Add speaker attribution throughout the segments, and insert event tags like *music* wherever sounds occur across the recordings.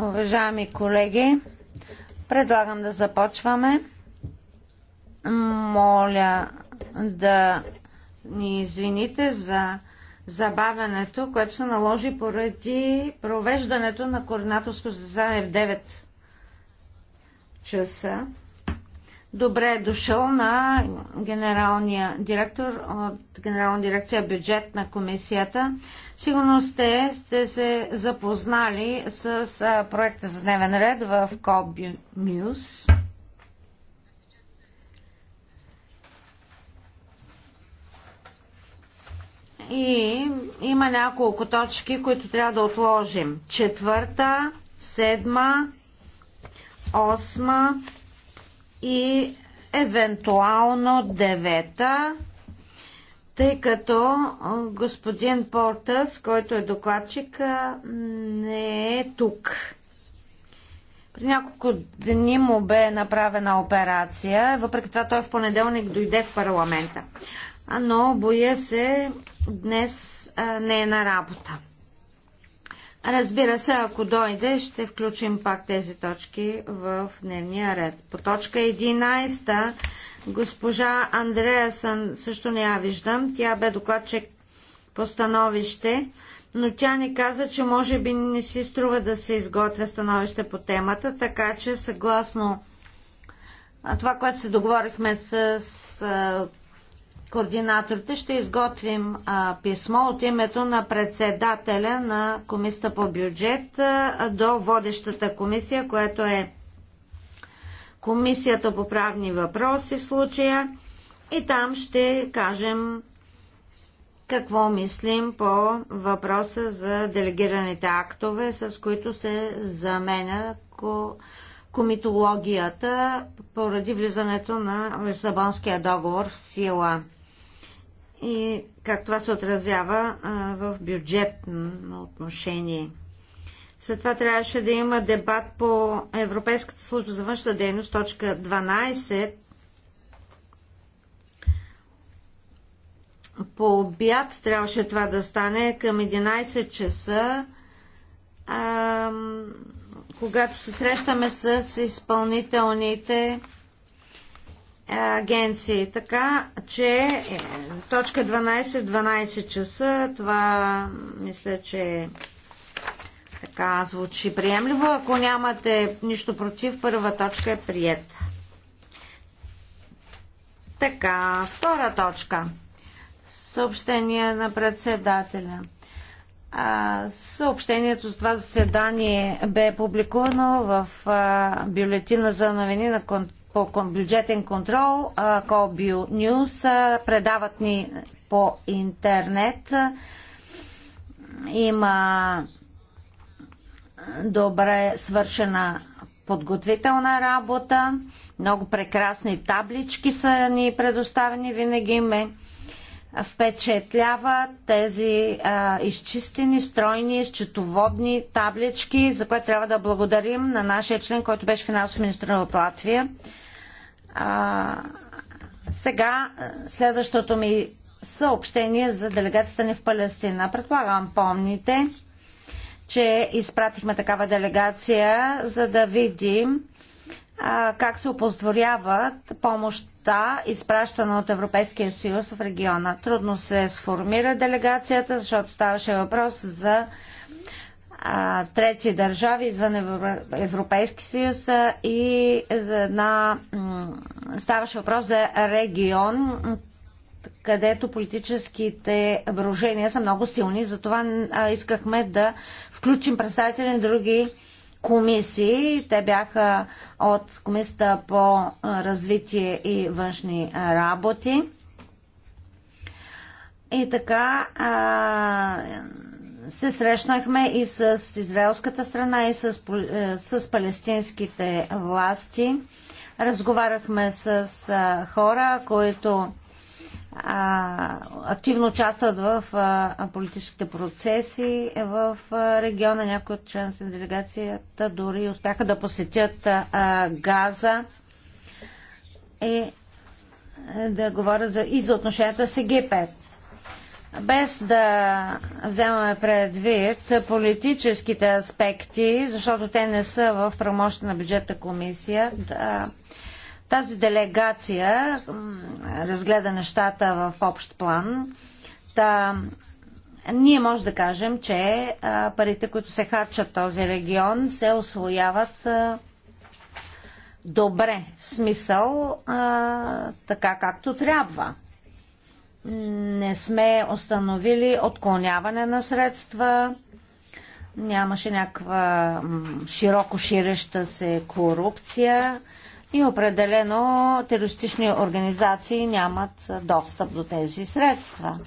Speaker 1: Уважаеми колеги, предлагам да започваме. Моля да ни извините за забавянето, което се наложи поради провеждането на координаторско заседание в 9 часа добре е дошъл на генералния директор от Генерална дирекция бюджет на комисията. Сигурно сте, сте се запознали с проекта за дневен ред в Коб Ньюс. И има няколко точки, които трябва да отложим. Четвърта, седма, осма, и евентуално девета, тъй като господин Портас, който е докладчик, не е тук. При няколко дни му бе направена операция, въпреки това той в понеделник дойде в парламента. Но боя се, днес не е на работа. Разбира се, ако дойде, ще включим пак тези точки в дневния ред. По точка 11 госпожа Андреасън също не я виждам. Тя бе докладчик по становище, но тя ни каза, че може би не си струва да се изготвя становище по темата, така че съгласно това, което се договорихме с координаторите ще изготвим а, писмо от името на председателя на Комисията по бюджет а, до водещата комисия, което е Комисията по правни въпроси в случая. И там ще кажем какво мислим по въпроса за делегираните актове, с които се заменя ко комитологията поради влизането на Лисабонския договор в сила и как това се отразява в бюджетно отношение. След това трябваше да има дебат по Европейската служба за външна дейност, точка 12. По обяд трябваше това да стане към 11 часа, а, когато се срещаме с изпълнителните агенции. Така че е, точка 12, 12 часа, това мисля, че така звучи приемливо. Ако нямате нищо против, първа точка е прият. Така, втора точка. Съобщение на председателя. А, съобщението за това заседание бе публикувано в а, бюлетина за новини на контакт по бюджетен контрол, Колбио Ньюс, предават ни по интернет. Има добре свършена подготвителна работа. Много прекрасни таблички са ни предоставени. Винаги ме впечатлява тези а, изчистени, стройни, счетоводни таблички, за което трябва да благодарим на нашия член, който беше финансов министр от Латвия. А, сега следващото ми съобщение за делегацията ни в Палестина. Предполагам, помните, че изпратихме такава делегация, за да видим а, как се опозворяват помощта, изпращана от Европейския съюз в региона. Трудно се сформира делегацията, защото ставаше въпрос за а, трети държави извън Европейски съюз и за една ставаше въпрос за регион, където политическите брожения са много силни. Затова искахме да включим представители на други комисии. Те бяха от Комисията по развитие и външни работи. И така, се срещнахме и с израелската страна, и с, е, с палестинските власти. разговарахме с е, хора, които а, активно участват в а, е, политическите процеси в а, региона. Някои от членовете на делегацията дори успяха да посетят а, Газа и да говоря за, и за отношенията с Египет без да вземаме предвид политическите аспекти, защото те не са в промощта на бюджетна комисия. Да, тази делегация разгледа нещата в общ план. Та, ние може да кажем, че парите, които се харчат този регион, се освояват добре, в смисъл така както трябва не сме установили отклоняване на средства, нямаше някаква широко ширеща се корупция и определено терористични организации нямат достъп до тези средства.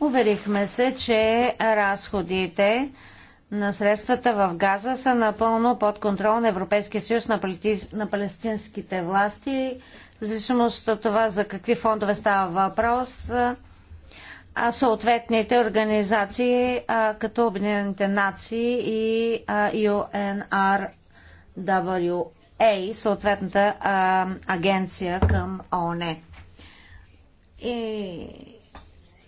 Speaker 1: Уверихме се, че разходите на средствата в Газа са напълно под контрол на Европейския съюз на, палити... на палестинските власти. В зависимост от това за какви фондове става въпрос, а съответните организации а, като Обединените нации и а, UNRWA, съответната а, агенция към ОНЕ И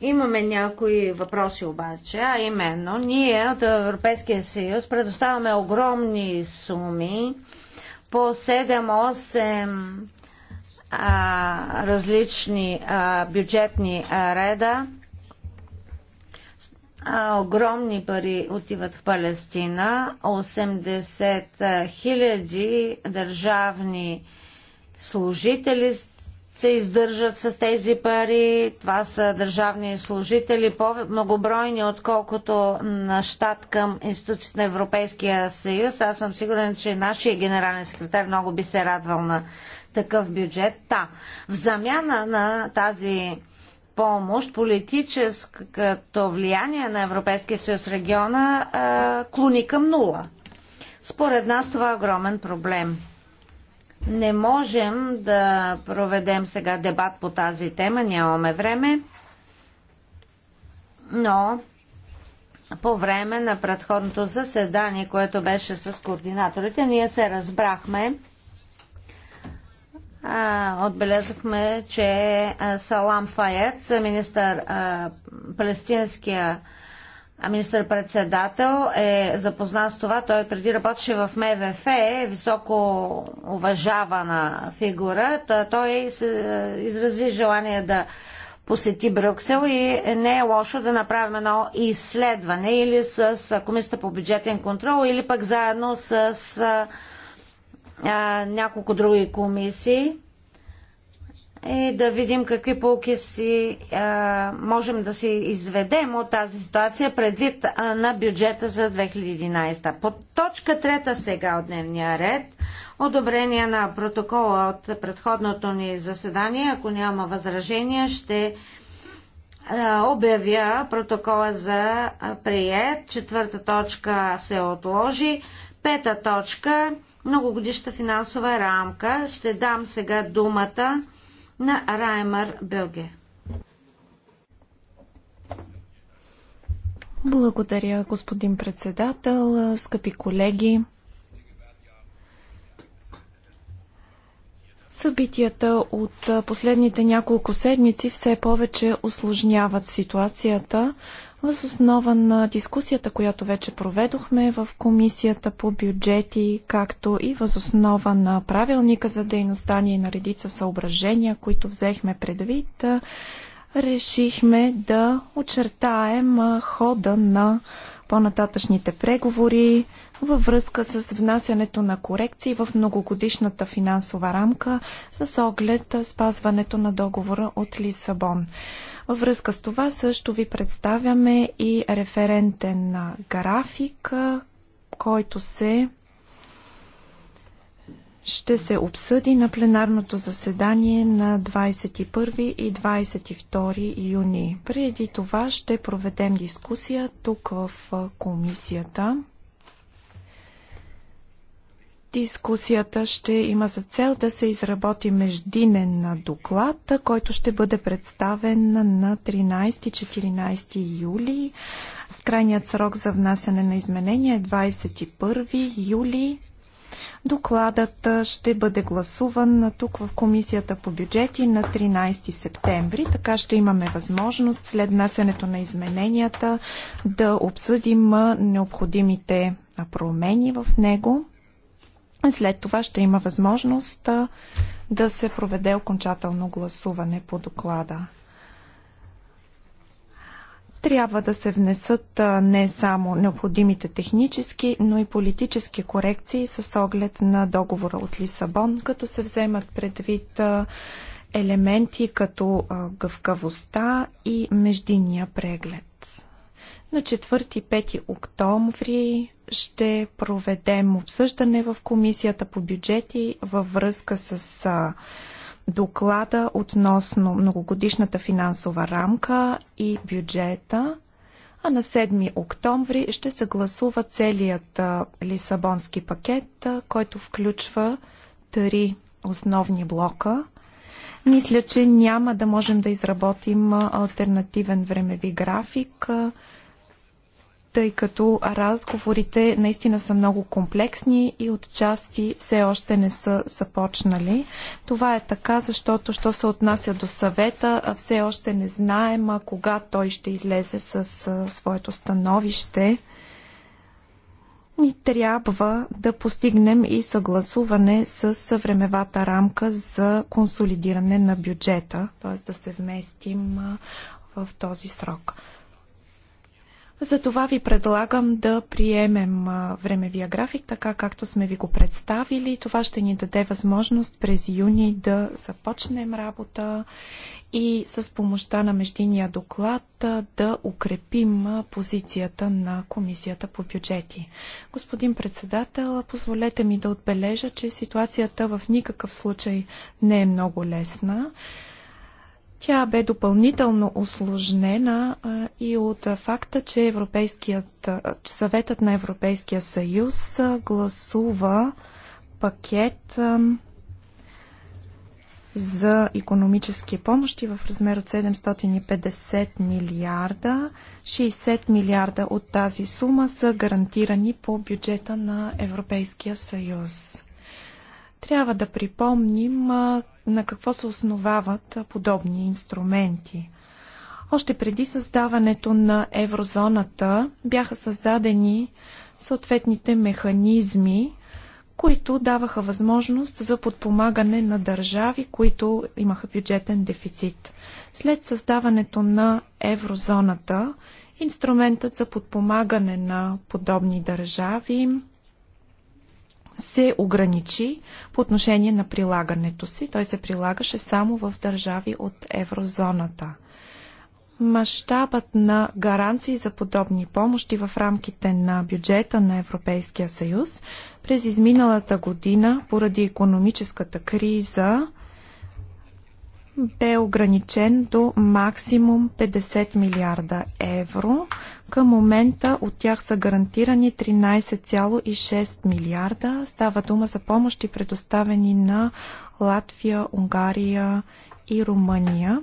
Speaker 1: Имаме някои въпроси обаче, а именно ние от Европейския съюз предоставяме огромни суми по 7-8 различни а, бюджетни а, реда. А, огромни пари отиват в Палестина. 80 хиляди държавни служители се издържат с тези пари. Това са държавни служители, по-многобройни, отколкото на щат към институцията на Европейския съюз. Аз съм сигурен, че нашия генерален секретар много би се радвал на такъв бюджет. Та, в замяна на тази помощ, политическото влияние на Европейския съюз региона клони към нула. Според нас това е огромен проблем. Не можем да проведем сега дебат по тази тема, нямаме време, но по време на предходното заседание, което беше с координаторите, ние се разбрахме. А, отбелязахме, че Салам Фаец, министър палестинския министър-председател е запознат с това. Той преди работеше в МВФ, е високо уважавана фигура. Той е, изрази желание да посети Брюксел и не е лошо да направим едно изследване или с Комисията по бюджетен контрол, или пък заедно с е, няколко други комисии и е да видим какви полки си а, можем да си изведем от тази ситуация предвид а, на бюджета за 2011. По точка трета сега от дневния ред, одобрение на протокола от предходното ни заседание, ако няма възражения, ще а, обявя протокола за прият. Четвърта точка се отложи. Пета точка многогодишна финансова рамка. Ще дам сега думата на Раймар Бълге.
Speaker 2: Благодаря, господин председател, скъпи колеги. Събитията от последните няколко седмици все повече осложняват ситуацията. Въз основа на дискусията, която вече проведохме в Комисията по бюджети, както и въз основа на правилника за дейността ни и на редица съображения, които взехме предвид, решихме да очертаем хода на по-нататъчните преговори, във връзка с внасянето на корекции в многогодишната финансова рамка с оглед спазването на договора от Лисабон. Във връзка с това също ви представяме и референтен график, който се ще се обсъди на пленарното заседание на 21 и 22 юни. Преди това ще проведем дискусия тук в комисията. Дискусията ще има за цел да се изработи междинен доклад, който ще бъде представен на 13-14 юли. С крайният срок за внасяне на изменения е 21 юли. Докладът ще бъде гласуван тук в Комисията по бюджети на 13 септември, така ще имаме възможност след внасянето на измененията да обсъдим необходимите промени в него. След това ще има възможност да се проведе окончателно гласуване по доклада. Трябва да се внесат не само необходимите технически, но и политически корекции с оглед на договора от Лисабон, като се вземат предвид елементи като гъвкавостта и междинния преглед. На 4-5 октомври ще проведем обсъждане в Комисията по бюджети във връзка с доклада относно многогодишната финансова рамка и бюджета. А на 7 октомври ще се гласува целият Лисабонски пакет, който включва три основни блока. Мисля, че няма да можем да изработим альтернативен времеви график тъй като разговорите наистина са много комплексни и от части все още не са започнали. Това е така, защото що се отнася до съвета, а все още не знаем а кога той ще излезе с а, своето становище. И трябва да постигнем и съгласуване с времевата рамка за консолидиране на бюджета, т.е. да се вместим в този срок. Затова ви предлагам да приемем времевия график, така както сме ви го представили. Това ще ни даде възможност през юни да започнем работа и с помощта на междиния доклад да укрепим позицията на Комисията по бюджети. Господин председател, позволете ми да отбележа, че ситуацията в никакъв случай не е много лесна. Тя бе допълнително осложнена и от факта, че Европейският, съветът на Европейския съюз гласува пакет за економически помощи в размер от 750 милиарда. 60 милиарда от тази сума са гарантирани по бюджета на Европейския съюз. Трябва да припомним на какво се основават подобни инструменти. Още преди създаването на еврозоната бяха създадени съответните механизми, които даваха възможност за подпомагане на държави, които имаха бюджетен дефицит. След създаването на еврозоната, инструментът за подпомагане на подобни държави се ограничи по отношение на прилагането си. Той се прилагаше само в държави от еврозоната. Мащабът на гаранции за подобни помощи в рамките на бюджета на Европейския съюз през изминалата година поради економическата криза бе ограничен до максимум 50 милиарда евро. Към момента от тях са гарантирани 13,6 милиарда. Става дума за помощи предоставени на Латвия, Унгария и Румъния.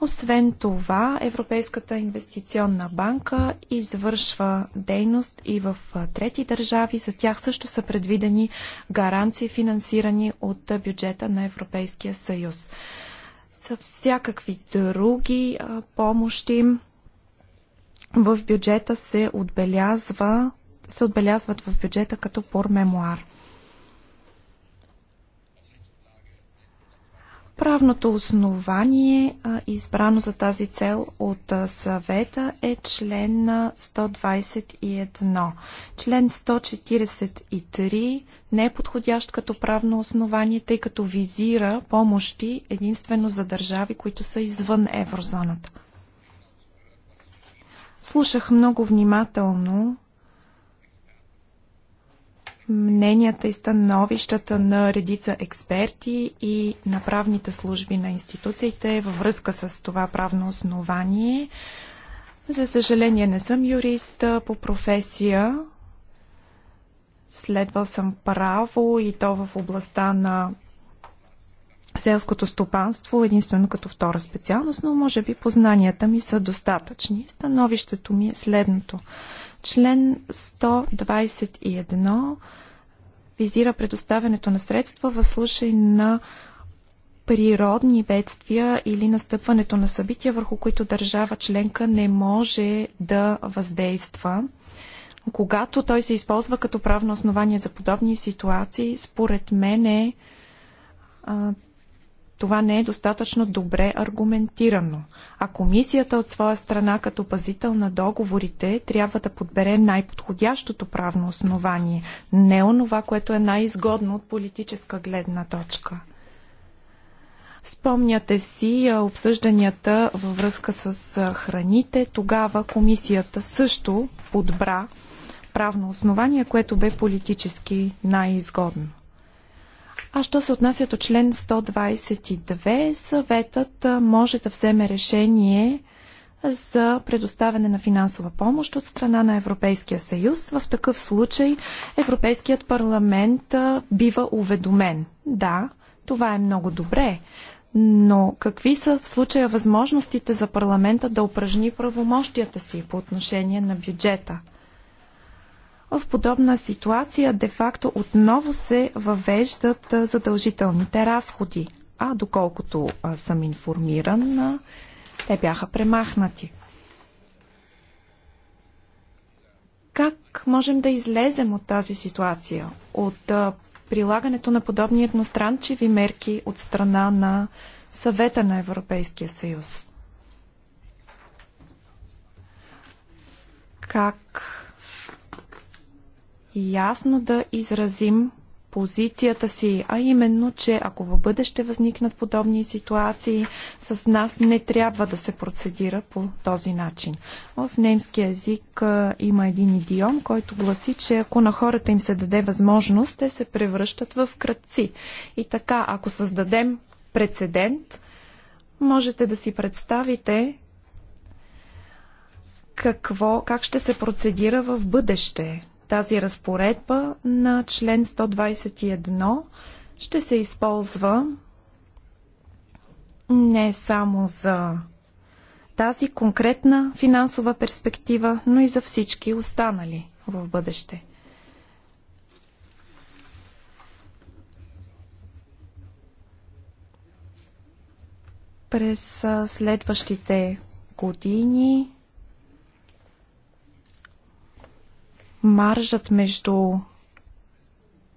Speaker 2: Освен това, Европейската инвестиционна банка извършва дейност и в трети държави. За тях също са предвидени гаранции, финансирани от бюджета на Европейския съюз са всякакви други помощи. В бюджета се отбелязва се отбелязват в бюджета като пор мемуар. Правното основание, избрано за тази цел от съвета, е член на 121. Член 143 не е подходящ като правно основание, тъй като визира помощи единствено за държави, които са извън еврозоната. Слушах много внимателно мненията и становищата на редица експерти и на правните служби на институциите във връзка с това правно основание. За съжаление не съм юрист по професия. Следвал съм право и то в областта на селското стопанство, единствено като втора специалност, но може би познанията ми са достатъчни. Становището ми е следното. Член 121 визира предоставянето на средства в случай на природни бедствия или настъпването на събития, върху които държава членка не може да въздейства. Когато той се използва като правно основание за подобни ситуации, според мен е, това не е достатъчно добре аргументирано. А комисията от своя страна като пазител на договорите трябва да подбере най-подходящото правно основание, не онова, което е най-изгодно от политическа гледна точка. Спомняте си обсъжданията във връзка с храните. Тогава комисията също подбра правно основание, което бе политически най-изгодно. А що се отнася до член 122, съветът може да вземе решение за предоставяне на финансова помощ от страна на Европейския съюз. В такъв случай Европейският парламент бива уведомен. Да, това е много добре, но какви са в случая възможностите за парламента да упражни правомощията си по отношение на бюджета? В подобна ситуация, де-факто, отново се въвеждат задължителните разходи. А доколкото съм информиран, те бяха премахнати. Как можем да излезем от тази ситуация, от прилагането на подобни едностранчиви мерки от страна на съвета на Европейския съюз? Как ясно да изразим позицията си, а именно, че ако в бъдеще възникнат подобни ситуации, с нас не трябва да се процедира по този начин. В немски язик има един идиом, който гласи, че ако на хората им се даде възможност, те се превръщат в кръци. И така, ако създадем прецедент, можете да си представите какво, как ще се процедира в бъдеще тази разпоредба на член 121 ще се използва не само за тази конкретна финансова перспектива, но и за всички останали в бъдеще. През следващите години маржът между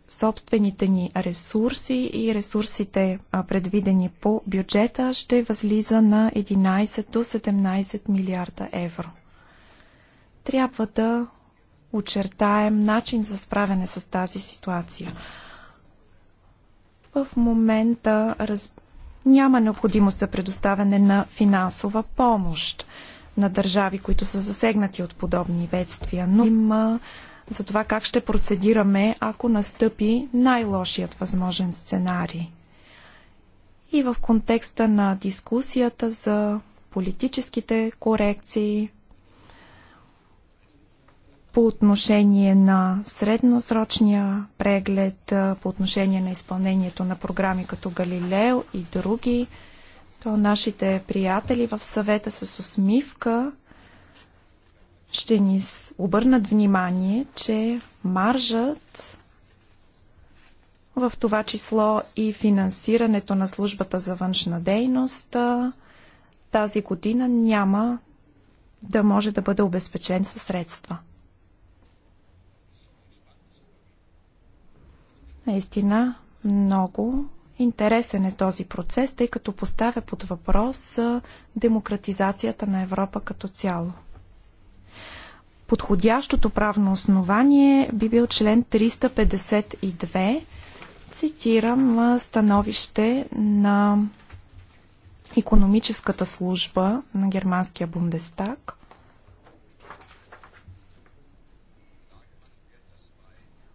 Speaker 2: собствените ни ресурси и ресурсите, предвидени по бюджета, ще възлиза на 11 до 17 милиарда евро. Трябва да очертаем начин за справяне с тази ситуация. В момента раз... няма необходимост за предоставяне на финансова помощ на държави, които са засегнати от подобни бедствия, но има за това как ще процедираме, ако настъпи най-лошият възможен сценарий. И в контекста на дискусията за политическите корекции по отношение на средносрочния преглед, по отношение на изпълнението на програми като Галилео и други, то нашите приятели в съвета с усмивка ще ни обърнат внимание, че маржът в това число и финансирането на службата за външна дейност тази година няма да може да бъде обезпечен със средства. Наистина много интересен е този процес, тъй като поставя под въпрос демократизацията на Европа като цяло. Подходящото правно основание би бил член 352. Цитирам становище на економическата служба на германския Бундестаг.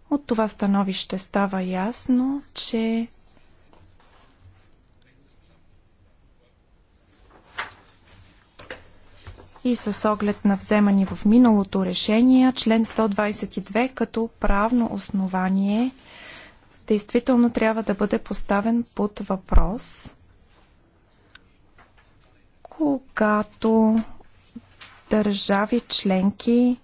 Speaker 2: От това становище става ясно, че и с оглед на вземани в миналото решение, член 122 като правно основание действително трябва да бъде поставен под въпрос, когато държави членки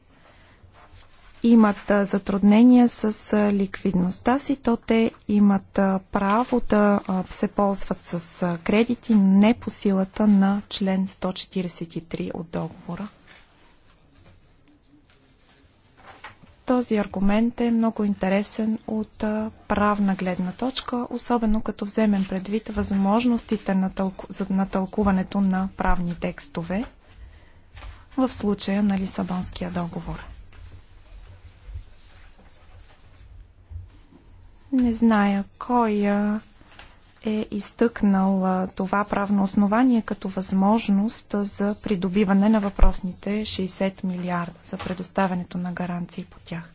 Speaker 2: имат затруднения с ликвидността си, то те имат право да се ползват с кредити не по силата на член 143 от договора. Този аргумент е много интересен от правна гледна точка, особено като вземем предвид възможностите на, тълку... на тълкуването на правни текстове в случая на Лисабонския договор. Не зная кой е изтъкнал това правно основание като възможност за придобиване на въпросните 60 милиарда за предоставянето на гаранции по тях.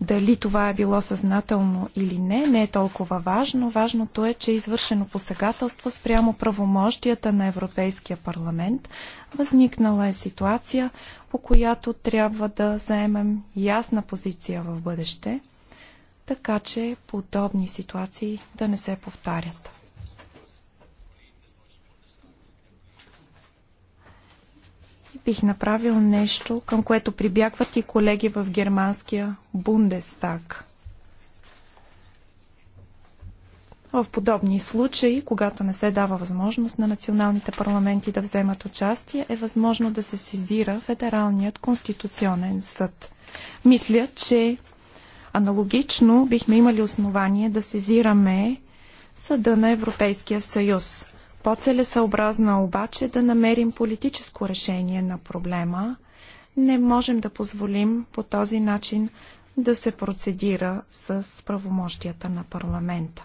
Speaker 2: Дали това е било съзнателно или не, не е толкова важно. Важното е, че е извършено посегателство спрямо правомощията на Европейския парламент. Възникнала е ситуация, по която трябва да заемем ясна позиция в бъдеще – така че подобни ситуации да не се повтарят. И бих направил нещо, към което прибягват и колеги в германския Бундестаг. В подобни случаи, когато не се дава възможност на националните парламенти да вземат участие, е възможно да се сезира Федералният конституционен съд. Мисля, че Аналогично бихме имали основание да сезираме Съда на Европейския съюз. По-целесъобразно е обаче да намерим политическо решение на проблема. Не можем да позволим по този начин да се процедира с правомощията на парламента.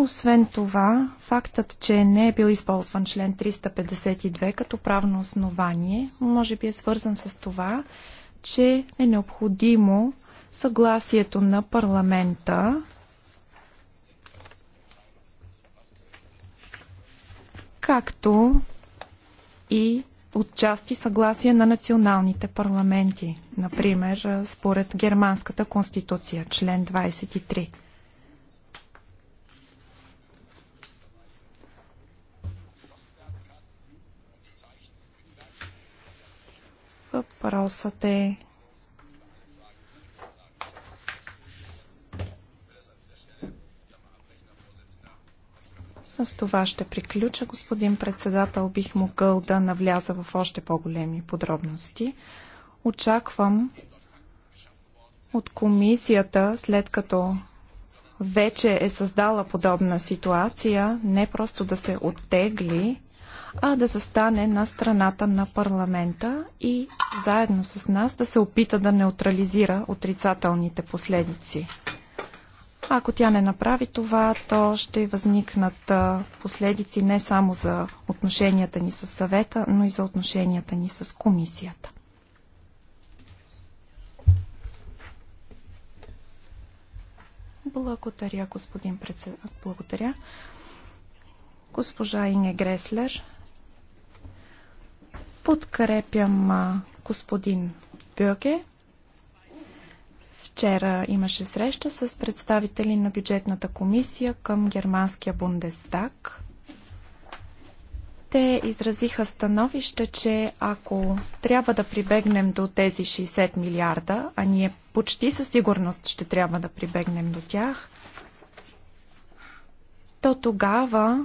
Speaker 2: Освен това, фактът, че не е бил използван член 352 като правно основание, може би е свързан с това, че е необходимо съгласието на парламента както и отчасти съгласие на националните парламенти, например според германската конституция, член 23. Въпросът е С това ще приключа, господин председател. Бих могъл да навляза в още по-големи подробности. Очаквам от комисията, след като вече е създала подобна ситуация, не просто да се оттегли, а да застане на страната на парламента и заедно с нас да се опита да неутрализира отрицателните последици. Ако тя не направи това, то ще възникнат последици не само за отношенията ни с съвета, но и за отношенията ни с комисията. Благодаря, господин председател. Благодаря. Госпожа Инге Греслер, Подкрепям господин Бюге. Вчера имаше среща с представители на бюджетната комисия към германския Бундестаг. Те изразиха становище, че ако трябва да прибегнем до тези 60 милиарда, а ние почти със сигурност ще трябва да прибегнем до тях, то тогава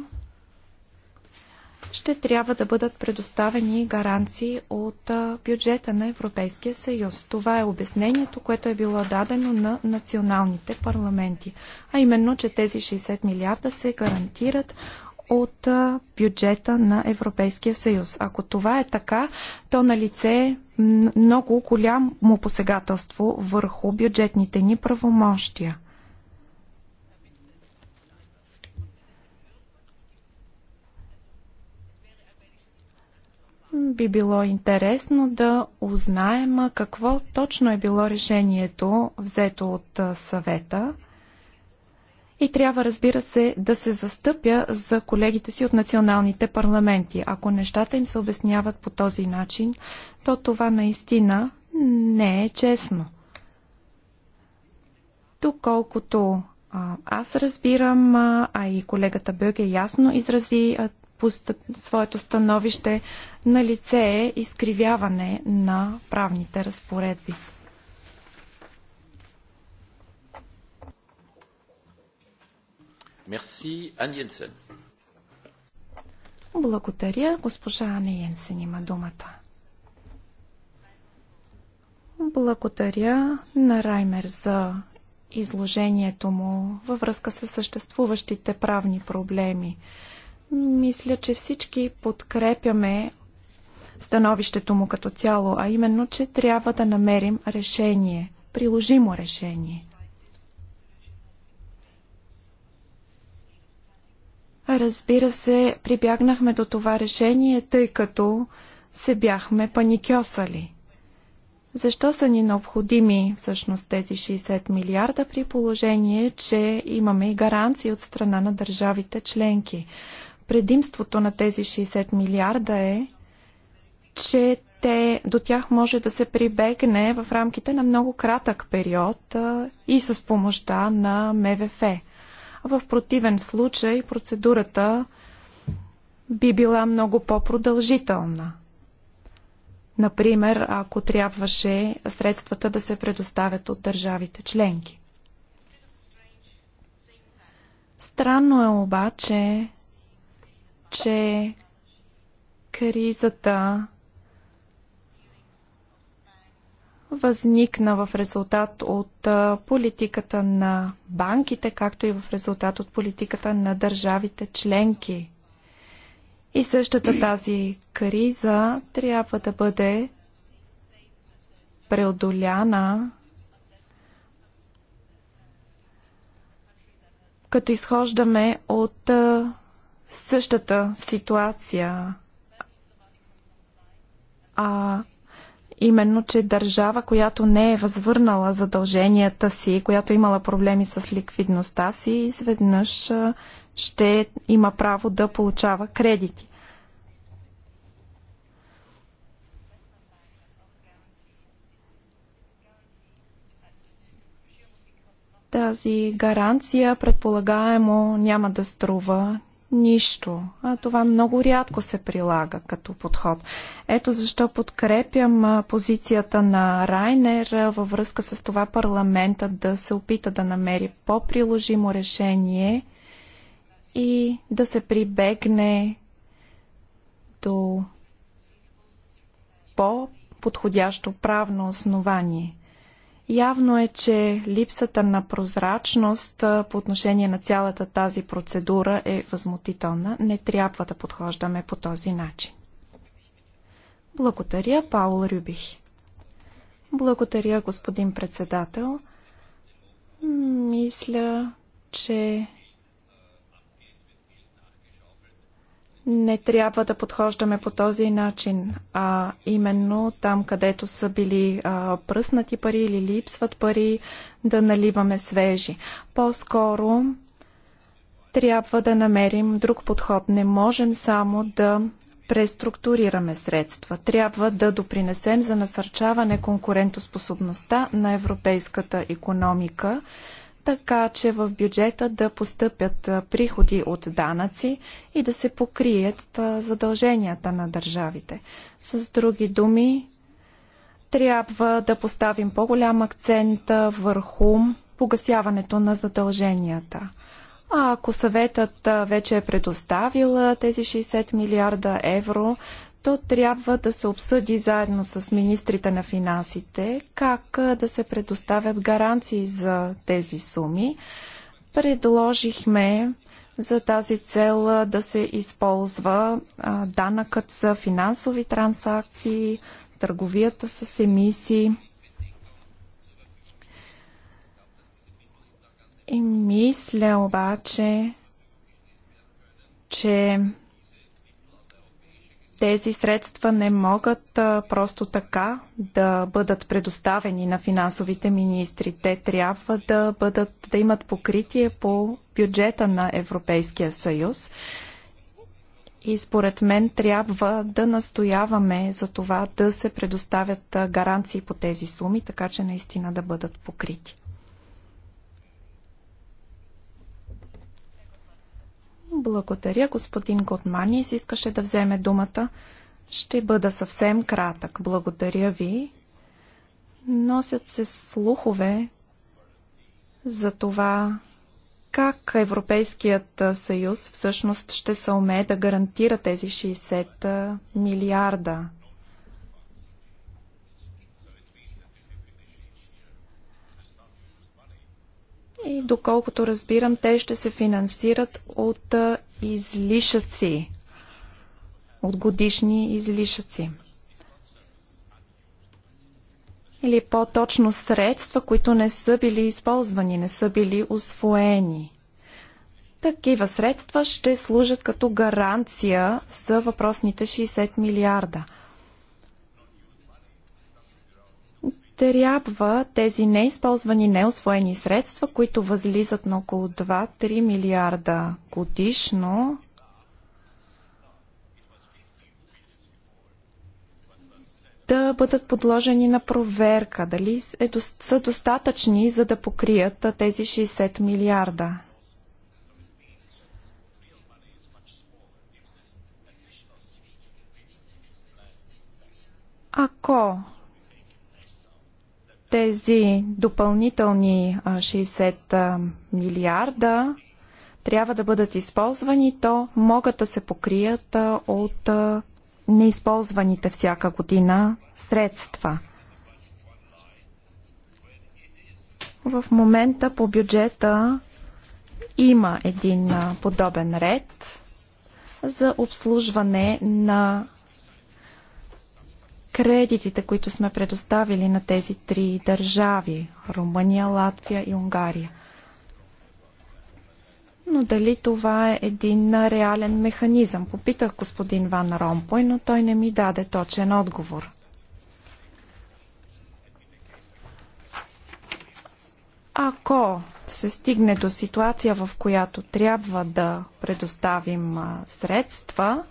Speaker 2: ще трябва да бъдат предоставени гаранции от бюджета на Европейския съюз. Това е обяснението, което е било дадено на националните парламенти, а именно, че тези 60 милиарда се гарантират от бюджета на Европейския съюз. Ако това е така, то на лице е много голямо посегателство върху бюджетните ни правомощия. Би било интересно да узнаем какво точно е било решението, взето от съвета. И трябва, разбира се, да се застъпя за колегите си от националните парламенти. Ако нещата им се обясняват по този начин, то това наистина не е честно. Тук колкото аз разбирам, а и колегата Бъге ясно изрази по своето становище на лице е изкривяване на правните разпоредби.
Speaker 3: Мерси,
Speaker 2: Благодаря. Госпожа Ане има думата. Благодаря на Раймер за изложението му във връзка с съществуващите правни проблеми. Мисля, че всички подкрепяме становището му като цяло, а именно, че трябва да намерим решение, приложимо решение. Разбира се, прибягнахме до това решение, тъй като се бяхме паникьосали. Защо са ни необходими всъщност тези 60 милиарда при положение, че имаме и гаранции от страна на държавите членки? Предимството на тези 60 милиарда е, че те, до тях може да се прибегне в рамките на много кратък период а, и с помощта на МВФ. А в противен случай процедурата би била много по-продължителна. Например, ако трябваше средствата да се предоставят от държавите членки. Странно е обаче, че кризата възникна в резултат от политиката на банките, както и в резултат от политиката на държавите членки. И същата тази криза трябва да бъде преодоляна като изхождаме от същата ситуация. А именно, че държава, която не е възвърнала задълженията си, която е имала проблеми с ликвидността си, изведнъж ще има право да получава кредити. Тази гаранция предполагаемо няма да струва нищо. А това много рядко се прилага като подход. Ето защо подкрепям позицията на Райнер във връзка с това парламента да се опита да намери по-приложимо решение и да се прибегне до по-подходящо правно основание. Явно е, че липсата на прозрачност по отношение на цялата тази процедура е възмутителна. Не трябва да подхождаме по този начин. Благодаря, Паул Рюбих. Благодаря, господин председател. Мисля, че не трябва да подхождаме по този начин, а именно там, където са били а, пръснати пари или липсват пари, да наливаме свежи. По-скоро трябва да намерим друг подход. Не можем само да преструктурираме средства. Трябва да допринесем за насърчаване конкурентоспособността на европейската економика, така че в бюджета да постъпят приходи от данъци и да се покрият задълженията на държавите. С други думи, трябва да поставим по-голям акцент върху погасяването на задълженията. А ако съветът вече е предоставил тези 60 милиарда евро, то трябва да се обсъди заедно с министрите на финансите как да се предоставят гаранции за тези суми. Предложихме за тази цел да се използва данъкът за финансови транзакции, търговията с емисии. И мисля обаче, че тези средства не могат просто така да бъдат предоставени на финансовите министри. Те трябва да, бъдат, да имат покритие по бюджета на Европейския съюз. И според мен трябва да настояваме за това да се предоставят гаранции по тези суми, така че наистина да бъдат покрити. Благодаря. Господин Готмани искаше да вземе думата. Ще бъда съвсем кратък. Благодаря ви. Носят се слухове за това как Европейският съюз всъщност ще се умее да гарантира тези 60 милиарда и доколкото разбирам, те ще се финансират от излишъци, от годишни излишъци. Или по-точно средства, които не са били използвани, не са били освоени. Такива средства ще служат като гаранция за въпросните 60 милиарда – трябва тези неизползвани, неосвоени средства, които възлизат на около 2-3 милиарда годишно, да бъдат подложени на проверка, дали е са достатъчни, за да покрият тези 60 милиарда. Ако тези допълнителни 60 милиарда трябва да бъдат използвани, то могат да се покрият от неизползваните всяка година средства. В момента по бюджета има един подобен ред за обслужване на кредитите, които сме предоставили на тези три държави Румъния, Латвия и Унгария. Но дали това е един реален механизъм? Попитах господин Ван Ромпой, но той не ми даде точен отговор. Ако се стигне до ситуация, в която трябва да предоставим средства,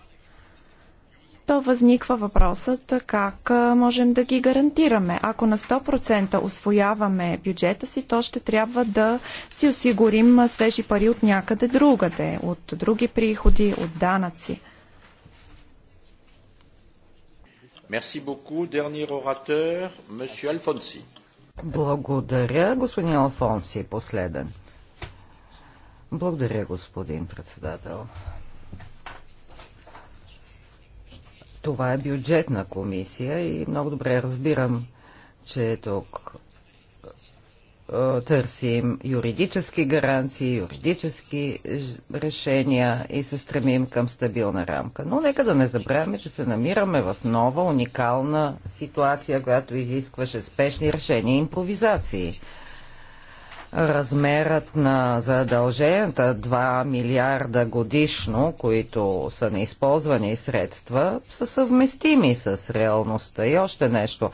Speaker 2: то възниква въпросът как можем да ги гарантираме. Ако на 100% освояваме бюджета си, то ще трябва да си осигурим свежи пари от някъде другаде, от други приходи, от данъци.
Speaker 3: Merci beaucoup. Dernier orateur, monsieur Alfonsi.
Speaker 4: Благодаря, господин Алфонси, последен. Благодаря, господин председател. Това е бюджетна комисия и много добре разбирам, че тук е, търсим юридически гаранции, юридически решения и се стремим към стабилна рамка. Но нека да не забравяме, че се намираме в нова, уникална ситуация, която изискваше спешни решения и импровизации размерът на задълженията 2 милиарда годишно, които са неизползвани средства, са съвместими с реалността. И още нещо.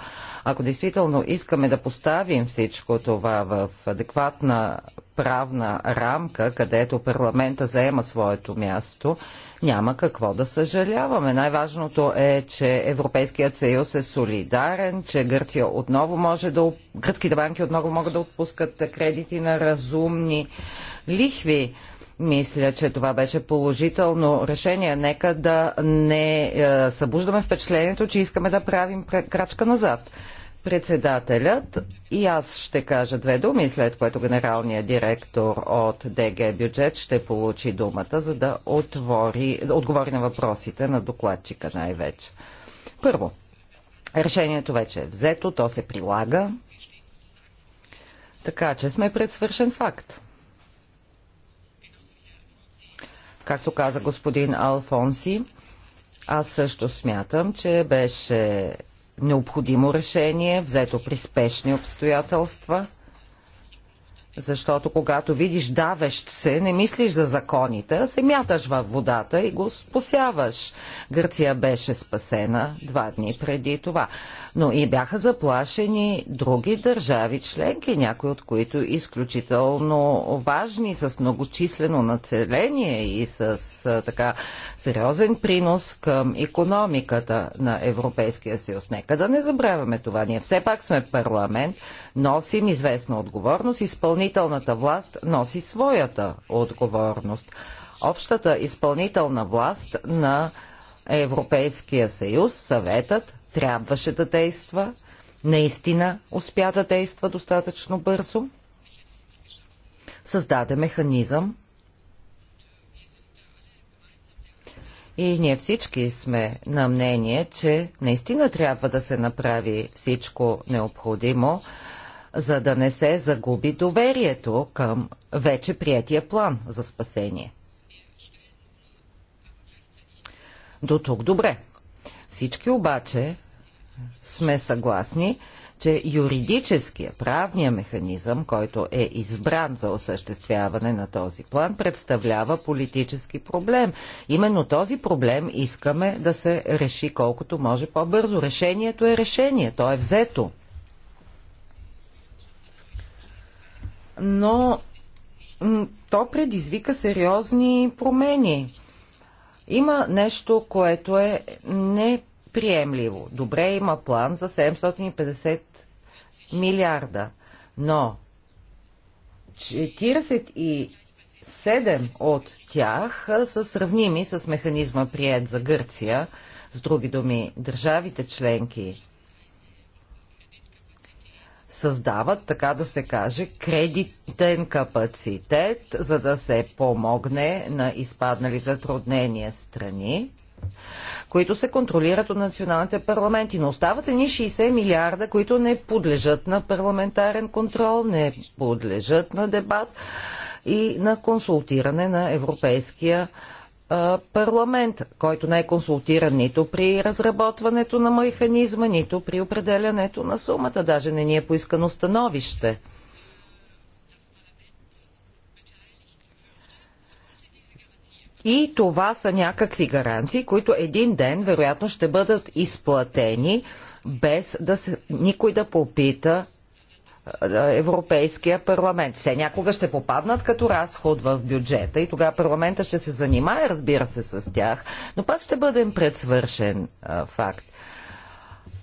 Speaker 4: Ако действително искаме да поставим всичко това в адекватна правна рамка, където парламента заема своето място, няма какво да съжаляваме. Най-важното е, че Европейският съюз е солидарен, че Гърция отново може да, гръцките банки отново могат да отпускат кредити на разумни лихви. Мисля, че това беше положително решение. Нека да не е, събуждаме впечатлението, че искаме да правим крачка назад председателят и аз ще кажа две думи, след което генералният директор от ДГ бюджет ще получи думата, за да отвори, да отговори на въпросите на докладчика най-вече. Първо, решението вече е взето, то се прилага, така че сме пред свършен факт. Както каза господин Алфонси, аз също смятам, че беше необходимо решение, взето при спешни обстоятелства – защото когато видиш давещ се, не мислиш за законите, а се мяташ във водата и го спосяваш. Гърция беше спасена два дни преди това. Но и бяха заплашени други държави членки, някои от които изключително важни, с многочислено население и с така сериозен принос към економиката на Европейския съюз. Нека да не забравяме това. Ние все пак сме парламент, носим известна отговорност, изпълнително изпълнителната власт носи своята отговорност. Общата изпълнителна власт на Европейския съюз, съветът, трябваше да действа, наистина успя да действа достатъчно бързо, създаде механизъм и ние всички сме на мнение, че наистина трябва да се направи всичко необходимо, за да не се загуби доверието към вече приятия план за спасение. До тук добре. Всички обаче сме съгласни, че юридическия, правния механизъм, който е избран за осъществяване на този план, представлява политически проблем. Именно този проблем искаме да се реши колкото може по-бързо. Решението е решение, то е взето. но то предизвика сериозни промени. Има нещо, което е неприемливо. Добре, има план за 750 милиарда, но 47 от тях са сравними с механизма прият за Гърция. С други думи, държавите членки създават, така да се каже, кредитен капацитет, за да се помогне на изпаднали затруднения страни, които се контролират от националните парламенти. Но остават ни 60 милиарда, които не подлежат на парламентарен контрол, не подлежат на дебат и на консултиране на Европейския парламент парламент, който не е консултиран нито при разработването на механизма, нито при определянето на сумата. Даже не ни е поискано становище. И това са някакви гаранции, които един ден вероятно ще бъдат изплатени без да се, никой да попита Европейския парламент. Все някога ще попаднат като разход в бюджета и тогава парламента ще се занимае, разбира се, с тях, но пак ще бъдем предсвършен а, факт.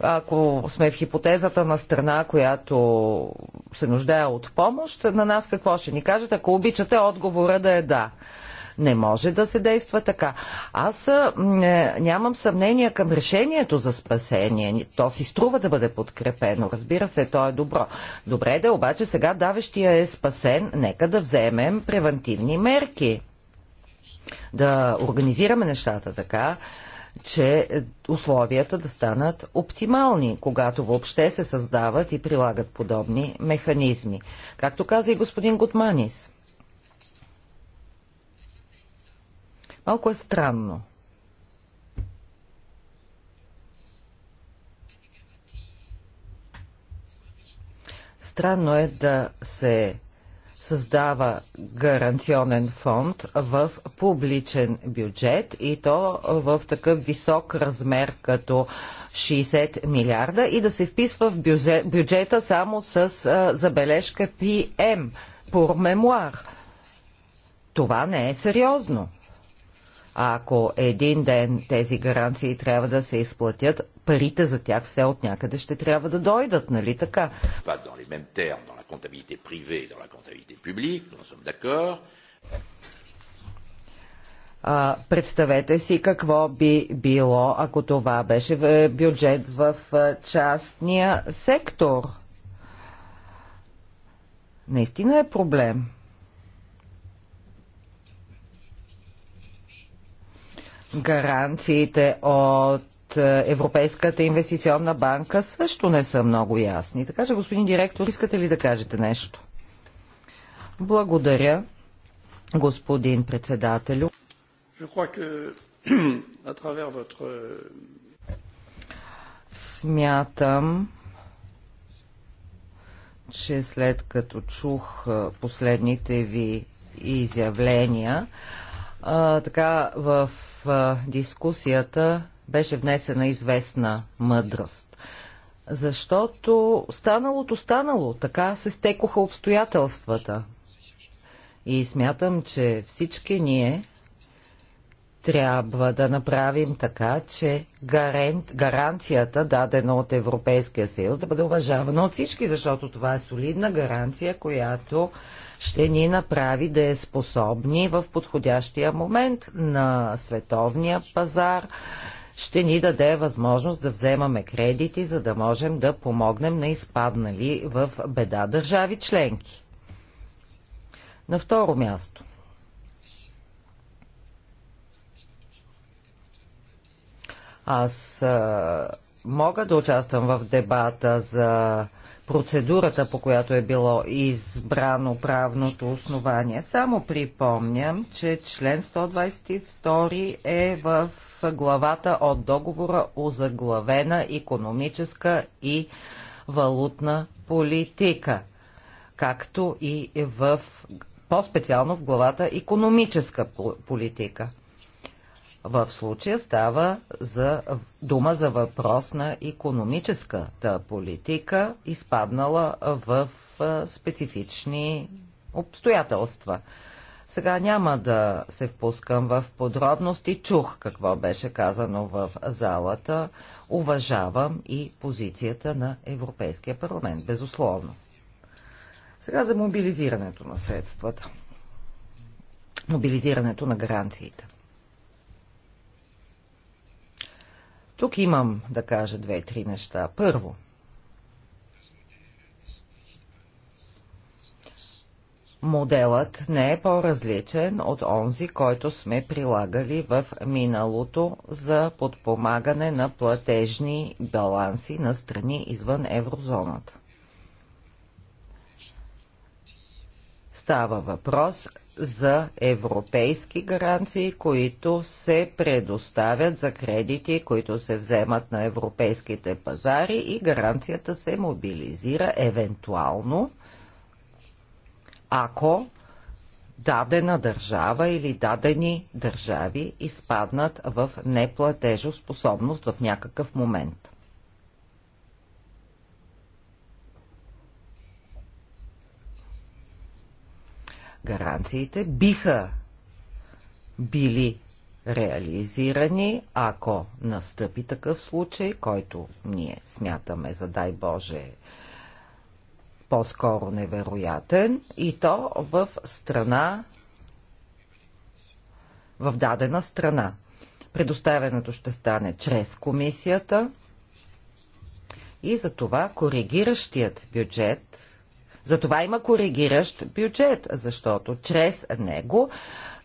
Speaker 4: Ако сме в хипотезата на страна, която се нуждае от помощ, на нас какво ще ни кажат? Ако обичате, отговора да е да. Не може да се действа така. Аз е, нямам съмнение към решението за спасение. То си струва да бъде подкрепено. Разбира се, то е добро. Добре е да обаче сега давещия е спасен. Нека да вземем превентивни мерки. Да организираме нещата така, че е, условията да станат оптимални, когато въобще се създават и прилагат подобни механизми. Както каза и господин Гутманис. Малко е странно. Странно е да се създава гаранционен фонд в публичен бюджет и то в такъв висок размер като 60 милиарда и да се вписва в бюджета само с забележка PM по мемуар. Това не е сериозно. Ако един ден тези гаранции трябва да се изплатят, парите за тях все от някъде ще трябва да дойдат, нали така? представете си какво би било, ако това беше е, бюджет в е, частния сектор. Наистина е проблем. гаранциите от е, Европейската инвестиционна банка също не са много ясни. Така че, господин директор, искате ли да кажете нещо? Благодаря, господин председателю.
Speaker 3: *clears throat* Euh,
Speaker 4: Смятам, че след като чух последните ви изявления, а, така в а, дискусията беше внесена известна мъдрост. Защото станалото станало, така се стекоха обстоятелствата. И смятам, че всички ние трябва да направим така, че гарант, гаранцията, дадена от Европейския съюз, да бъде уважавана от всички, защото това е солидна гаранция, която ще ни направи да е способни в подходящия момент на световния пазар ще ни даде възможност да вземаме кредити, за да можем да помогнем на изпаднали в беда държави членки. На второ място. Аз а, мога да участвам в дебата за процедурата, по която е било избрано правното основание. Само припомням, че член 122 е в главата от договора о заглавена економическа и валутна политика, както и в по-специално в главата економическа политика. В случая става за дума за въпрос на економическата политика, изпаднала в специфични обстоятелства. Сега няма да се впускам в подробности. Чух какво беше казано в залата. Уважавам и позицията на Европейския парламент, безусловно. Сега за мобилизирането на средствата. Мобилизирането на гаранциите. Тук имам да кажа две-три неща. Първо, моделът не е по-различен от онзи, който сме прилагали в миналото за подпомагане на платежни баланси на страни извън еврозоната. Става въпрос за европейски гаранции, които се предоставят за кредити, които се вземат на европейските пазари и гаранцията се мобилизира евентуално, ако дадена държава или дадени държави изпаднат в неплатежоспособност в някакъв момент. Гаранциите биха били реализирани, ако настъпи такъв случай, който ние смятаме за дай Боже по-скоро невероятен, и то в страна, в дадена страна. Предоставянето ще стане чрез комисията и за това коригиращият бюджет затова има коригиращ бюджет, защото чрез него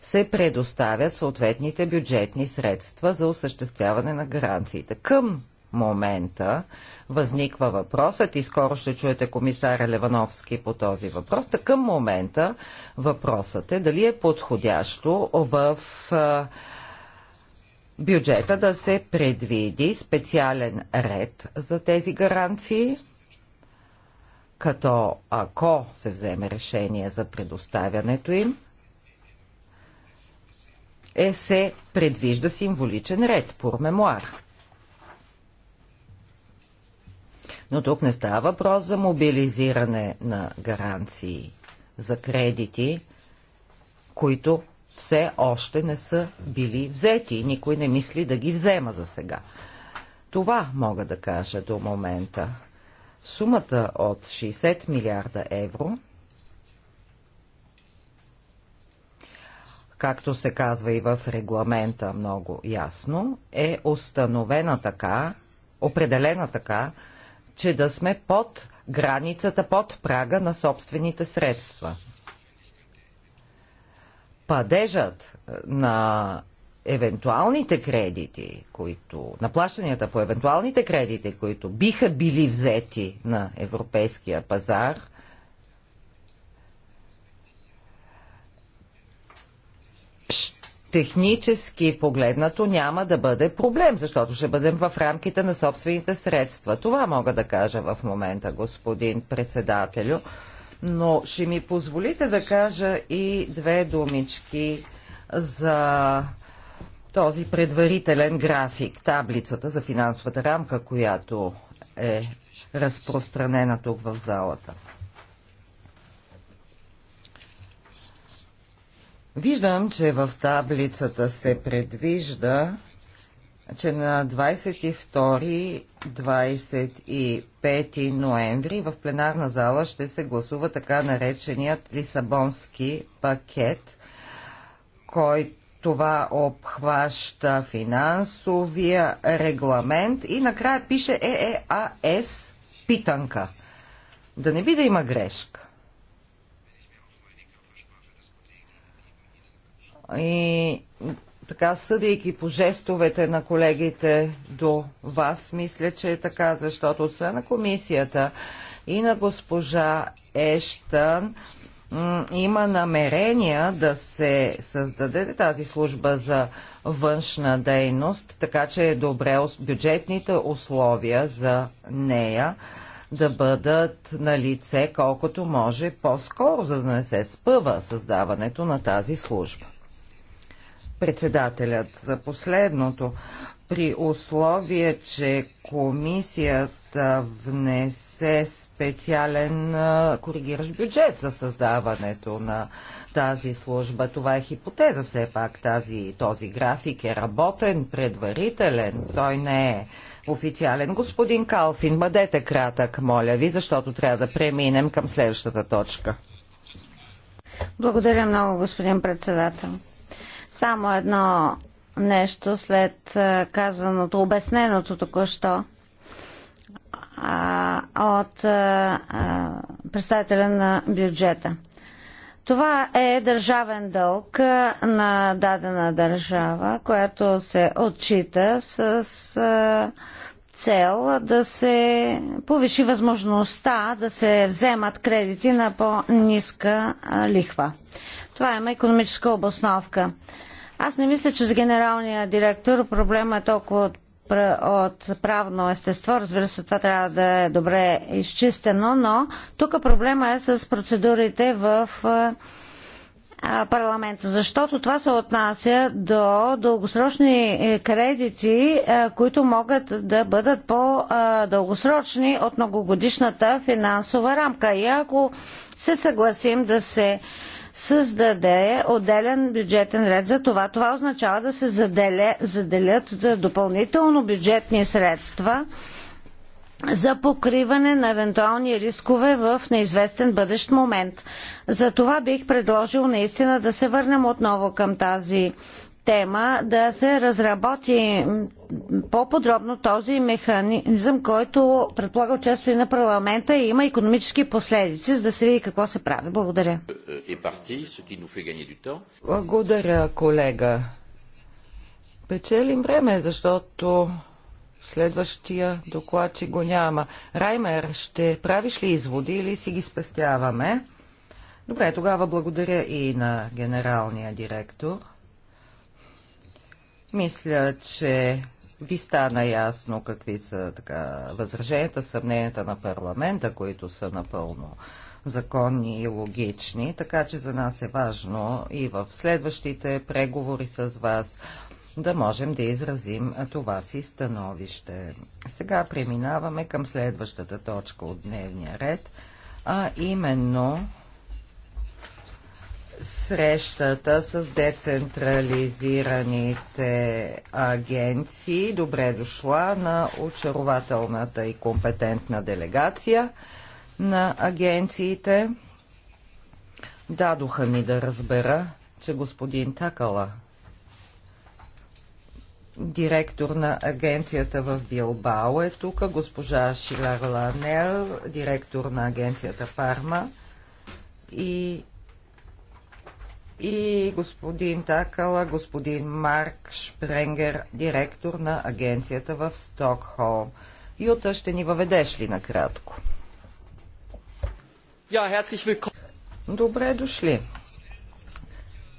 Speaker 4: се предоставят съответните бюджетни средства за осъществяване на гаранциите. Към момента възниква въпросът и скоро ще чуете комисаря Левановски по този въпрос. към момента въпросът е дали е подходящо в бюджета да се предвиди специален ред за тези гаранции – като ако се вземе решение за предоставянето им, е се предвижда символичен ред, пур мемуар. Но тук не става въпрос за мобилизиране на гаранции за кредити, които все още не са били взети никой не мисли да ги взема за сега. Това мога да кажа до момента. Сумата от 60 милиарда евро, както се казва и в регламента много ясно, е установена така, определена така, че да сме под границата, под прага на собствените средства падежът на евентуалните кредити, които, на плащанията по евентуалните кредити, които биха били взети на европейския пазар, технически погледнато няма да бъде проблем, защото ще бъдем в рамките на собствените средства. Това мога да кажа в момента, господин председателю. Но ще ми позволите да кажа и две думички за този предварителен график, таблицата за финансовата рамка, която е разпространена тук в залата. Виждам, че в таблицата се предвижда, че на 22-25 ноември в пленарна зала ще се гласува така нареченият Лисабонски пакет, който това обхваща финансовия регламент и накрая пише ЕЕАС питанка. Да не би да има грешка. И така, съдейки по жестовете на колегите до вас, мисля, че е така, защото освен на комисията и на госпожа Ещан има намерения да се създаде тази служба за външна дейност, така че е добре бюджетните условия за нея да бъдат на лице колкото може по-скоро, за да не се спъва създаването на тази служба. Председателят за последното, при условие, че комисията внесе специален коригиращ бюджет за създаването на тази служба. Това е хипотеза все пак. Тази, този график е работен, предварителен. Той не е официален. Господин Калфин, бъдете кратък, моля ви, защото трябва да преминем към следващата точка. Благодаря
Speaker 1: много, господин председател. Само едно нещо след казаното, обясненото току-що от представителя на бюджета. Това е държавен дълг на дадена държава, която се отчита с цел да се повиши възможността да се вземат кредити на по-ниска лихва. Това има економическа обосновка. Аз не мисля, че за генералния директор проблема е толкова от правно естество. Разбира се, това трябва да е добре изчистено, но тук проблема е с процедурите в парламента, защото това се отнася до дългосрочни е, кредити, които могат да бъдат по-дългосрочни от многогодишната финансова рамка. И ако се съгласим да се създаде отделен бюджетен ред за това. Това означава да се заделя, заделят допълнително бюджетни средства за покриване на евентуални рискове в неизвестен бъдещ момент. За това бих предложил наистина да се върнем отново към тази тема да се разработи по-подробно този механизъм, който предполага често и на парламента и има економически последици, за да се види какво се прави. Благодаря.
Speaker 3: Е, е
Speaker 4: благодаря, колега. Печелим време, защото следващия доклад, че го няма. Раймер, ще правиш ли изводи или си ги спестяваме? Добре, тогава благодаря и на генералния директор. Мисля, че ви стана ясно какви са така, възраженията, съмненията на парламента, които са напълно законни и логични, така че за нас е важно и в следващите преговори с вас да можем да изразим това си становище. Сега преминаваме към следващата точка от дневния ред, а именно срещата с децентрализираните агенции. Добре дошла на очарователната и компетентна делегация на агенциите. Дадоха ми да разбера, че господин Такала, директор на агенцията в Билбао е тук, госпожа Шилар Ланел, директор на агенцията Парма и и господин Такала, господин Марк Шпренгер, директор на агенцията в Стокхолм. Юта, ще ни въведеш ли накратко? Добре дошли.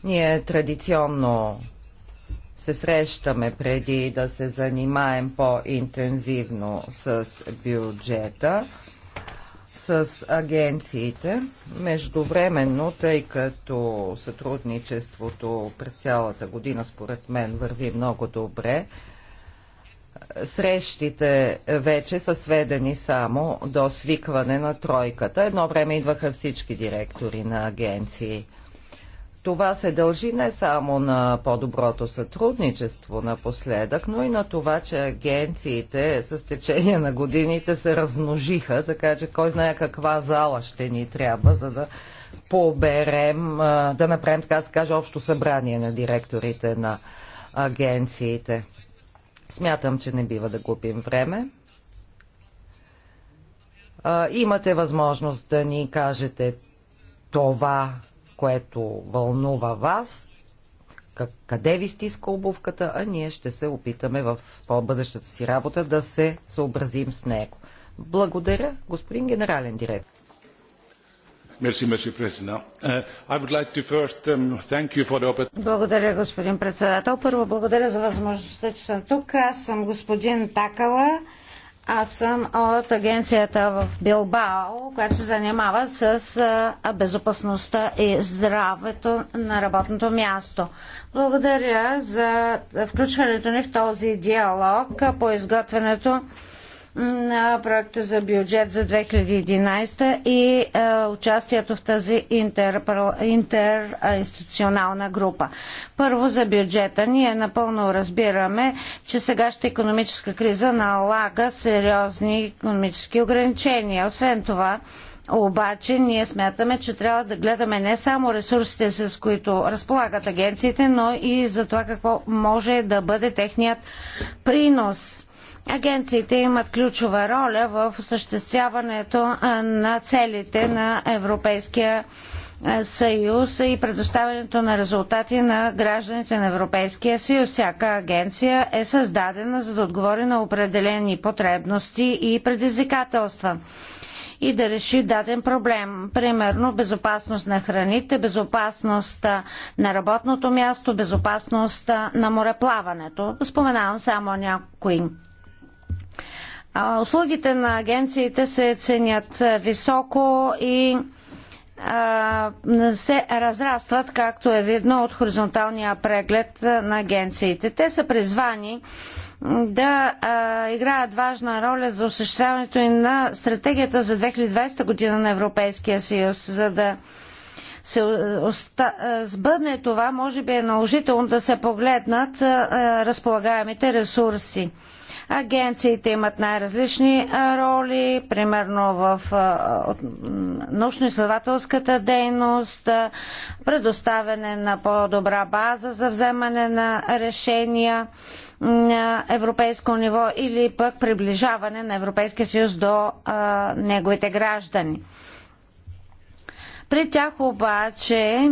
Speaker 4: Ние традиционно се срещаме преди да се занимаем по-интензивно с бюджета с агенциите. Междувременно, тъй като сътрудничеството през цялата година, според мен, върви много добре, срещите вече са сведени само до свикване на тройката. Едно време идваха всички директори на агенции – това се дължи не само на по-доброто сътрудничество напоследък, но и на това, че агенциите с течение на годините се размножиха, така че кой знае каква зала ще ни трябва, за да поберем, да направим, така да се каже, общо събрание на директорите на агенциите. Смятам, че не бива да губим време. Имате възможност да ни кажете това, което вълнува вас, къде ви стиска обувката, а ние ще се опитаме в по-бъдещата си работа да се съобразим с него. Благодаря, господин генерален директор.
Speaker 1: Благодаря, господин председател. Първо благодаря за възможността, че съм тук. Аз съм господин Такала аз съм от агенцията в Билбао, която се занимава с безопасността и здравето на работното място. Благодаря за включването ни в този диалог по изготвянето на проекта за бюджет за 2011 и е, участието в тази интеринституционална интер, група. Първо за бюджета. Ние напълно разбираме, че сегашната економическа криза налага сериозни економически ограничения. Освен това, обаче ние смятаме, че трябва да гледаме не само ресурсите, с които разполагат агенциите, но и за това какво може да бъде техният принос Агенциите имат ключова роля в осъществяването на целите на Европейския съюз и предоставянето на резултати на гражданите на Европейския съюз. Всяка агенция е създадена за да отговори на определени потребности и предизвикателства и да реши даден проблем. Примерно безопасност на храните, безопасност на работното място, безопасност на мореплаването. Споменавам само някои. Услугите на агенциите се ценят високо и се разрастват, както е видно от хоризонталния преглед на агенциите. Те са призвани да а, играят важна роля за осъществяването и на стратегията за 2020 година на Европейския съюз, за да се оста... сбъдне това, може би е наложително да се погледнат а, разполагаемите ресурси. Агенциите имат най-различни роли, примерно в научно-изследователската дейност, предоставяне на по-добра база за вземане на решения на европейско ниво или пък приближаване на Европейския съюз до а, неговите граждани. При тях обаче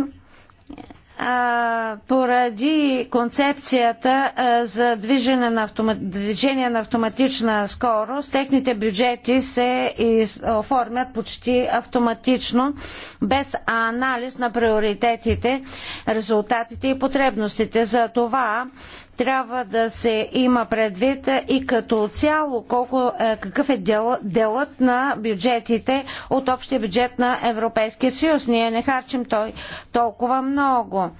Speaker 1: поради концепцията за движение на, автомат... движение на автоматична скорост, техните бюджети се из... оформят почти автоматично, без анализ на приоритетите, резултатите и потребностите. За това трябва да се има предвид и като цяло колко, е, какъв е дел, делът на бюджетите от общия бюджет на Европейския съюз. Ние не харчим той толкова много.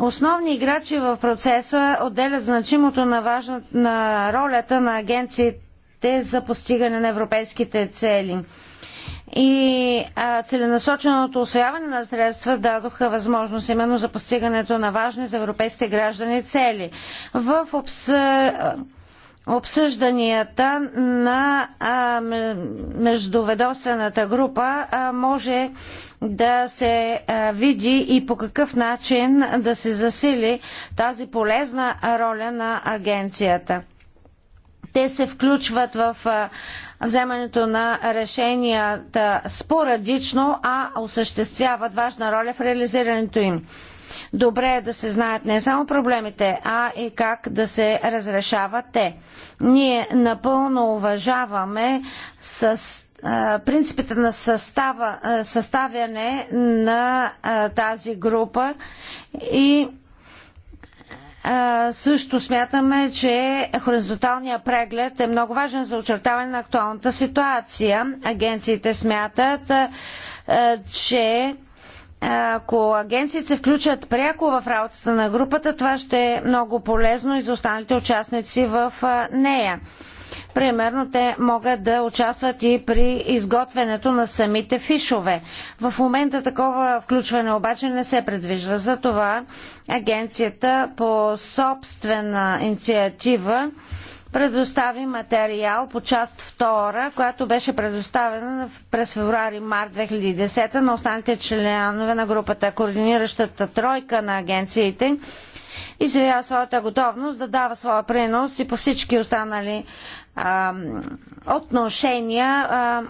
Speaker 1: Основни играчи в процеса отделят значимото на, важна, на ролята на агенциите за постигане на европейските цели и а, целенасоченото освояване на средства дадоха възможност именно за постигането на важни за европейските граждани цели. В обс... обсъжданията на а, междуведовствената група а, може да се види и по какъв начин да се засили тази полезна роля на агенцията те се включват в вземането на решенията спорадично, а осъществяват важна роля в реализирането им. Добре е да се знаят не само проблемите, а и как да се разрешават те. Ние напълно уважаваме с принципите на състава, съставяне на тази група и също смятаме, че хоризонталният преглед е много важен за очертаване на актуалната ситуация. Агенциите смятат, че ако агенциите се включат пряко в работата на групата, това ще е много полезно и за останалите участници в нея. Примерно те могат да участват и при изготвянето на самите фишове. В момента такова включване обаче не се предвижда. Затова агенцията по собствена инициатива предостави материал по част 2, която беше предоставена през февруари-март 2010 на останалите членове на групата. Координиращата тройка на агенциите изявява своята готовност да дава своя принос и по всички останали а, отношения. А,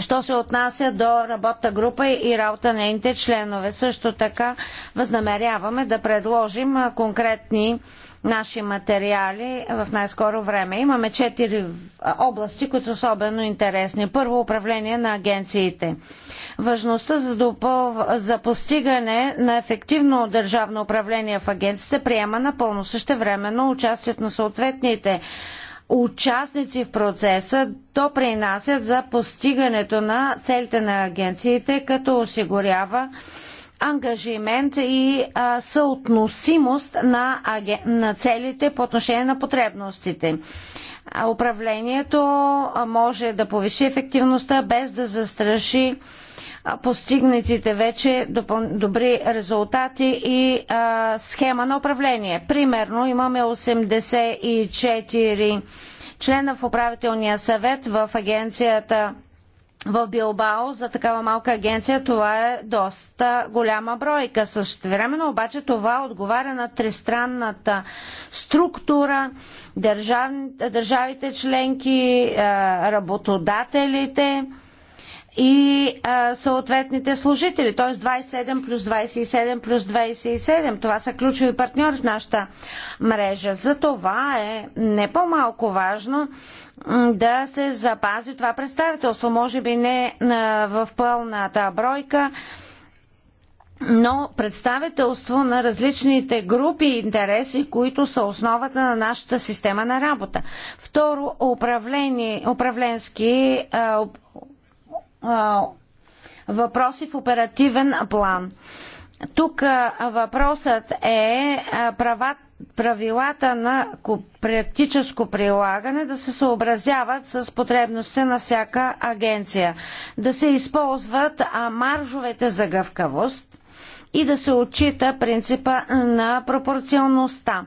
Speaker 1: що се отнася до работа група и работа на нейните членове. Също така възнамеряваме да предложим конкретни наши материали в най-скоро време. Имаме четири области, които са особено интересни. Първо, управление на агенциите. Важността за, допъл... за постигане на ефективно държавно управление в агенциите приема напълно същевременно участието на съответните участници в процеса то принасят за постигането на целите на агенциите, като осигурява ангажимент и а, съотносимост на, на целите по отношение на потребностите. А, управлението може да повиши ефективността без да застраши постигнатите вече добри резултати и а, схема на управление. Примерно имаме 84 члена в управителния съвет в агенцията в Билбао за такава малка агенция това е доста голяма бройка. времено обаче това отговаря на тристранната структура, държав... държавите членки, е, работодателите, и а, съответните служители, т.е. 27 плюс 27 плюс 27. Това са ключови партньори в нашата мрежа. За това е не по-малко важно да се запази това представителство. Може би не а, в пълната бройка, но представителство на различните групи и интереси, които са основата на нашата система на работа. Второ, управление, управленски а, въпроси в оперативен план. Тук въпросът е права, правилата на практическо прилагане да се съобразяват с потребностите на всяка агенция, да се използват маржовете за гъвкавост и да се отчита принципа на пропорционалността.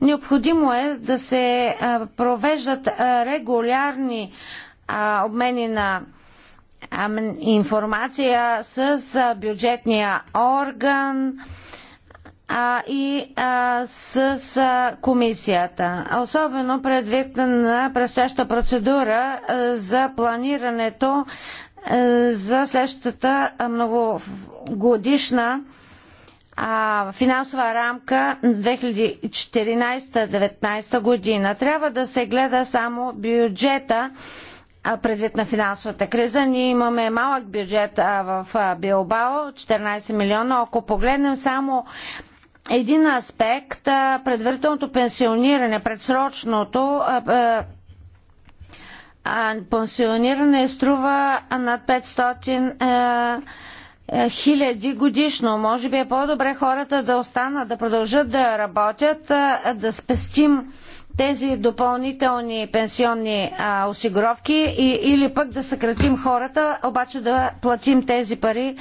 Speaker 1: Необходимо е да се провеждат регулярни обмени на информация с бюджетния орган а, и а, с, а, комисията. Особено предвид на предстояща процедура а, за планирането а, за следващата многогодишна а, финансова рамка 2014-2019 година. Трябва да се гледа само бюджета предвид на финансовата криза. Ние имаме малък бюджет в Билбао, 14 милиона. Ако погледнем само един аспект, предварителното пенсиониране, предсрочното пенсиониране струва над 500 хиляди годишно. Може би е по-добре хората да останат, да продължат да работят, да спестим тези допълнителни пенсионни а, осигуровки и, или пък да съкратим хората, обаче да платим тези пари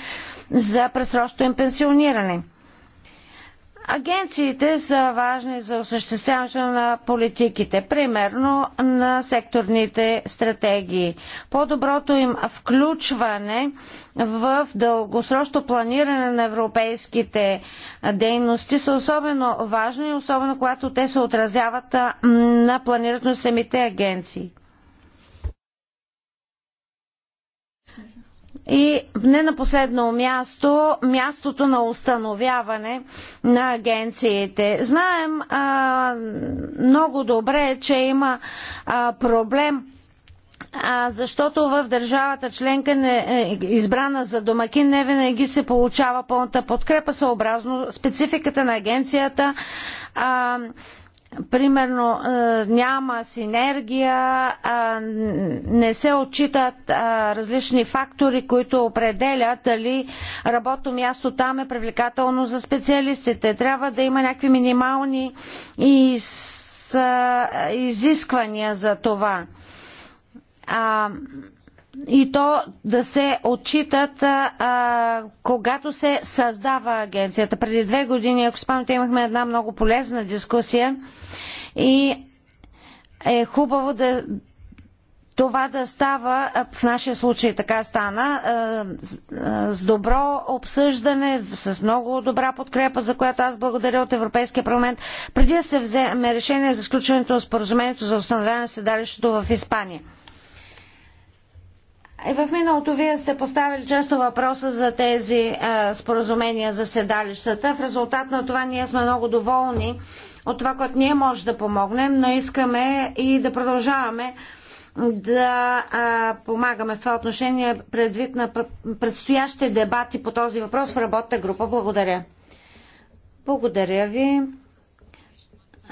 Speaker 1: за пресрочното им пенсиониране. Агенциите са важни за осъществяването на политиките, примерно на секторните стратегии. По-доброто им включване в дългосрочно планиране на европейските дейности са особено важни, особено когато те се отразяват на планирането на самите агенции. И не на последно място, мястото на установяване на агенциите. Знаем а, много добре, че има а, проблем а, защото в държавата членка не, е, избрана за домакин не винаги се получава пълната подкрепа съобразно спецификата на агенцията. А, примерно е, няма синергия, е, не се отчитат е, различни фактори, които определят дали работно място там е привлекателно за специалистите. Трябва да има някакви минимални изисквания за това и то да се отчитат, а, когато се създава агенцията. Преди две години, ако спомняте, имахме една много полезна дискусия и е хубаво да това да става, в нашия случай така стана, с добро обсъждане, с много добра подкрепа, за която аз благодаря от Европейския парламент, преди да се вземе решение за сключването на споразумението за установяване на седалището в Испания. И е, в миналото вие сте поставили често въпроса за тези а, е, споразумения за седалищата. В резултат на това ние сме много доволни от това, което ние може да помогнем, но искаме и да продължаваме да а, е, помагаме в това отношение предвид на предстоящите дебати по този въпрос в работната група. Благодаря. Благодаря ви.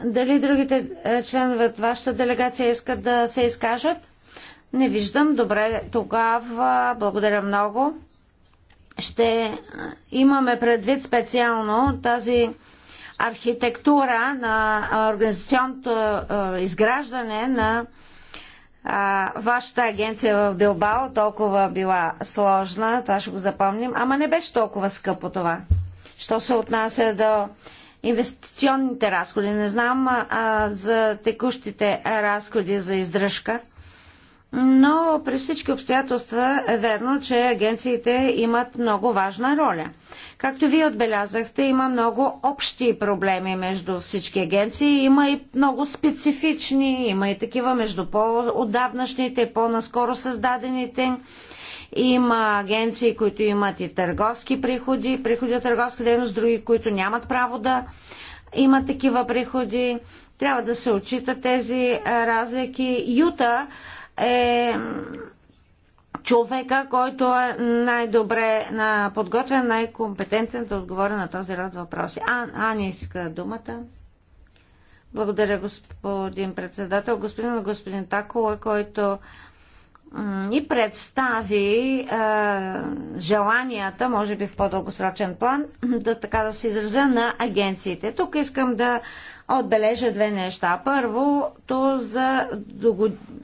Speaker 1: Дали другите членове от вашата делегация искат да се изкажат? Не виждам. Добре, тогава благодаря много. Ще имаме предвид специално тази архитектура на организационното изграждане на вашата агенция в Билбао толкова била сложна, това ще го запомним, ама не беше толкова скъпо това. Що се отнася до инвестиционните разходи, не знам а, за текущите разходи за издръжка но при всички обстоятелства е верно, че агенциите имат много важна роля. Както вие отбелязахте, има много общи проблеми между всички агенции, има и много специфични, има и такива между по-отдавнашните, по-наскоро създадените. Има агенции, които имат и търговски приходи, приходи от търговска дейност, други, които нямат право да имат такива приходи. Трябва да се отчита тези разлики. Юта е човека, който е най-добре подготвен, най-компетентен да отговори на този род въпроси. А, Ани иска думата. Благодаря, господин председател. Господин господин Такова, който ни представи е, желанията, може би в по-дългосрочен план, да така да се изразя на агенциите. Тук искам да отбележа две неща. Първото за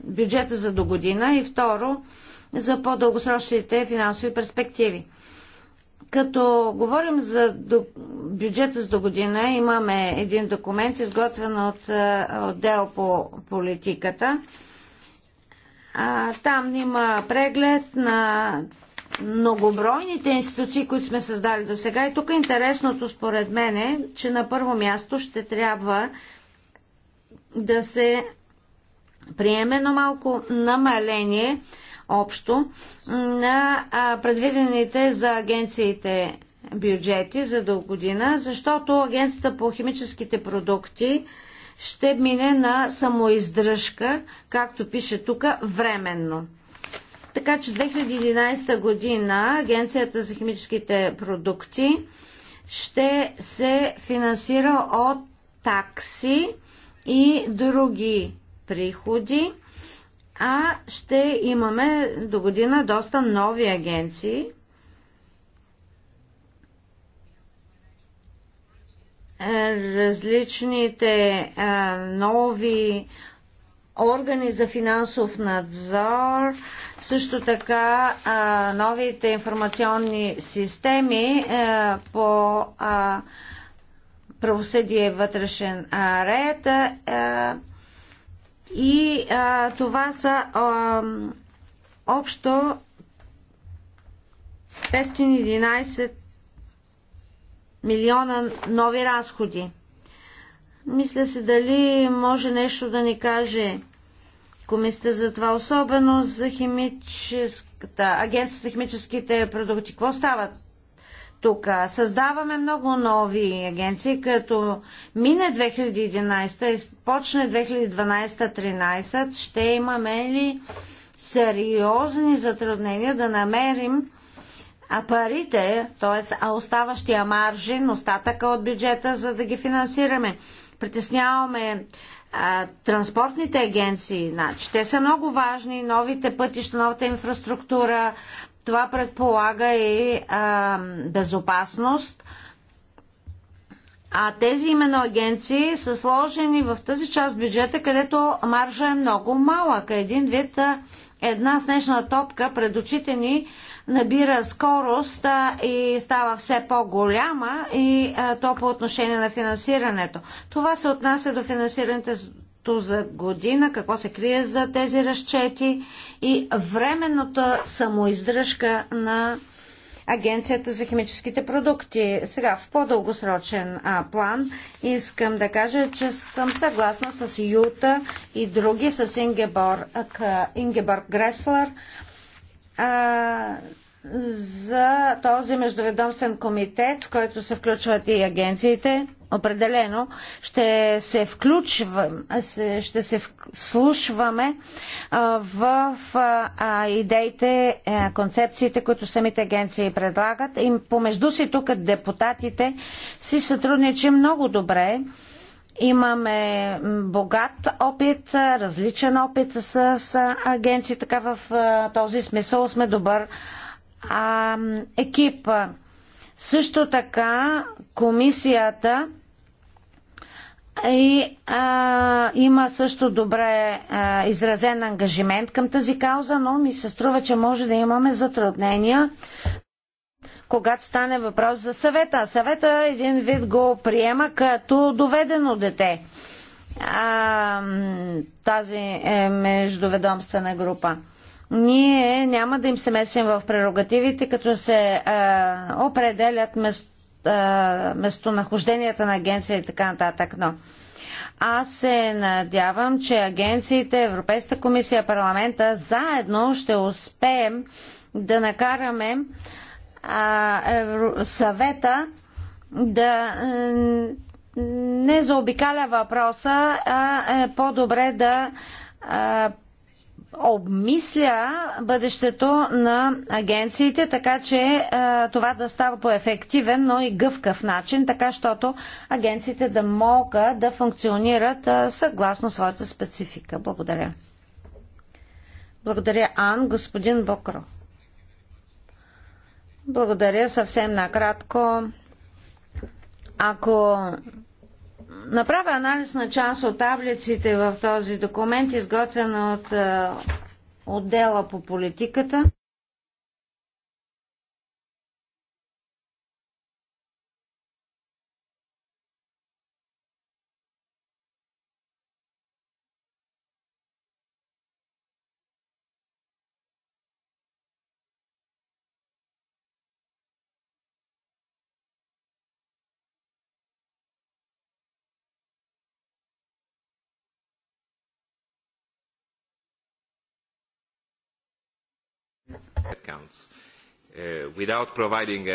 Speaker 1: бюджета за до година и второ за по-дългосрочните финансови перспективи. Като говорим за бюджета за до година, имаме един документ, изготвен от е, отдел по политиката. Там има преглед на многобройните институции, които сме създали до сега. И тук интересното според мен е, че на първо място ще трябва да се приеме на малко намаление общо на предвидените за агенциите бюджети за до година, защото агенцията по химическите продукти ще мине на самоиздръжка, както пише тук, временно. Така че 2011 година Агенцията за химическите продукти ще се финансира от такси и други приходи, а ще имаме до година доста нови агенции. Различните а, нови органи за финансов надзор също така новите информационни системи е, по правосъдие вътрешен ред е, и това са общо 511 милиона нови разходи. Мисля се дали може нещо да ни каже комисията за това, особено за химическата, агенция за химическите продукти. Какво става тук? Създаваме много нови агенции, като мине 2011 и почне 2012-13, ще имаме ли сериозни затруднения да намерим а парите, т.е. оставащия маржин, остатъка от бюджета, за да ги финансираме. Притесняваме а, транспортните агенции, значи, те са много важни, новите пътища, новата инфраструктура, това предполага и а, безопасност. А тези именно агенции са сложени в тази част бюджета, където маржа е много малък. Един вид а, една снежна топка пред очите ни набира скорост а, и става все по-голяма и а, то по отношение на финансирането. Това се отнася до финансирането за година, какво се крие за тези разчети и временната самоиздръжка на Агенцията за химическите продукти. Сега, в по-дългосрочен план, искам да кажа, че съм съгласна с Юта и други, с Ингебор Ингеборг Греслер. А, за този междуведомствен комитет, в който се включват и агенциите. Определено ще се включвам, ще се вслушваме в идеите, концепциите, които самите агенции предлагат. И помежду си тук депутатите си сътрудничи много добре. Имаме богат опит, различен опит с агенции, така в този смисъл сме добър а, екипа. Също така комисията и а, има също добре а, изразен ангажимент към тази кауза, но ми се струва, че може да имаме затруднения, когато стане въпрос за съвета. Съвета един вид го приема като доведено дете. А, тази е междуведомствена група. Ние няма да им се месим в прерогативите, като се а, определят мест, а, местонахожденията на агенция и така нататък. Но аз се надявам, че агенциите, Европейската комисия, парламента заедно ще успеем да накараме а, Евро... съвета да не заобикаля въпроса, а е по-добре да обмисля бъдещето на агенциите, така че е, това да става по ефективен, но и гъвкав начин, така щото агенциите да могат да функционират е, съгласно своята специфика. Благодаря. Благодаря, Ан. Господин Бокро. Благодаря съвсем накратко. Ако направя анализ на част от таблиците в този документ, изготвен от е, отдела по политиката.
Speaker 3: headcounts without providing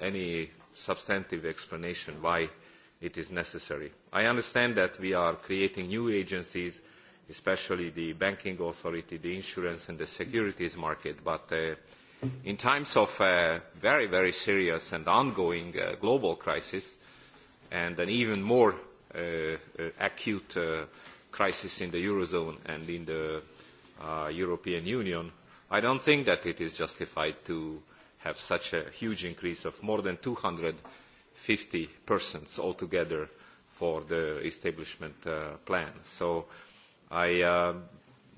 Speaker 3: any substantive explanation why it is necessary. I understand that we are creating new agencies, especially the banking authority, the insurance and the securities market, but in times of very, very serious and ongoing global crisis and an even more acute crisis in the Eurozone and in the European Union, I don't think that it is justified to have such a huge increase of more than 250 persons altogether for the establishment uh, plan. So I uh,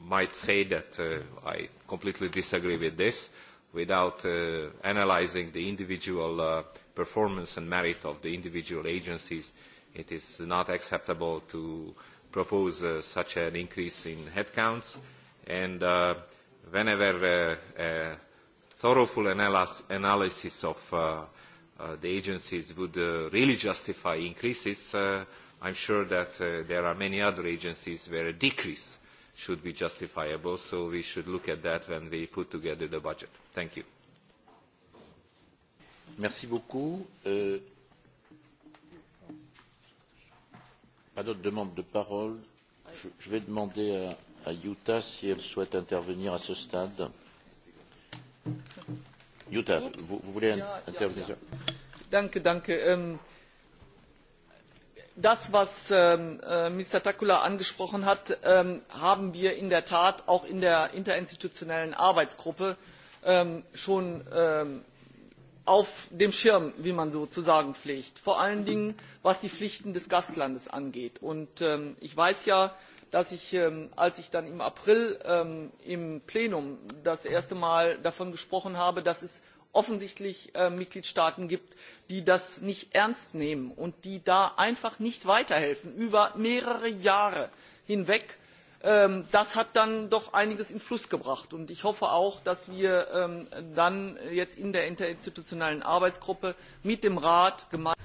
Speaker 3: might say that uh, I completely disagree with this without uh, analyzing the individual uh, performance and merit of the individual agencies. It is not acceptable to propose uh, such an increase in headcounts and uh, whenever a thoroughful analysis of the agencies would really justify increases, I am sure that there are many other agencies where a decrease should be justifiable, so we should look at that when we put together the budget. Thank you. Merci beaucoup. pas d'autres demandes de parole. Je, vais demander à à Utah si elle souhaite intervenir à ce stade. Jutta, vous, voulez intervenir
Speaker 5: das, was Mr. Takula angesprochen hat, haben wir in der Tat auch in der interinstitutionellen Arbeitsgruppe schon auf dem Schirm, wie man so zu sagen pflegt. Vor allen Dingen, was die Pflichten des Gastlandes angeht. ich weiß ja, dass ich als ich dann im april im plenum das erste mal davon gesprochen habe dass es offensichtlich mitgliedstaaten gibt die das nicht ernst nehmen und die da einfach nicht weiterhelfen über mehrere jahre hinweg das hat dann doch einiges in fluss gebracht. ich hoffe auch dass wir dann jetzt in der interinstitutionellen Arbeitsgruppe mit dem Rat gemeinsam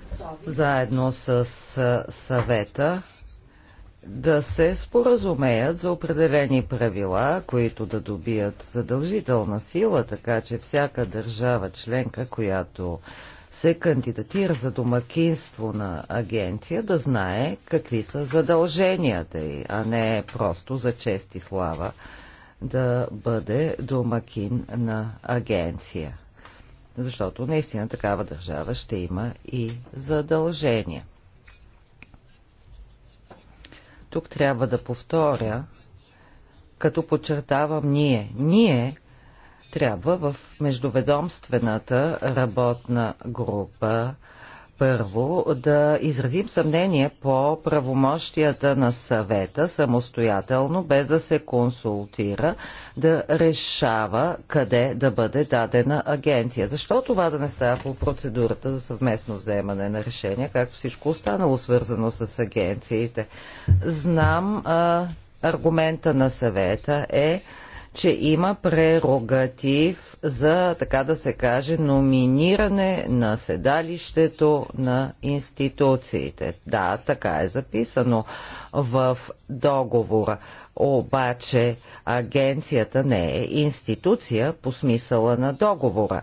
Speaker 4: да се споразумеят за определени правила, които да добият задължителна сила, така че всяка държава членка, която се кандидатира за домакинство на агенция, да знае какви са задълженията й, а не просто за чест и слава да бъде домакин на агенция. Защото наистина такава държава ще има и задължения. Тук трябва да повторя, като подчертавам ние. Ние трябва в междуведомствената работна група първо да изразим съмнение по правомощията на съвета самостоятелно, без да се консултира, да решава къде да бъде дадена агенция. Защо това да не става по процедурата за съвместно вземане на решения, както всичко останало свързано с агенциите? Знам, а, аргумента на съвета е, че има прерогатив за, така да се каже, номиниране на седалището на институциите. Да, така е записано в договора. Обаче агенцията не е институция по смисъла на договора.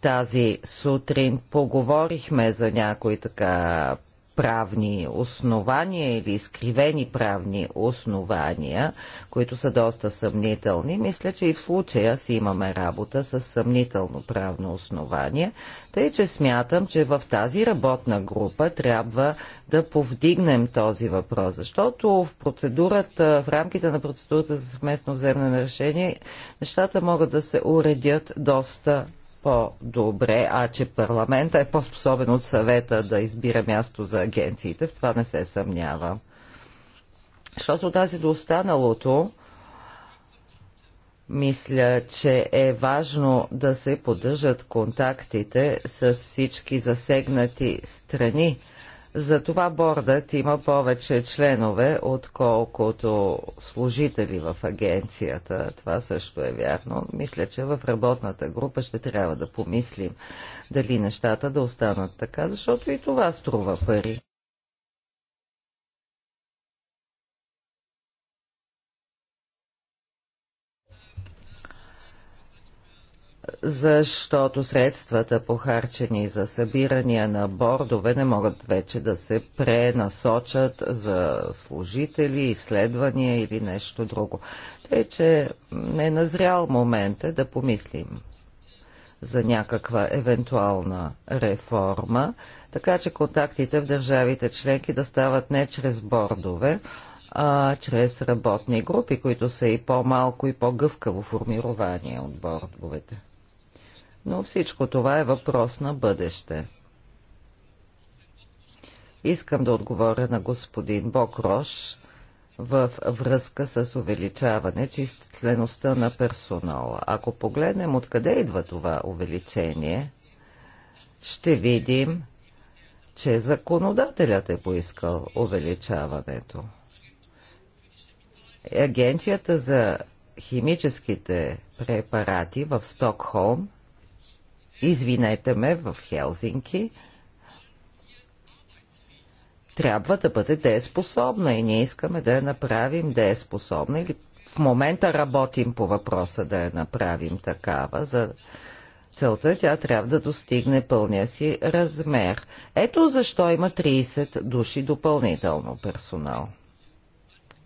Speaker 4: Тази сутрин поговорихме за някои така правни основания или изкривени правни основания, които са доста съмнителни. Мисля, че и в случая си имаме работа с съмнително правно основание, тъй че смятам, че в тази работна група трябва да повдигнем този въпрос, защото в процедурата, в рамките на процедурата за съвместно вземане на решение, нещата могат да се уредят доста по-добре, а че парламента е по-способен от съвета да избира място за агенциите, в това не се съмнявам. Що се отнася до останалото, мисля, че е важно да се поддържат контактите с всички засегнати страни затова бордът има повече членове, отколкото служители в агенцията. Това също е вярно. Мисля, че в работната група ще трябва да помислим дали нещата да останат така, защото и това струва пари. защото средствата похарчени за събирания на бордове не могат вече да се пренасочат за служители, изследвания или нещо друго. Те, че не е назрял момента да помислим за някаква евентуална реформа, така че контактите в държавите членки да стават не чрез бордове, а, чрез работни групи, които са и по-малко и по-гъвкаво формирование от бордовете. Но всичко това е въпрос на бъдеще. Искам да отговоря на господин Рош в връзка с увеличаване числеността на персонала. Ако погледнем откъде идва това увеличение, ще видим, че законодателят е поискал увеличаването. Агенцията за химическите препарати в Стокхолм извинете ме, в Хелзинки, трябва да бъде дееспособна и ние искаме да я направим дееспособна или в момента работим по въпроса да я направим такава. За целта тя трябва да достигне пълния си размер. Ето защо има 30 души допълнително персонал.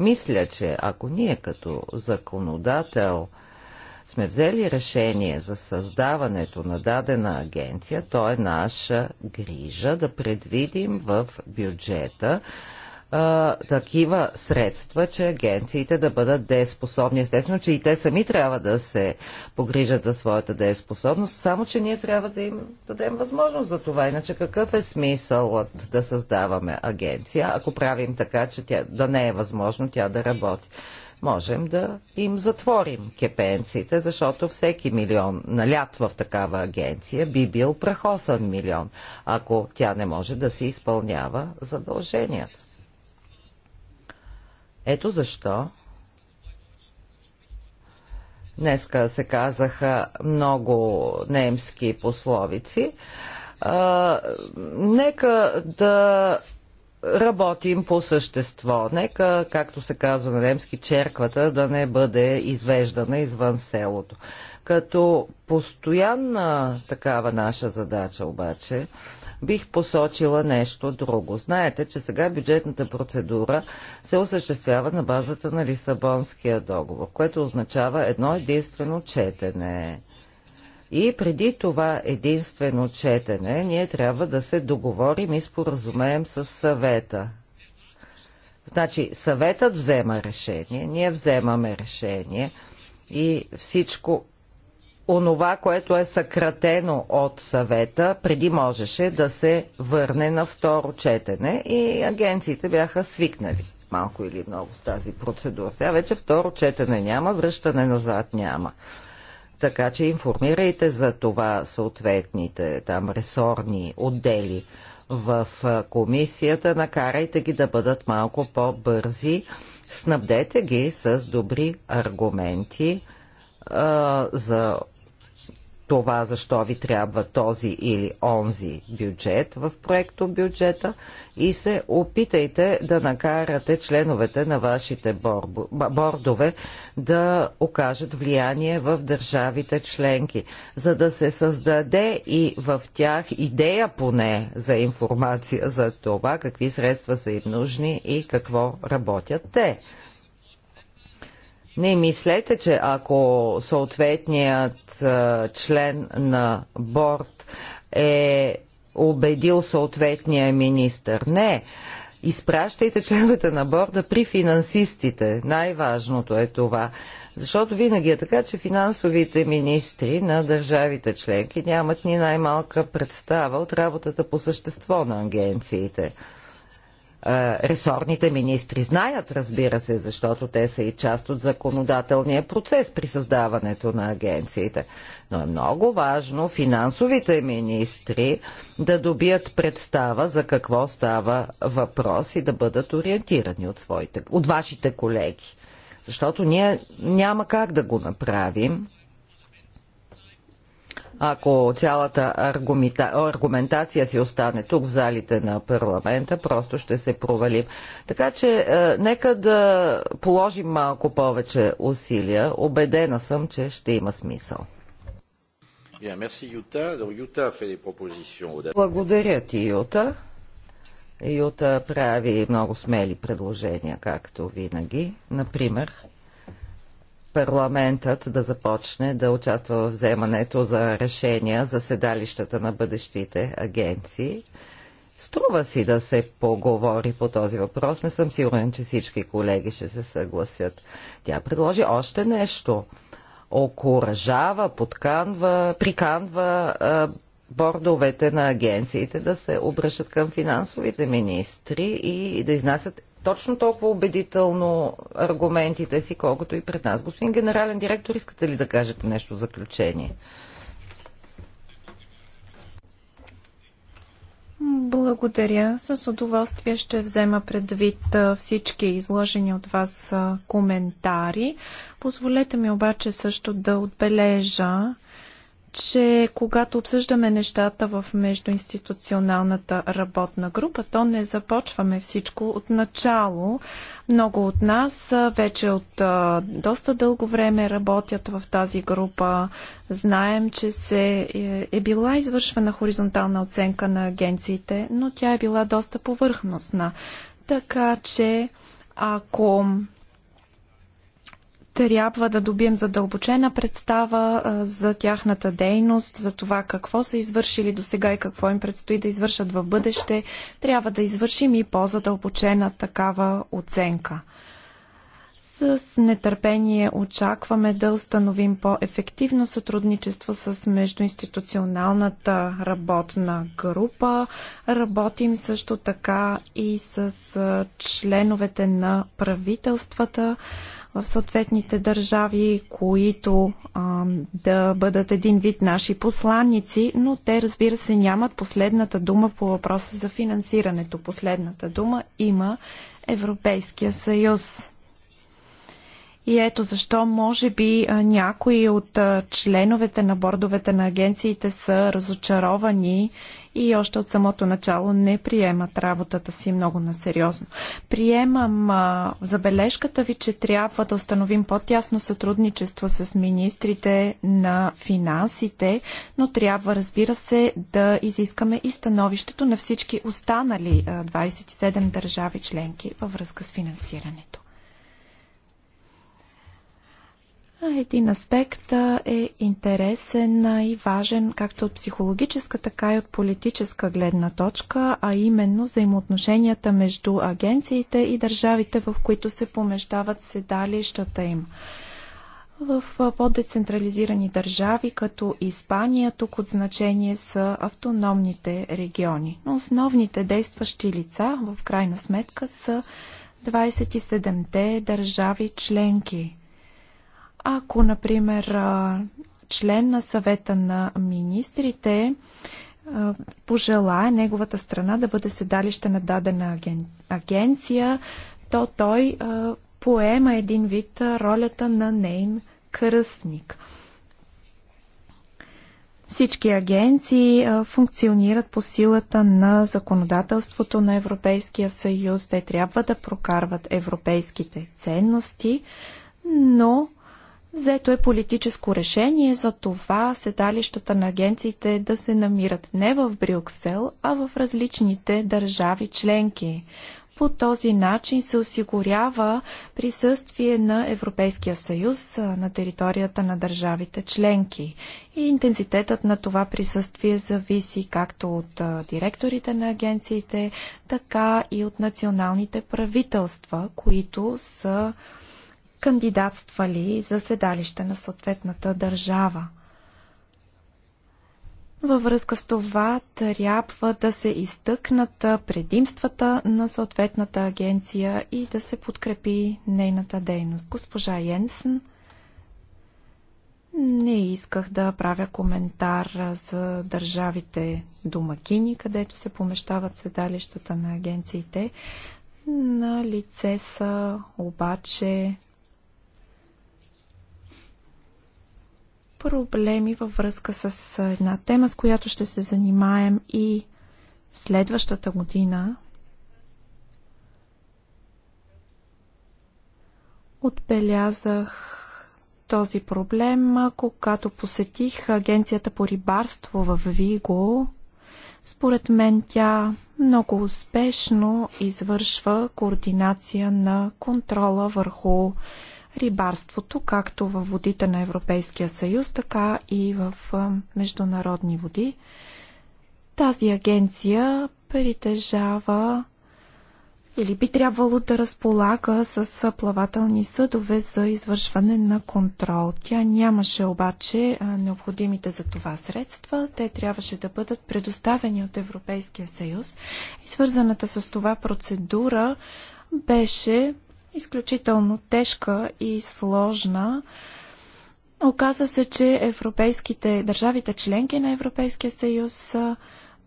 Speaker 4: Мисля, че ако ние като законодател – сме взели решение за създаването на дадена агенция, то е наша грижа да предвидим в бюджета а, такива средства, че агенциите да бъдат дееспособни. Естествено, че и те сами трябва да се погрижат за своята дееспособност, само че ние трябва да им дадем възможност за това. Иначе какъв е смисълът да създаваме агенция, ако правим така, че тя, да не е възможно тя да работи? можем да им затворим кепенците, защото всеки милион налят в такава агенция би бил прахосан милион, ако тя не може да си изпълнява задълженията. Ето защо днеска се казаха много немски пословици. А, нека да работим по същество. Нека, както се казва на немски, черквата да не бъде извеждана извън селото. Като постоянна такава наша задача обаче, бих посочила нещо друго. Знаете, че сега бюджетната процедура се осъществява на базата на Лисабонския договор, което означава едно единствено четене. И преди това единствено четене ние трябва да се договорим и споразумеем с съвета. Значи съветът взема решение, ние вземаме решение и всичко онова, което е съкратено от съвета, преди можеше да се върне на второ четене и агенциите бяха свикнали малко или много с тази процедура. Сега вече второ четене няма, връщане назад няма. Така че информирайте за това съответните там ресорни отдели в комисията, накарайте ги да бъдат малко по-бързи, снабдете ги с добри аргументи а, за това защо ви трябва този или онзи бюджет в проекто бюджета и се опитайте да накарате членовете на вашите бордове да окажат влияние в държавите членки, за да се създаде и в тях идея поне за информация за това какви средства са им нужни и какво работят те. Не мислете, че ако съответният член на борт е убедил съответния министр. Не. Изпращайте членовете на борда при финансистите. Най-важното е това. Защото винаги е така, че финансовите министри на държавите членки нямат ни най-малка представа от работата по същество на агенциите ресорните министри знаят, разбира се, защото те са и част от законодателния процес при създаването на агенциите. Но е много важно финансовите министри да добият представа за какво става въпрос и да бъдат ориентирани от, своите, от вашите колеги. Защото ние няма как да го направим, ако цялата аргумента... аргументация си остане тук в залите на парламента, просто ще се провалим. Така че е, нека да положим малко повече усилия. Обедена съм, че ще има смисъл. Благодаря ти, Юта. Юта прави много смели предложения, както винаги. Например, парламентът да започне да участва в вземането за решения за седалищата на бъдещите агенции. Струва си да се поговори по този въпрос. Не съм сигурен, че всички колеги ще се съгласят. Тя предложи още нещо. Окоръжава, подканва, приканва бордовете на агенциите да се обръщат към финансовите министри и да изнасят точно толкова убедително аргументите си, колкото и пред нас. Господин генерален директор, искате ли да кажете нещо в заключение?
Speaker 2: Благодаря. С удоволствие ще взема предвид всички изложени от вас коментари. Позволете ми обаче също да отбележа, че когато обсъждаме нещата в междуинституционалната работна група, то не започваме всичко от начало. Много от нас вече от а, доста дълго време работят в тази група. Знаем, че се е, е била извършвана хоризонтална оценка на агенциите, но тя е била доста повърхностна. Така че ако трябва да добием задълбочена представа за тяхната дейност, за това какво са извършили до сега и какво им предстои да извършат в бъдеще. Трябва да извършим и по-задълбочена такава оценка. С нетърпение очакваме да установим по-ефективно сътрудничество с междуинституционалната работна група. Работим също така и с членовете на правителствата в съответните държави, които а, да бъдат един вид наши посланници, но те, разбира се, нямат последната дума по въпроса за финансирането. Последната дума има Европейския съюз. И ето защо, може би, някои от членовете на бордовете на агенциите са разочаровани и още от самото начало не приемат работата си много насериозно. Приемам а, забележката ви, че трябва да установим по-тясно сътрудничество с министрите на финансите, но трябва, разбира се, да изискаме и становището на всички останали а, 27 държави членки във връзка с финансирането. Един аспект е интересен и важен както от психологическа, така и от политическа гледна точка, а именно взаимоотношенията между агенциите и държавите, в които се помещават седалищата им. В по-децентрализирани държави, като Испания, тук от значение са автономните региони. Но основните действащи лица, в крайна сметка, са 27-те държави членки ако, например, член на съвета на министрите пожелае неговата страна да бъде седалище на дадена аген... агенция, то той поема един вид ролята на нейн кръстник. Всички агенции функционират по силата на законодателството на Европейския съюз. Те трябва да прокарват европейските ценности, но Взето е политическо решение за това седалищата на агенциите да се намират не в Брюксел, а в различните държави членки. По този начин се осигурява присъствие на Европейския съюз на територията на държавите членки. И интензитетът на това присъствие зависи както от директорите на агенциите, така и от националните правителства, които са кандидатствали за седалище на съответната държава. Във връзка с това трябва да се изтъкнат предимствата на съответната агенция и да се подкрепи нейната дейност. Госпожа Йенсен, не исках да правя коментар за държавите домакини, където се помещават седалищата на агенциите. На лице са обаче проблеми във връзка с една тема, с която ще се занимаем и следващата година. Отбелязах този проблем, когато посетих Агенцията по рибарство в Виго. Според мен тя много успешно извършва координация на контрола върху рибарството, както във водите на Европейския съюз, така и в международни води. Тази агенция притежава или би трябвало да разполага с плавателни съдове за извършване на контрол. Тя нямаше обаче необходимите за това средства. Те трябваше да бъдат предоставени от Европейския съюз. И свързаната с това процедура беше изключително тежка и сложна. Оказа се, че европейските държавите членки на Европейския съюз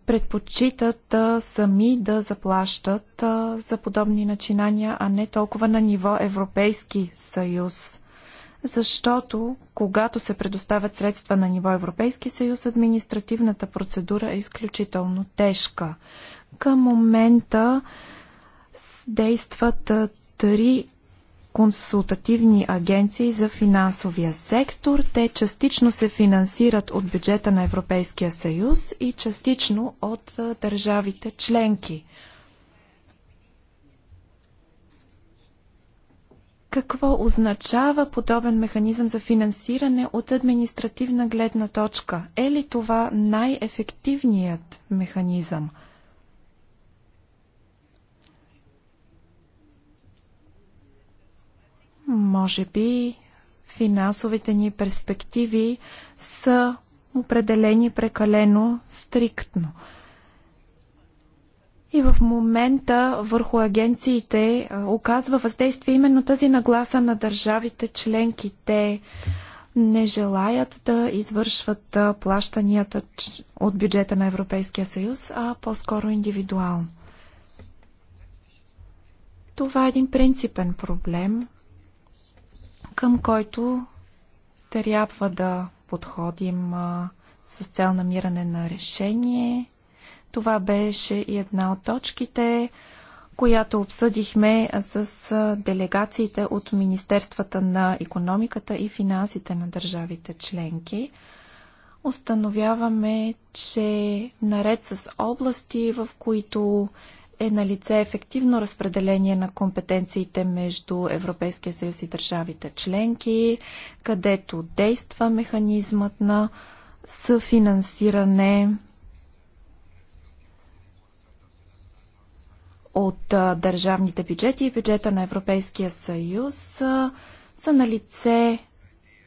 Speaker 2: предпочитат сами да заплащат за подобни начинания, а не толкова на ниво Европейски съюз. Защото, когато се предоставят средства на ниво Европейски съюз, административната процедура е изключително тежка. Към момента действат три консултативни агенции за финансовия сектор. Те частично се финансират от бюджета на Европейския съюз и частично от държавите членки. Какво означава подобен механизъм за финансиране от административна гледна точка? Е ли това най-ефективният механизъм? Може би финансовите ни перспективи са определени прекалено стриктно. И в момента върху агенциите оказва въздействие именно тази нагласа на държавите членки. Те не желаят да извършват плащанията от бюджета на Европейския съюз, а по-скоро индивидуално. Това е един принципен проблем към който трябва да подходим с цел намиране на решение. Това беше и една от точките, която обсъдихме с делегациите от Министерствата на економиката и финансите на държавите членки. Установяваме, че наред с области, в които е на лице ефективно разпределение на компетенциите между Европейския съюз и държавите членки, където действа механизмът на съфинансиране от държавните бюджети и бюджета на Европейския съюз са на лице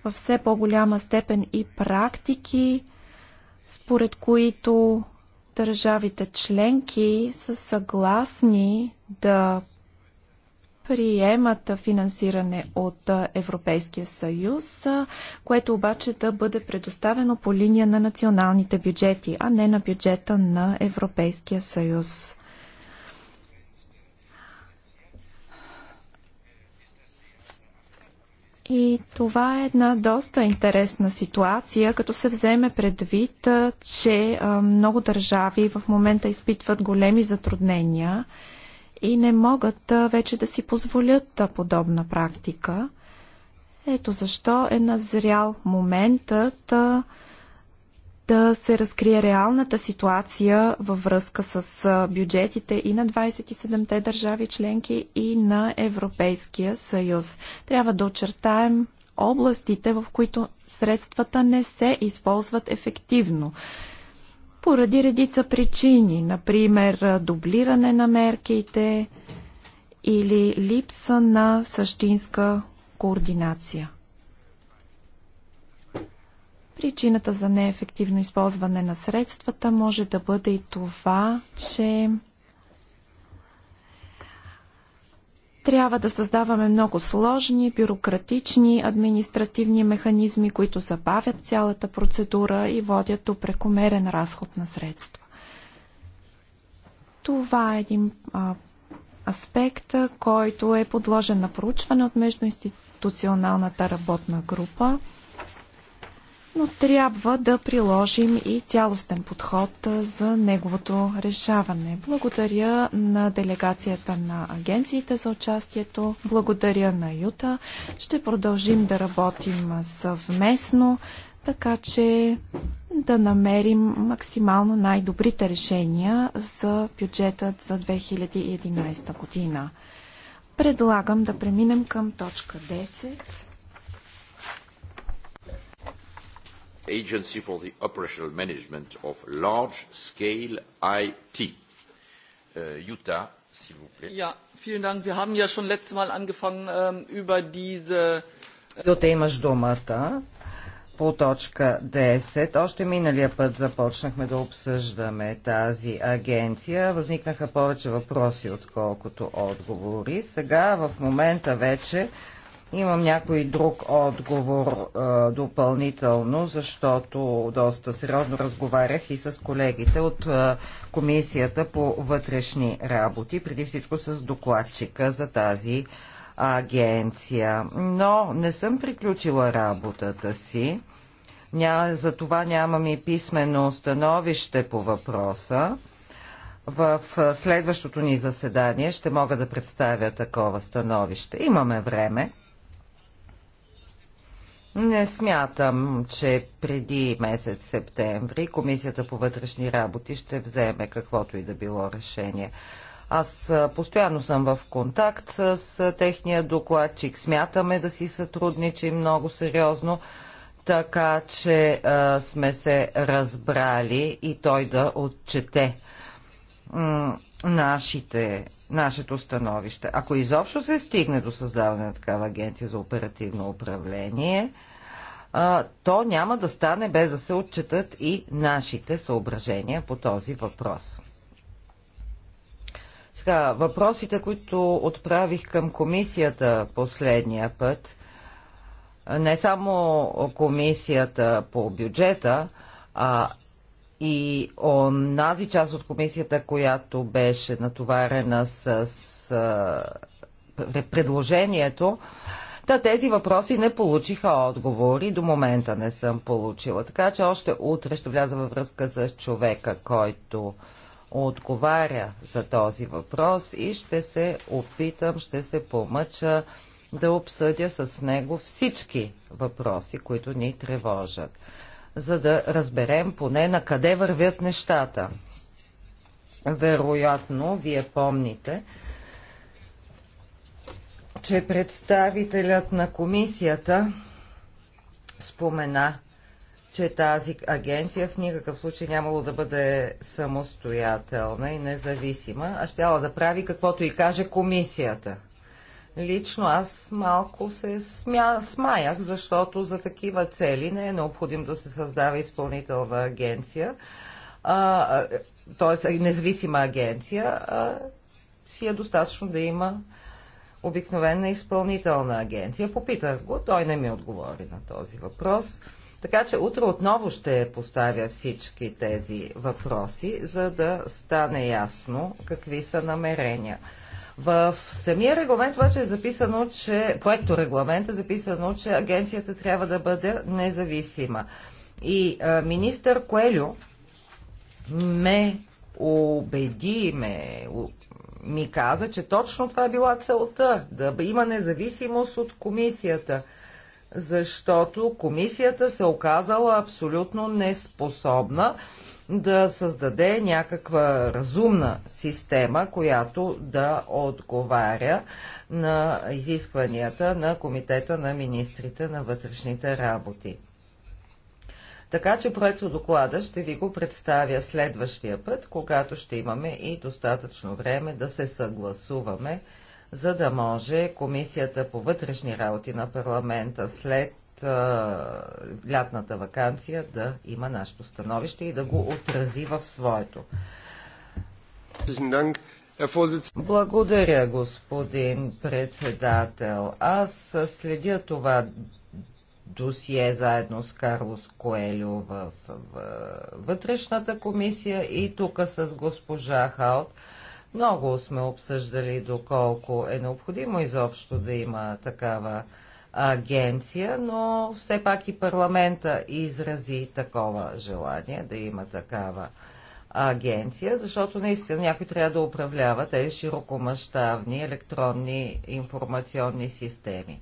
Speaker 2: във все по-голяма степен и практики, според които Държавите членки са съгласни да приемат финансиране от Европейския съюз, което обаче да бъде предоставено по линия на националните бюджети, а не на бюджета на Европейския съюз. И това е една доста интересна ситуация, като се вземе предвид, че много държави в момента изпитват големи затруднения и не могат вече да си позволят подобна практика. Ето защо е назрял моментът да се разкрие реалната ситуация във връзка с бюджетите и на 27-те държави членки и на Европейския съюз. Трябва да очертаем областите, в които средствата не се използват ефективно поради редица причини, например дублиране на мерките или липса на същинска координация. Причината за неефективно използване на средствата може да бъде и това, че трябва да създаваме много сложни, бюрократични, административни механизми, които забавят цялата процедура и водят до прекомерен разход на средства. Това е един а, аспект, който е подложен на проучване от междуинституционалната работна група но трябва да приложим и цялостен подход за неговото решаване. Благодаря на делегацията на агенциите за участието, благодаря на Юта. Ще продължим да работим съвместно, така че да намерим максимално най-добрите решения за бюджетът за 2011 година. Предлагам да преминем към точка 10.
Speaker 3: Agency for the Operational Management of Large Scale IT. Uh,
Speaker 5: Jutta, s'il vous plaît. Ja, vielen Dank. Wir haben ja schon letztes Mal angefangen um, über diese...
Speaker 4: Юта, имаш думата по точка 10. Още миналия път започнахме да обсъждаме тази агенция. Възникнаха повече въпроси, отколкото отговори. Сега в момента вече Имам някой друг отговор а, допълнително, защото доста сериозно разговарях и с колегите от а, Комисията по вътрешни работи, преди всичко с докладчика за тази агенция. Но не съм приключила работата си. Ня, за това нямам и писмено становище по въпроса. В следващото ни заседание ще мога да представя такова становище. Имаме време. Не смятам, че преди месец септември Комисията по вътрешни работи ще вземе каквото и да било решение. Аз постоянно съм в контакт с техния докладчик. Смятаме да си сътрудничим много сериозно, така че а, сме се разбрали и той да отчете нашите нашето становище. Ако изобщо се стигне до създаване на такава агенция за оперативно управление, то няма да стане без да се отчитат и нашите съображения по този въпрос. Сега, въпросите, които отправих към комисията последния път, не само комисията по бюджета, а и онази част от комисията, която беше натоварена с, с е, предложението, Та тези въпроси не получиха отговори, до момента не съм получила. Така че още утре ще вляза във връзка с човека, който отговаря за този въпрос и ще се опитам, ще се помъча да обсъдя с него всички въпроси, които ни тревожат за да разберем поне на къде вървят нещата. Вероятно, вие помните, че представителят на комисията спомена, че тази агенция в никакъв случай нямало да бъде самостоятелна и независима, а щяла да прави каквото и каже комисията – Лично аз малко се смя, смаях, защото за такива цели не е необходимо да се създава изпълнителна агенция, т.е. независима агенция, а си е достатъчно да има обикновена изпълнителна агенция. Попитах го, той не ми отговори на този въпрос. Така че утре отново ще поставя всички тези въпроси, за да стане ясно какви са намерения. В самия регламент обаче е записано, че, проекто регламент е записано, че агенцията трябва да бъде независима. И а, министър Коелю ме убеди, ме ми каза, че точно това е била целта, да има независимост от комисията защото комисията се оказала абсолютно неспособна да създаде някаква разумна система, която да отговаря на изискванията на Комитета на министрите на вътрешните работи. Така че проекто доклада ще ви го представя следващия път, когато ще имаме и достатъчно време да се съгласуваме за да може Комисията по вътрешни работи на парламента след лятната вакансия да има нашето становище и да го отрази в своето. Благодаря, господин председател. Аз следя това досие заедно с Карлос Коелю в, в вътрешната комисия и тук с госпожа Хаут. Много сме обсъждали доколко е необходимо изобщо да има такава агенция, но все пак и парламента изрази такова желание да има такава агенция, защото наистина някой трябва да управлява тези широкомащабни електронни информационни системи.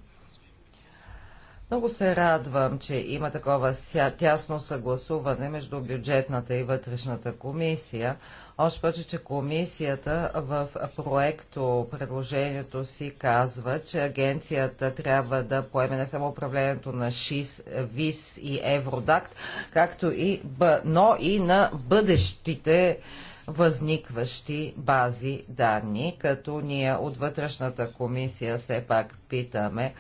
Speaker 4: Много се радвам, че има такова тясно съгласуване между бюджетната и вътрешната комисия още повече, че комисията в проекто предложението си казва, че агенцията трябва да поеме не само управлението на ШИС, ВИС и Евродакт, както и, но и на бъдещите възникващи бази данни, като ние от вътрешната комисия все пак питаме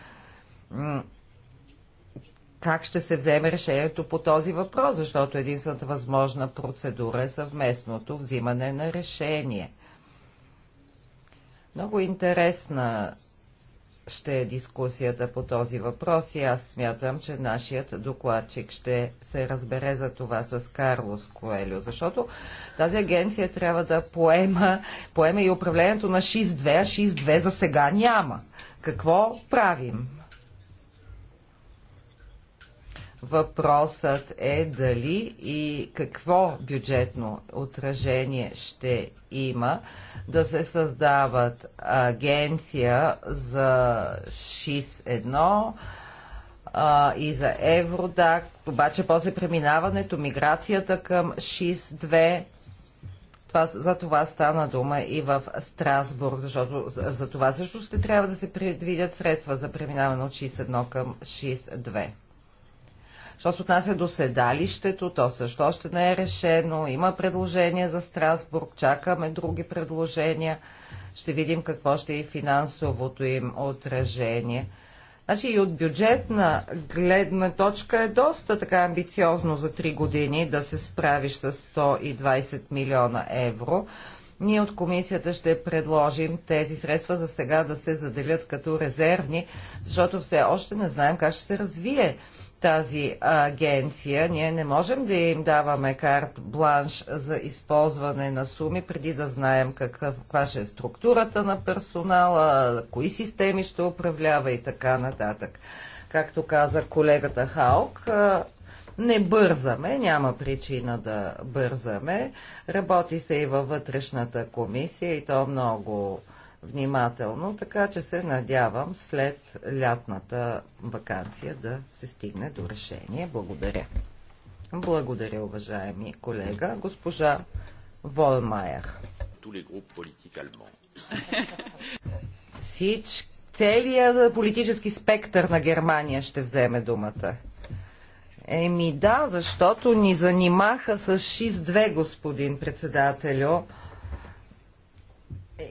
Speaker 4: как ще се вземе решението по този въпрос, защото единствената възможна процедура е съвместното взимане на решение. Много интересна ще е дискусията по този въпрос и аз смятам, че нашият докладчик ще се разбере за това с Карлос Коелю, защото тази агенция трябва да поема, поеме и управлението на 6-2, а 6-2 за сега няма. Какво правим? Въпросът е дали и какво бюджетно отражение ще има да се създават агенция за ШИС-1 и за Евродак, обаче после преминаването, миграцията към ШИС-2 това, за това стана дума и в Страсбург, защото за, за това също ще трябва да се предвидят средства за преминаване от ШИС-1 към ШИС-2. Що се отнася до седалището, то също още не е решено. Има предложения за Страсбург, чакаме други предложения. Ще видим какво ще е и финансовото им отражение. Значи и от бюджетна гледна точка е доста така амбициозно за 3 години да се справиш с 120 милиона евро. Ние от комисията ще предложим тези средства за сега да се заделят като резервни, защото все още не знаем как ще се развие тази агенция. Ние не можем да им даваме карт бланш за използване на суми, преди да знаем какъв, каква ще е структурата на персонала, кои системи ще управлява и така нататък. Както каза колегата Халк, не бързаме, няма причина да бързаме. Работи се и във вътрешната комисия и то много внимателно, така че се надявам след лятната вакансия да се стигне до решение. Благодаря. Благодаря, уважаеми колега. Госпожа Волмайер. Всички целият политически спектър на Германия ще вземе думата. Еми да, защото ни занимаха с 6 2 господин председателю.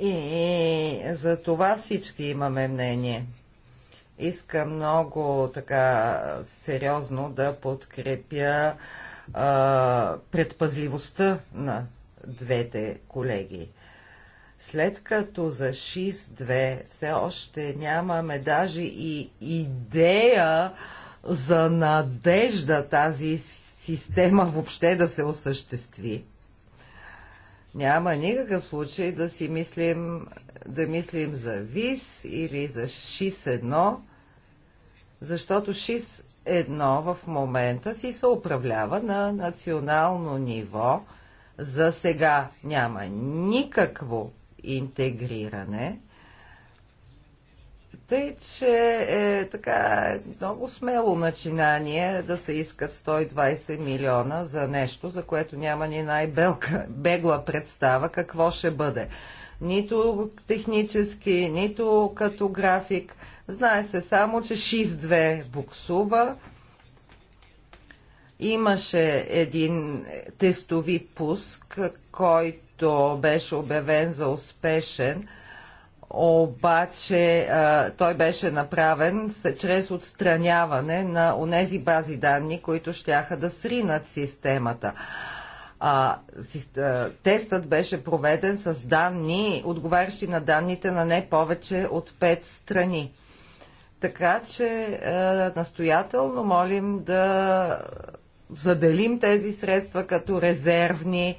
Speaker 4: И за това всички имаме мнение. Иска много така сериозно да подкрепя а, предпазливостта на двете колеги. След като за 6-2 все още нямаме даже и идея за надежда тази система въобще да се осъществи няма никакъв случай да си мислим, да мислим за ВИС или за ШИС-1, защото ШИС-1 в момента си се управлява на национално ниво. За сега няма никакво интегриране тъй, че е така много смело начинание е да се искат 120 милиона за нещо, за което няма ни най-бегла представа какво ще бъде. Нито технически, нито като график. Знае се само, че 6-2 буксува. Имаше един тестови пуск, който беше обявен за успешен обаче той беше направен чрез отстраняване на онези бази данни, които щяха да сринат системата. А, тестът беше проведен с данни, отговарящи на данните на не повече от 5 страни. Така че а, настоятелно молим да заделим тези средства като резервни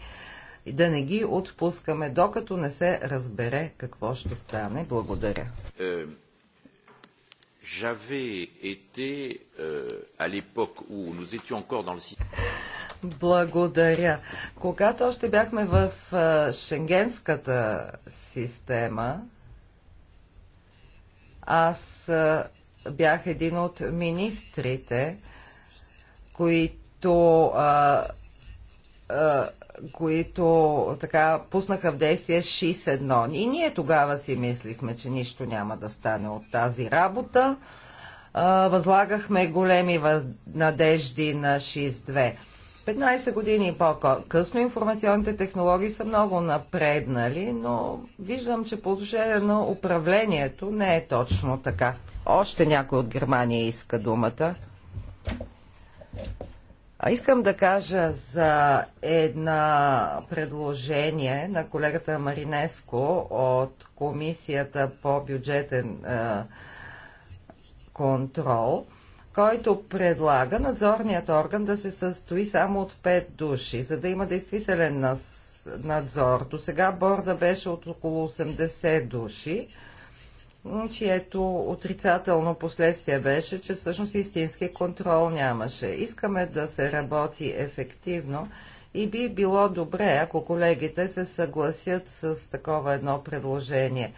Speaker 4: и да не ги отпускаме, докато не се разбере какво ще стане. Благодаря.
Speaker 3: Е, е,
Speaker 4: Благодаря. Когато още бяхме в е, шенгенската система, аз бях един от министрите, които които така пуснаха в действие 61. И ние тогава си мислихме, че нищо няма да стане от тази работа. Възлагахме големи надежди на 62. 15 години по-късно информационните технологии са много напреднали, но виждам, че по отношение на управлението не е точно така. Още някой от Германия иска думата. А искам да кажа за една предложение на колегата Маринеско от Комисията по бюджетен е, контрол, който предлага надзорният орган да се състои само от 5 души, за да има действителен надзор. До сега борда беше от около 80 души чието отрицателно последствие беше, че всъщност истински контрол нямаше. Искаме да се работи ефективно и би било добре, ако колегите се съгласят с такова едно предложение.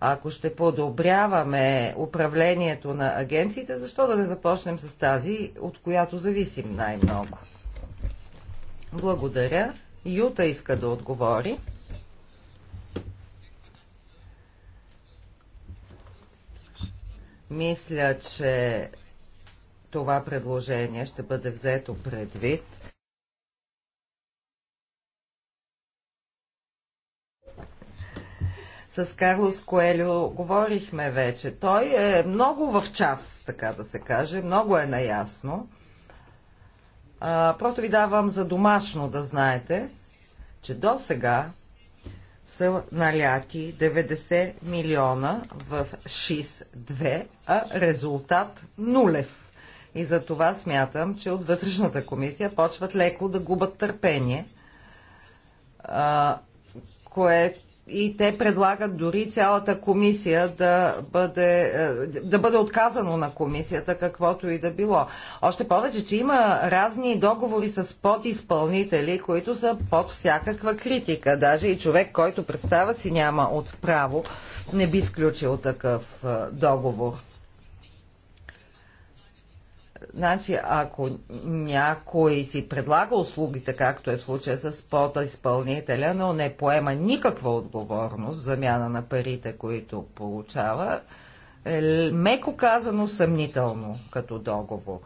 Speaker 4: Ако ще подобряваме управлението на агенциите, защо да не започнем с тази, от която зависим най-много? Благодаря. Юта иска да отговори. Мисля, че това предложение ще бъде взето предвид. С Карлос Коелю говорихме вече. Той е много в час, така да се каже, много е наясно. А, просто ви давам за домашно да знаете, че до сега са наляти 90 милиона в ШИС-2, а резултат нулев. И за това смятам, че от вътрешната комисия почват леко да губят търпение, което и те предлагат дори цялата комисия да бъде, е, да бъде отказано на комисията, каквото и да било. Още повече, че има разни договори с подизпълнители, които са под всякаква критика. Даже и човек, който представа си няма от право, не би сключил такъв е, договор. Значи, ако някой си предлага услугите, както е в случая с пота изпълнителя, но не поема никаква отговорност, замяна на парите, които получава, е меко казано съмнително като договор.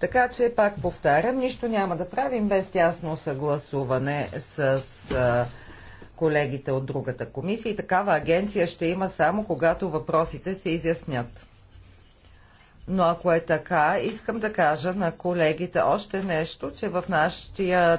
Speaker 4: Така че, пак повтарям, нищо няма да правим без тясно съгласуване с колегите от другата комисия и такава агенция ще има само когато въпросите се изяснят. Но ако е така, искам да кажа на колегите още нещо, че в нашия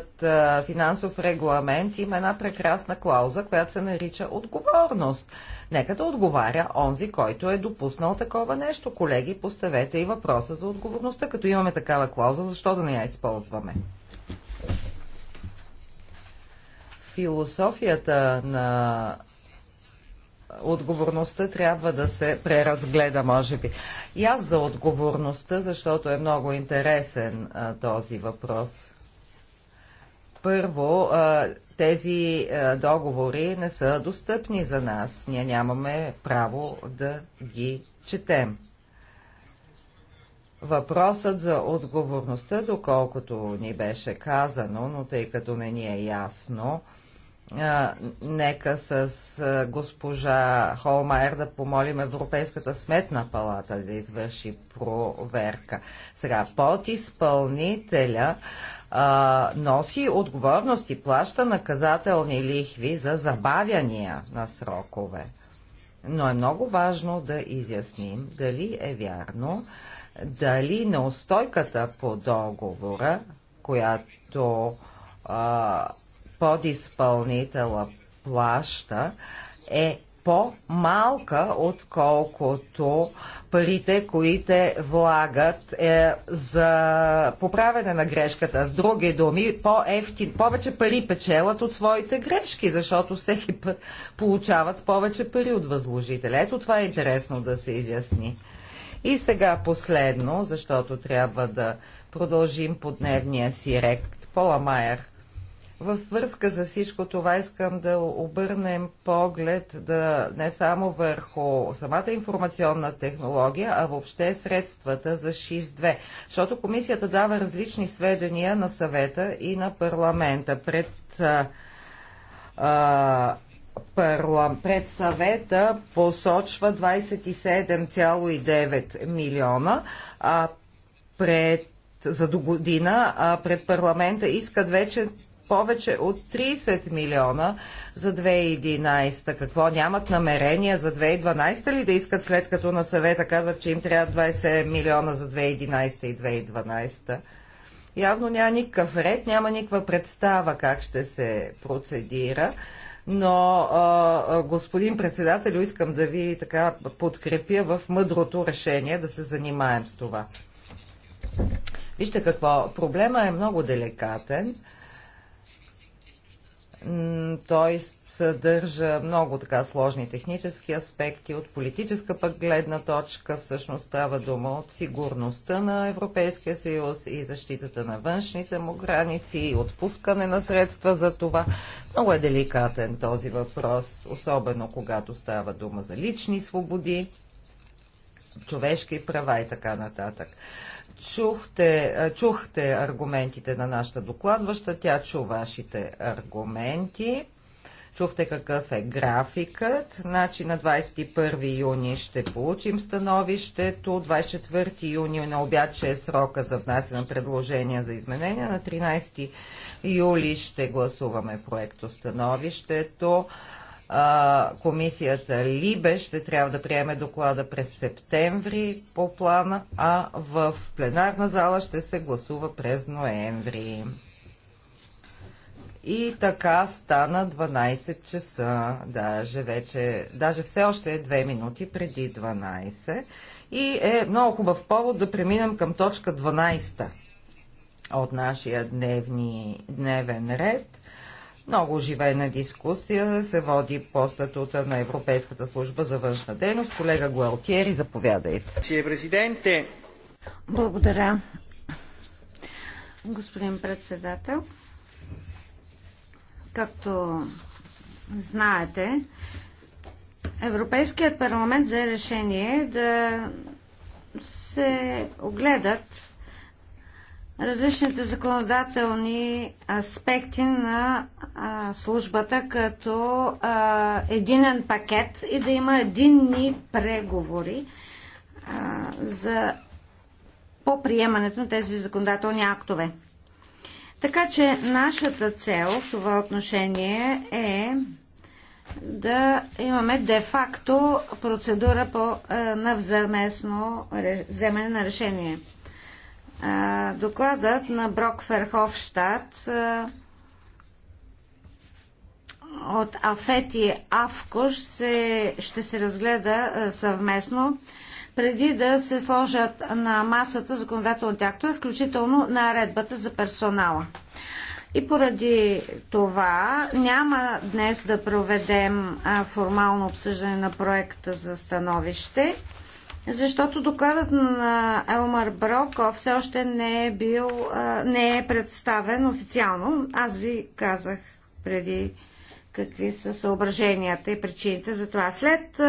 Speaker 4: финансов регламент има една прекрасна клауза, която се нарича отговорност. Нека да отговаря онзи, който е допуснал такова нещо. Колеги, поставете и въпроса за отговорността. Като имаме такава клауза, защо да не я използваме? Философията на отговорността трябва да се преразгледа, може би. И аз за отговорността, защото е много интересен а, този въпрос. Първо, а, тези а, договори не са достъпни за нас. Ние нямаме право да ги четем. Въпросът за отговорността, доколкото ни беше казано, но тъй като не ни е ясно, а, нека с госпожа Холмайер да помолим Европейската сметна палата да извърши проверка. Сега, подизпълнителя а, носи отговорност и плаща наказателни лихви за забавяния на срокове. Но е много важно да изясним дали е вярно, дали неустойката по договора, която а, подизпълнителя плаща, е по-малка, отколкото парите, които влагат е, за поправене на грешката. С други думи, по-ефтин, повече пари печелят от своите грешки, защото всеки *laughs* път получават повече пари от възложителя. Ето това е интересно да се изясни. И сега последно, защото трябва да продължим по дневния си рект. Пола Майер във връзка за всичко това искам да обърнем поглед да не само върху самата информационна технология, а въобще средствата за ШИС-2, защото комисията дава различни сведения на съвета и на парламента. Пред а, а, пред съвета посочва 27,9 милиона, а пред за до година, а пред парламента искат вече повече от 30 милиона за 2011. Какво нямат намерения за 2012 ли да искат след като на съвета казват, че им трябва 27 милиона за 2011 и 2012? Явно няма никакъв ред, няма никаква представа как ще се процедира. Но, а, господин председател, искам да ви така подкрепя в мъдрото решение да се занимаем с това. Вижте какво, проблема е много деликатен. Той съдържа много така сложни технически аспекти. От политическа пък гледна точка всъщност става дума от сигурността на Европейския съюз и защитата на външните му граници и отпускане на средства за това. Много е деликатен този въпрос, особено когато става дума за лични свободи, човешки права и така нататък. Чухте, чухте аргументите на нашата докладваща, тя чу вашите аргументи. Чухте какъв е графикът. Значи на 21 юни ще получим становището. 24 юни на обяд ще е срока за внасяне на предложения за изменения. На 13 юли ще гласуваме проекто становището а, комисията Либе ще трябва да приеме доклада през септември по плана, а в пленарна зала ще се гласува през ноември. И така стана 12 часа, даже вече, даже все още е 2 минути преди 12. И е много хубав повод да преминем към точка 12 от нашия дневни, дневен ред – много оживена дискусия се води по статута на Европейската служба за външна дейност. Колега Гуалтиери, заповядайте. Е, Благодаря,
Speaker 1: господин председател. Както знаете, Европейският парламент взе решение да се огледат различните законодателни аспекти на а, службата като а, единен пакет и да има единни преговори а, за по приемането на тези законодателни актове. Така че нашата цел в това отношение е да имаме де-факто процедура по, а, на вземесно, вземане на решение. Докладът на Брок Ферховщад от Афет и Авкош се, ще се разгледа съвместно преди да се сложат на масата законодателните актове, включително на редбата за персонала. И поради това няма днес да проведем формално обсъждане на проекта за становище защото докладът на Елмар Броков все още не е бил, не е представен официално. Аз ви казах преди какви са съображенията и причините за това. След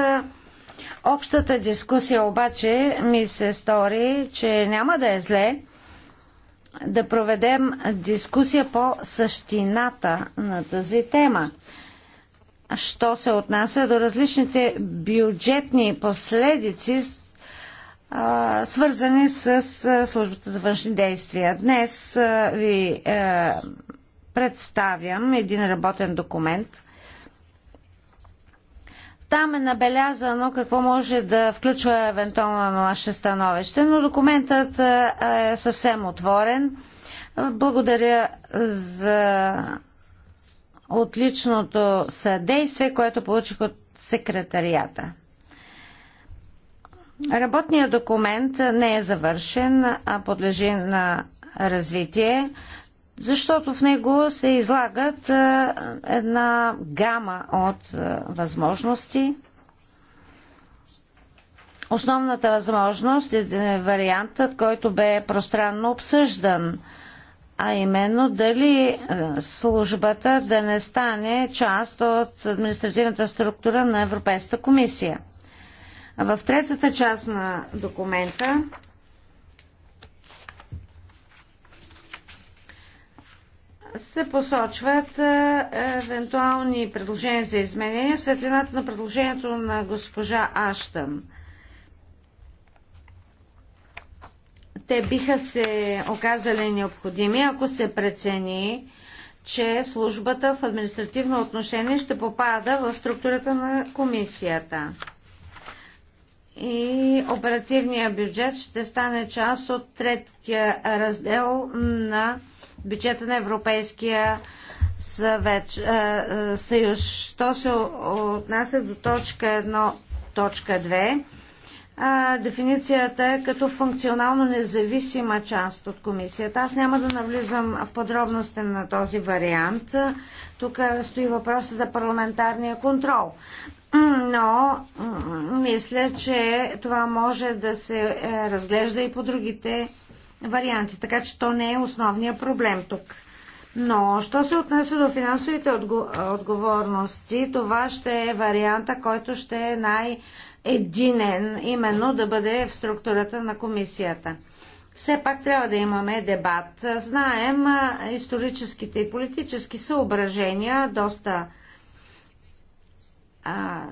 Speaker 1: общата дискусия обаче ми се стори, че няма да е зле да проведем дискусия по същината на тази тема що се отнася до различните бюджетни последици, свързани с службата за външни действия. Днес ви представям един работен документ. Там е набелязано какво може да включва евентуално на наше становище, но документът е съвсем отворен. Благодаря за отличното съдействие, което получих от секретарията. Работният документ не е завършен, а подлежи на развитие, защото в него се излагат една гама от възможности. Основната възможност е, е вариантът, който бе пространно обсъждан, а именно дали е, службата да не стане част от административната структура на Европейската комисия – в третата част на документа се посочват е, евентуални предложения за изменения светлината на предложението на госпожа Аштън. Те биха се оказали необходими, ако се прецени, че службата в административно отношение ще попада в структурата на комисията и оперативния бюджет ще стане част от третия раздел на бюджета на Европейския съвет, е, е, съюз. Що се отнася до точка 1, точка 2, а, е, дефиницията е като функционално независима част от комисията. Аз няма да навлизам в подробности на този вариант. Тук стои въпроса за парламентарния контрол но мисля, че това може да се е, разглежда и по другите варианти, така че то не е основният проблем тук. Но, що се отнесе до финансовите отговорности, това ще е варианта, който ще е най-единен, именно да бъде в структурата на комисията. Все пак трябва да имаме дебат. Знаем историческите и политически съображения доста а,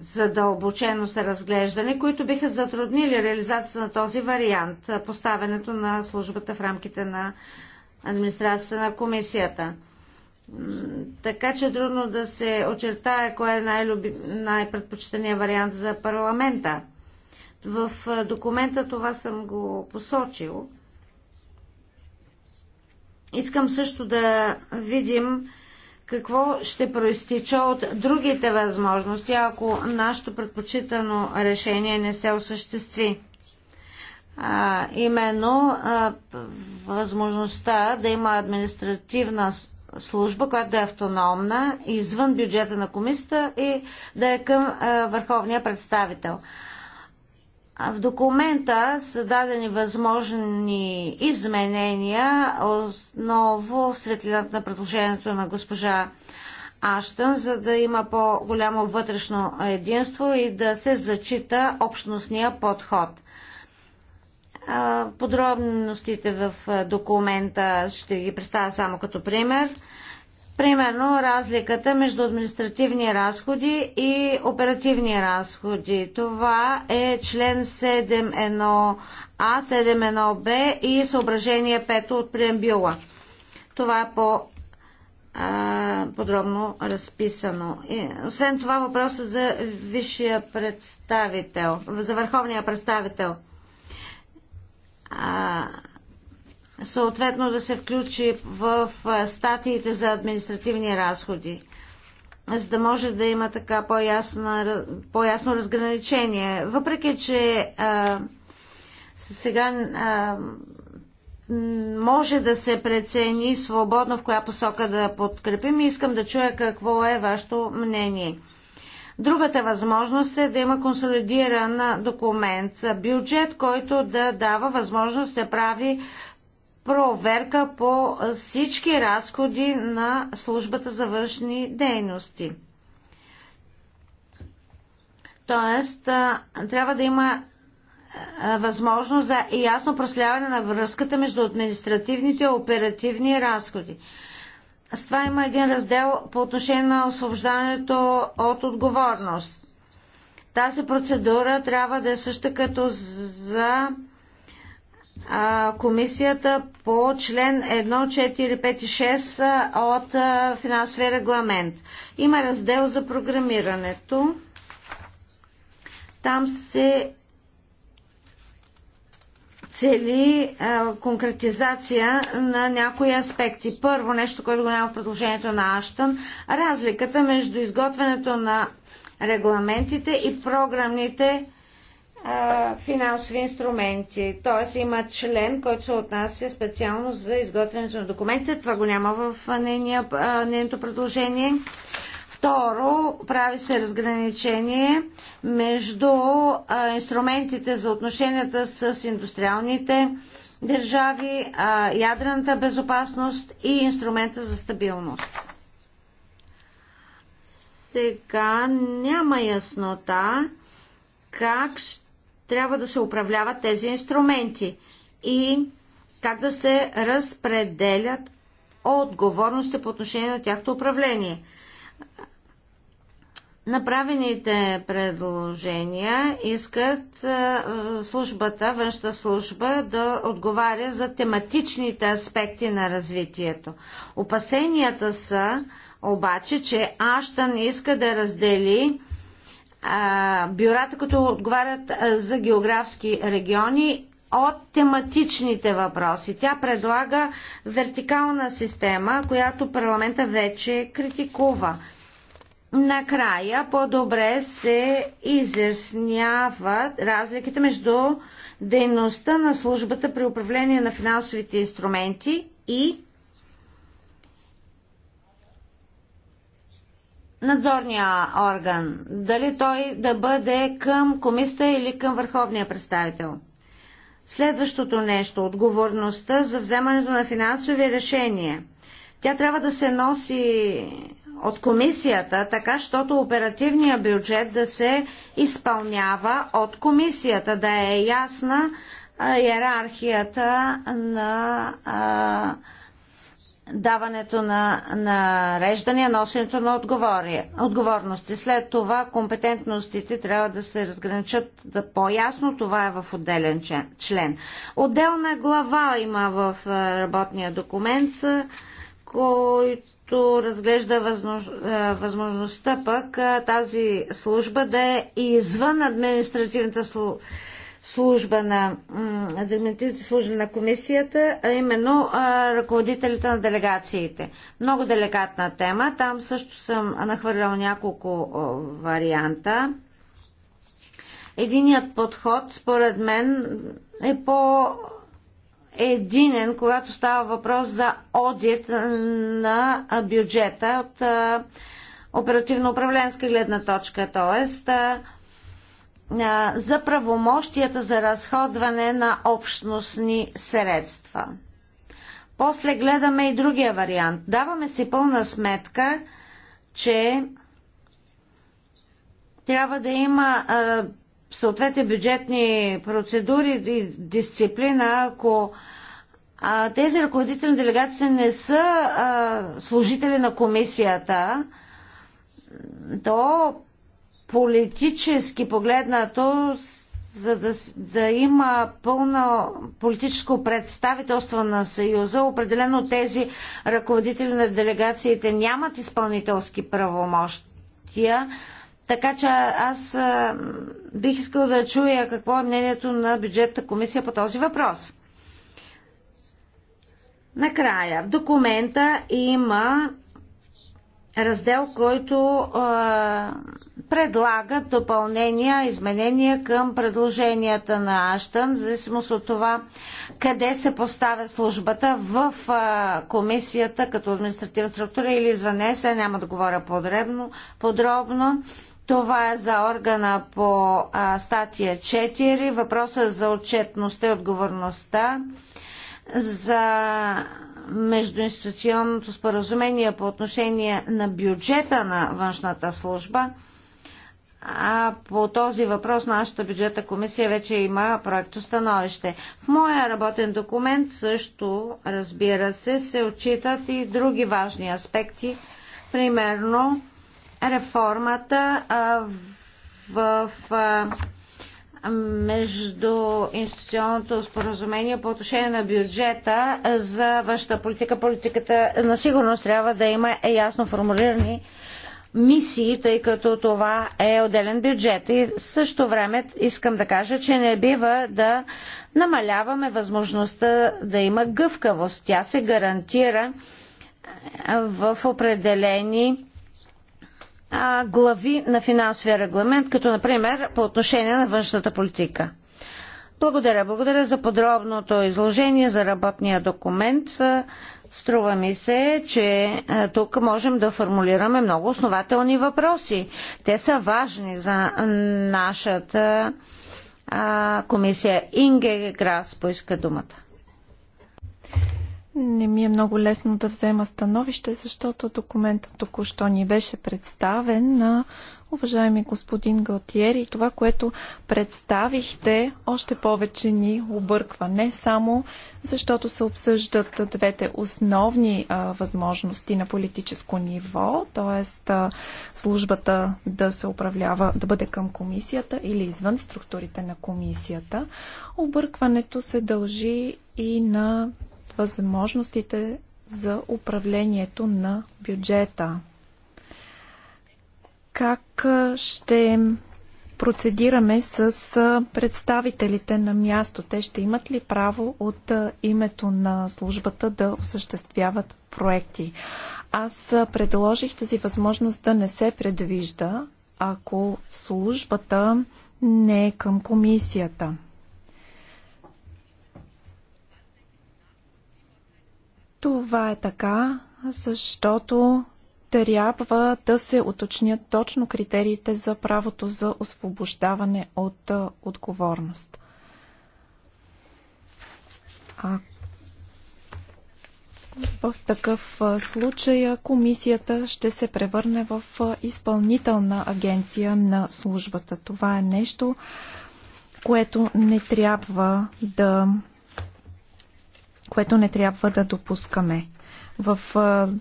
Speaker 1: задълбочено се разглеждане, които биха затруднили реализацията на този вариант, поставянето на службата в рамките на администрацията на комисията. Така че е трудно да се очертае кой е най предпочитаният най-предпочитания вариант за парламента. В документа това съм го посочил. Искам също да видим какво ще проистича от другите възможности, ако нашето предпочитано решение не се осъществи. А, именно а, възможността да има административна служба, която да е автономна, извън бюджета на комисията и да е към а, върховния представител. В документа са дадени възможни изменения, отново в светлината на предложението на госпожа Аштън, за да има по-голямо вътрешно единство и да се зачита общностния подход. Подробностите в документа ще ги представя само като пример. Примерно разликата между административни разходи и оперативни разходи. Това е член 7.1а, 7.1б и съображение 5 от преамбюла. Това е по подробно разписано. И, освен това въпроса за висшия представител, за върховния представител. А, съответно да се включи в статиите за административни разходи, за да може да има така по-ясно, по-ясно разграничение. Въпреки, че а, сега а, може да се прецени свободно в коя посока да подкрепим и искам да чуя какво е вашето мнение. Другата възможност е да има консолидиран документ, бюджет, който да дава възможност да се прави проверка по всички разходи на службата за външни дейности. Тоест, трябва да има възможност за ясно просляване на връзката между административните и оперативни разходи. С това има един раздел по отношение на освобождаването от отговорност. Тази процедура трябва да е също като за комисията по член 1456 от финансовия регламент. Има раздел за програмирането. Там се цели а, конкретизация на някои аспекти. Първо нещо, което го няма в предложението на Аштън, разликата между изготвянето на регламентите и програмните а, финансови инструменти. Т.е. има член, който се отнася специално за изготвянето на документите. Това го няма в нейното предложение. Второ, прави се разграничение между а, инструментите за отношенията с индустриалните държави, а, ядрената безопасност и инструмента за стабилност. Сега няма яснота как ще трябва да се управляват тези инструменти и как да се разпределят отговорности по отношение на тяхто управление. Направените предложения искат службата, външната служба да отговаря за тематичните аспекти на развитието. Опасенията са обаче, че Аштан иска да раздели а, бюрата, които отговарят за географски региони от тематичните въпроси. Тя предлага вертикална система, която парламента вече критикува. Накрая по-добре се изясняват разликите между дейността на службата при управление на финансовите инструменти и надзорния орган, дали той да бъде към комисията или към върховния представител. Следващото нещо отговорността за вземането на финансови решения. Тя трябва да се носи от комисията, така щото оперативният бюджет да се изпълнява от комисията, да е ясна а, иерархията на а, даването на нареждания, носенето на отговорности. След това компетентностите трябва да се разграничат да по-ясно. Това е в отделен член. Отделна глава има в е, работния документ, е, който разглежда е, възможността пък тази служба да е извън административната служба служба на административната служба на комисията, а именно а, ръководителите на делегациите. Много деликатна тема. Там също съм нахвърлял няколко а, варианта. Единият подход, според мен, е по единен, когато става въпрос за одит на бюджета от оперативно-управленска гледна точка. Тоест, за правомощията за разходване на общностни средства. После гледаме и другия вариант. Даваме си пълна сметка, че трябва да има а, съответни бюджетни процедури и дисциплина, ако а, тези ръководителни делегации не са а, служители на комисията, то политически погледнато, за да, да има пълно политическо представителство на Съюза, определено тези ръководители на делегациите нямат изпълнителски правомощия. Така че аз а, бих искал да чуя какво е мнението на бюджетната комисия по този въпрос. Накрая, в документа има раздел, който а, предлага допълнения, изменения към предложенията на Аштън, в зависимост от това къде се поставя службата в а, комисията като административна структура или извън нея. Сега няма да говоря подребно, подробно. Това е за органа по а, статия 4, въпроса за отчетността и отговорността, за междуинституционното споразумение по отношение на бюджета на външната служба. А по този въпрос нашата бюджета комисия вече има проекто становище. В моя работен документ също, разбира се, се отчитат и други важни аспекти, примерно реформата в, в, в между институционното споразумение по отношение на бюджета за вашата политика. Политиката на сигурност трябва да има ясно формулирани мисии, тъй като това е отделен бюджет. И също време искам да кажа, че не бива да намаляваме възможността да има гъвкавост. Тя се гарантира в определени а, глави на финансовия регламент, като например по отношение на външната политика. Благодаря. Благодаря за подробното изложение за работния документ. Струва ми се, че тук можем да формулираме много основателни въпроси. Те са важни за нашата а, комисия. Инге Грас поиска думата.
Speaker 2: Не ми е много лесно да взема становище, защото документът току-що ни беше представен на уважаеми господин Галтиер и това, което представихте, още повече ни обърква. Не само защото се обсъждат двете основни а, възможности на политическо ниво, т.е. службата да се управлява, да бъде към комисията или извън структурите на комисията. Объркването се дължи и на възможностите за управлението на бюджета. Как ще процедираме с представителите на място? Те ще имат ли право от името на службата да осъществяват проекти? Аз предложих тази възможност да не се предвижда, ако службата не е към комисията. Това е така, защото трябва да се уточнят точно критериите за правото за освобождаване от отговорност. А в такъв случай комисията ще се превърне в изпълнителна агенция на службата. Това е нещо, което не трябва да което не трябва да допускаме. В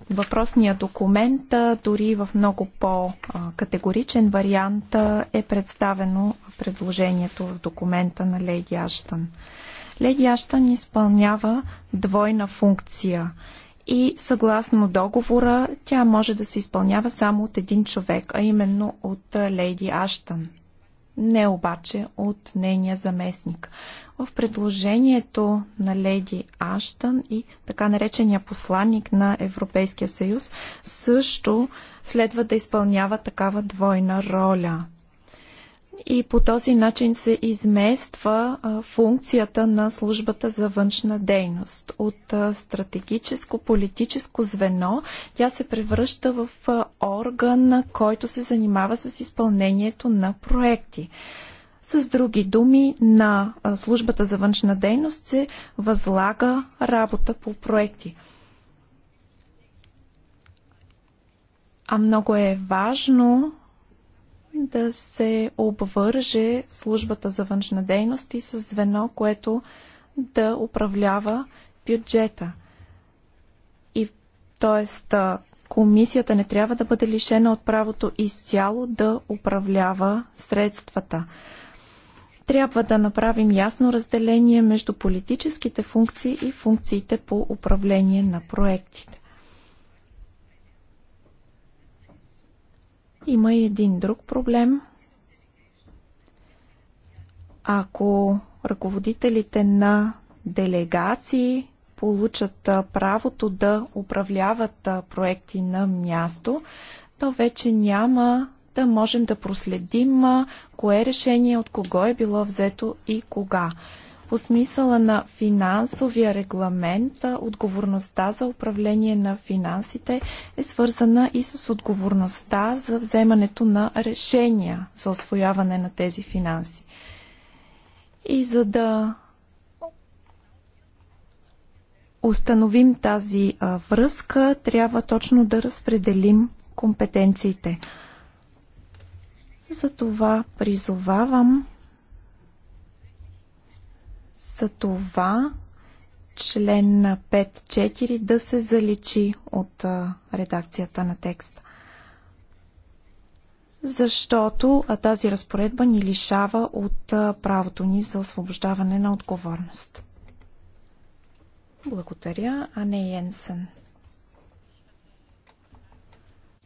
Speaker 2: въпросния документ, дори в много по-категоричен вариант, е представено предложението в документа на Леди Аштън. Леди Аштън изпълнява двойна функция и съгласно договора тя може да се изпълнява само от един човек, а именно от Леди Аштън не обаче от нейния заместник. В предложението на леди Аштън и така наречения посланник на Европейския съюз също следва да изпълнява такава двойна роля – и по този начин се измества функцията на службата за външна дейност. От стратегическо политическо звено тя се превръща в орган, който се занимава с изпълнението на проекти. С други думи, на службата за външна дейност се възлага работа по проекти. А много е важно да се обвърже службата за външна дейност и с звено, което да управлява бюджета. И т.е. комисията не трябва да бъде лишена от правото изцяло да управлява средствата. Трябва да направим ясно разделение между политическите функции и функциите по управление на проектите. Има и един друг проблем. Ако ръководителите на делегации получат правото да управляват проекти на място, то вече няма да можем да проследим кое решение от кого е било взето и кога. По смисъла на финансовия регламент, отговорността за управление на финансите е свързана и с отговорността за вземането на решения за освояване на тези финанси. И за да установим тази връзка, трябва точно да разпределим компетенциите. Затова призовавам за това член 5.4 да се заличи от редакцията на текста. Защото тази разпоредба ни лишава от правото ни за освобождаване на отговорност. Благодаря, Ане Йенсен.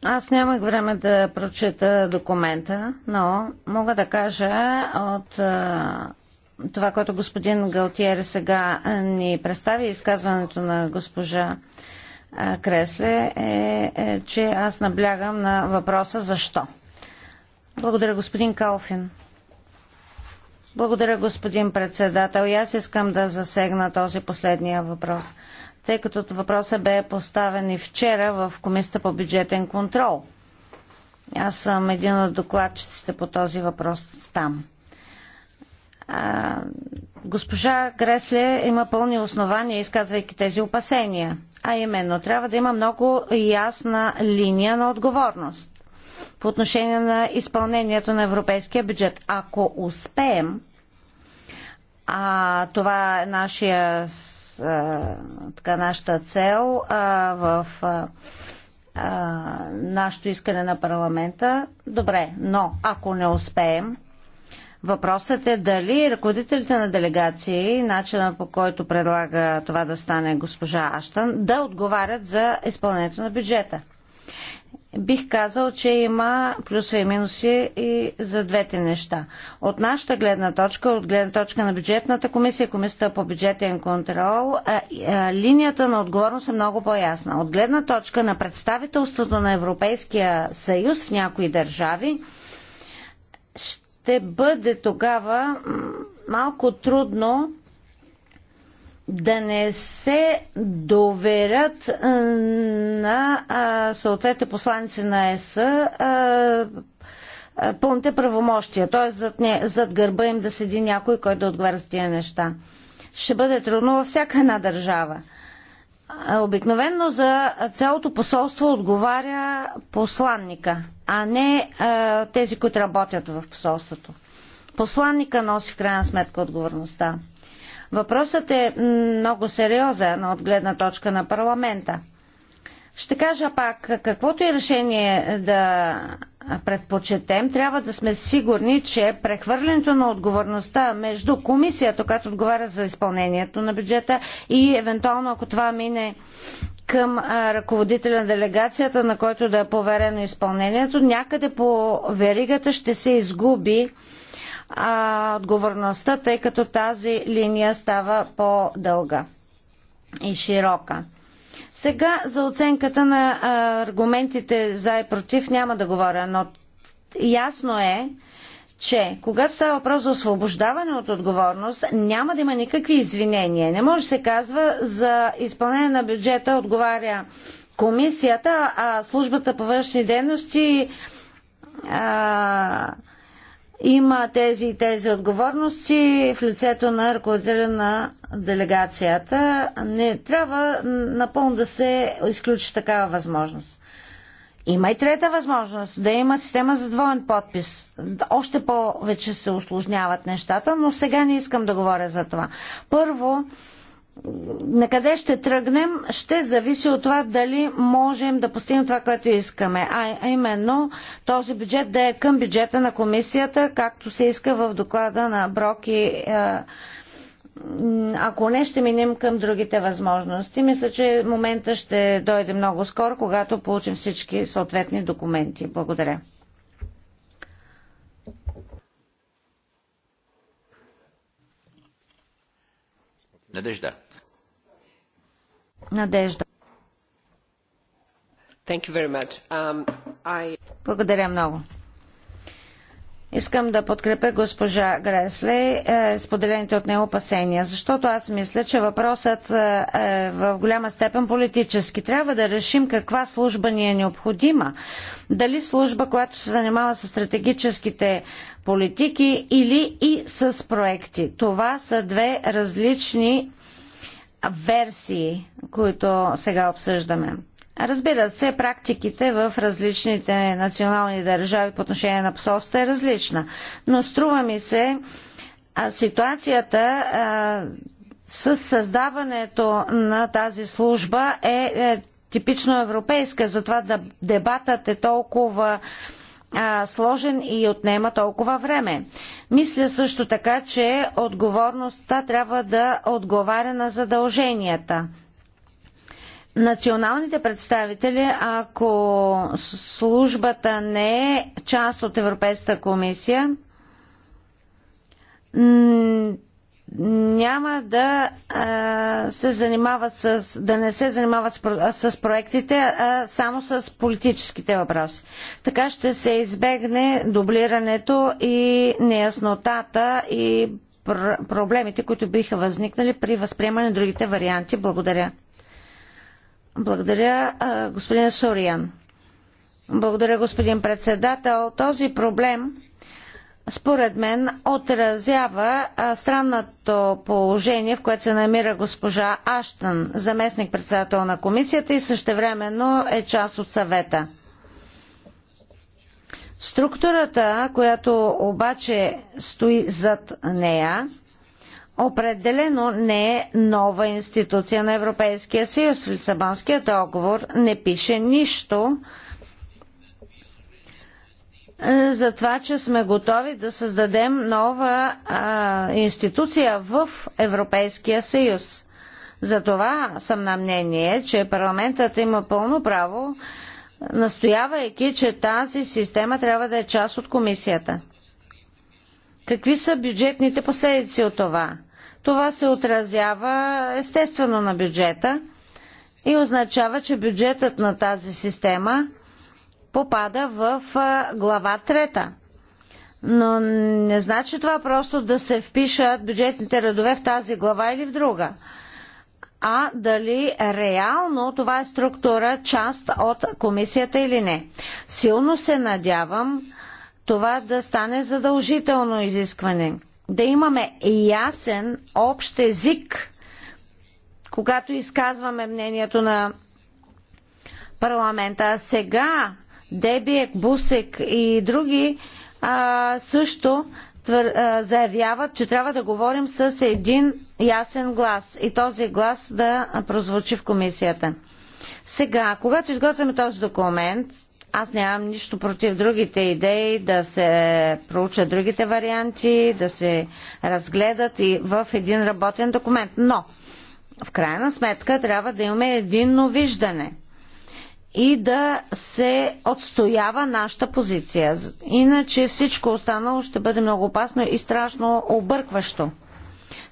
Speaker 2: Аз
Speaker 1: нямах време да прочета документа, но мога да кажа от това, което господин Галтиер сега ни представи, изказването на госпожа Кресле, е, е че аз наблягам на въпроса защо. Благодаря, господин Калфин. Благодаря, господин председател. И аз искам да засегна този последния въпрос, тъй като въпросът бе поставен и вчера в Комисията по бюджетен контрол. Аз съм един от докладчиците по този въпрос там. А, госпожа Гресле има пълни основания, изказвайки тези опасения. А именно, трябва да има много ясна линия на отговорност по отношение на изпълнението на европейския бюджет. Ако успеем, а това е нашия, а, така, нашата цел а, в а, а, нашето искане на парламента, добре, но ако не успеем, Въпросът е дали ръководителите на делегации, начина по който предлага това да стане госпожа Аштан, да отговарят за изпълнението на бюджета. Бих казал, че има плюсове и минуси и за двете неща. От нашата гледна точка, от гледна точка на бюджетната комисия, комисията по бюджетен контрол, а, а, линията на отговорност е много по-ясна. От гледна точка на представителството на Европейския съюз в някои държави, ще ще бъде тогава малко трудно да не се доверят на съответните посланици на ЕС пълните правомощия, т.е. Зад, зад гърба им да седи някой, който да отговаря за тия неща. Ще бъде трудно във всяка една държава. Обикновено за цялото посолство отговаря посланника, а не а, тези, които работят в посолството. Посланника носи в крайна сметка отговорността. Въпросът е много сериозен от гледна точка на парламента – ще кажа пак, каквото и решение да предпочетем, трябва да сме сигурни, че прехвърлянето на отговорността между комисията, която отговаря за изпълнението на бюджета и евентуално ако това мине към ръководителя на делегацията, на който да е поверено изпълнението, някъде по веригата ще се изгуби а, отговорността, тъй като тази линия става по-дълга и широка. Сега за оценката на аргументите за и против няма да говоря, но ясно е, че когато става въпрос за освобождаване от отговорност, няма да има никакви извинения. Не може да се казва за изпълнение на бюджета отговаря комисията, а службата по външни дейности а, има тези и тези отговорности в лицето на ръководителя на делегацията. Не трябва напълно да се изключи такава възможност. Има и трета възможност да има система за двоен подпис. Още повече се осложняват нещата, но сега не искам да говоря за това. Първо, на къде ще тръгнем, ще зависи от това дали можем да постигнем това, което искаме. А именно този бюджет да е към бюджета на комисията, както се иска в доклада на Брок и е, ако не, ще минем към другите възможности. Мисля, че момента ще дойде много скоро, когато получим всички съответни документи. Благодаря. Надежда надежда.
Speaker 4: Um, I...
Speaker 1: Благодаря много. Искам да подкрепя госпожа Гресле е, споделените от нея опасения, защото аз мисля, че въпросът е, е в голяма степен политически. Трябва да решим каква служба ни е необходима. Дали служба, която се занимава с стратегическите политики или и с проекти. Това са две различни версии, които сега обсъждаме. Разбира се, практиките в различните национални държави по отношение на посолства е различна, но струва ми се а, ситуацията а, с създаването на тази служба е, е типично европейска, затова да, дебатът е толкова а, а, сложен и отнема толкова време. Мисля също така, че отговорността трябва да отговаря на задълженията. Националните представители, ако службата не е част от Европейската комисия, няма да а, се занимават с, да не се занимават с, с проектите, а само с политическите въпроси. Така ще се избегне дублирането и неяснотата и пр- проблемите, които биха възникнали при възприемане на другите варианти. Благодаря. Благодаря, а, господин Сориан. Благодаря, господин председател. Този проблем според мен отразява странното положение, в което се намира госпожа Аштън, заместник председател на комисията и същевременно е част от съвета. Структурата, която обаче стои зад нея, определено не е нова институция на Европейския съюз. В Лисабонския договор не пише нищо е, за това, че сме готови да създадем нова а, институция в Европейския съюз. За това съм на мнение, че парламентът има пълно право, настоявайки, че тази система трябва да е част от комисията. Какви са бюджетните последици от това? Това се отразява естествено на бюджета и означава, че бюджетът на тази система – попада в глава трета. Но не значи това просто да се впишат бюджетните редове в тази глава или в друга. А дали реално това е структура, част от комисията или не. Силно се надявам това да стане задължително изискване. Да имаме ясен общ език, когато изказваме мнението на парламента. А сега Дебиек, Бусек и други а, също твър, а, заявяват, че трябва да говорим с един ясен глас и този глас да прозвучи в комисията. Сега, когато изготвяме този документ, аз нямам нищо против другите идеи, да се проучат другите варианти, да се разгледат и в един работен документ. Но, в крайна сметка, трябва да имаме единно виждане – и да се отстоява нашата позиция. Иначе всичко останало ще бъде много опасно и страшно объркващо.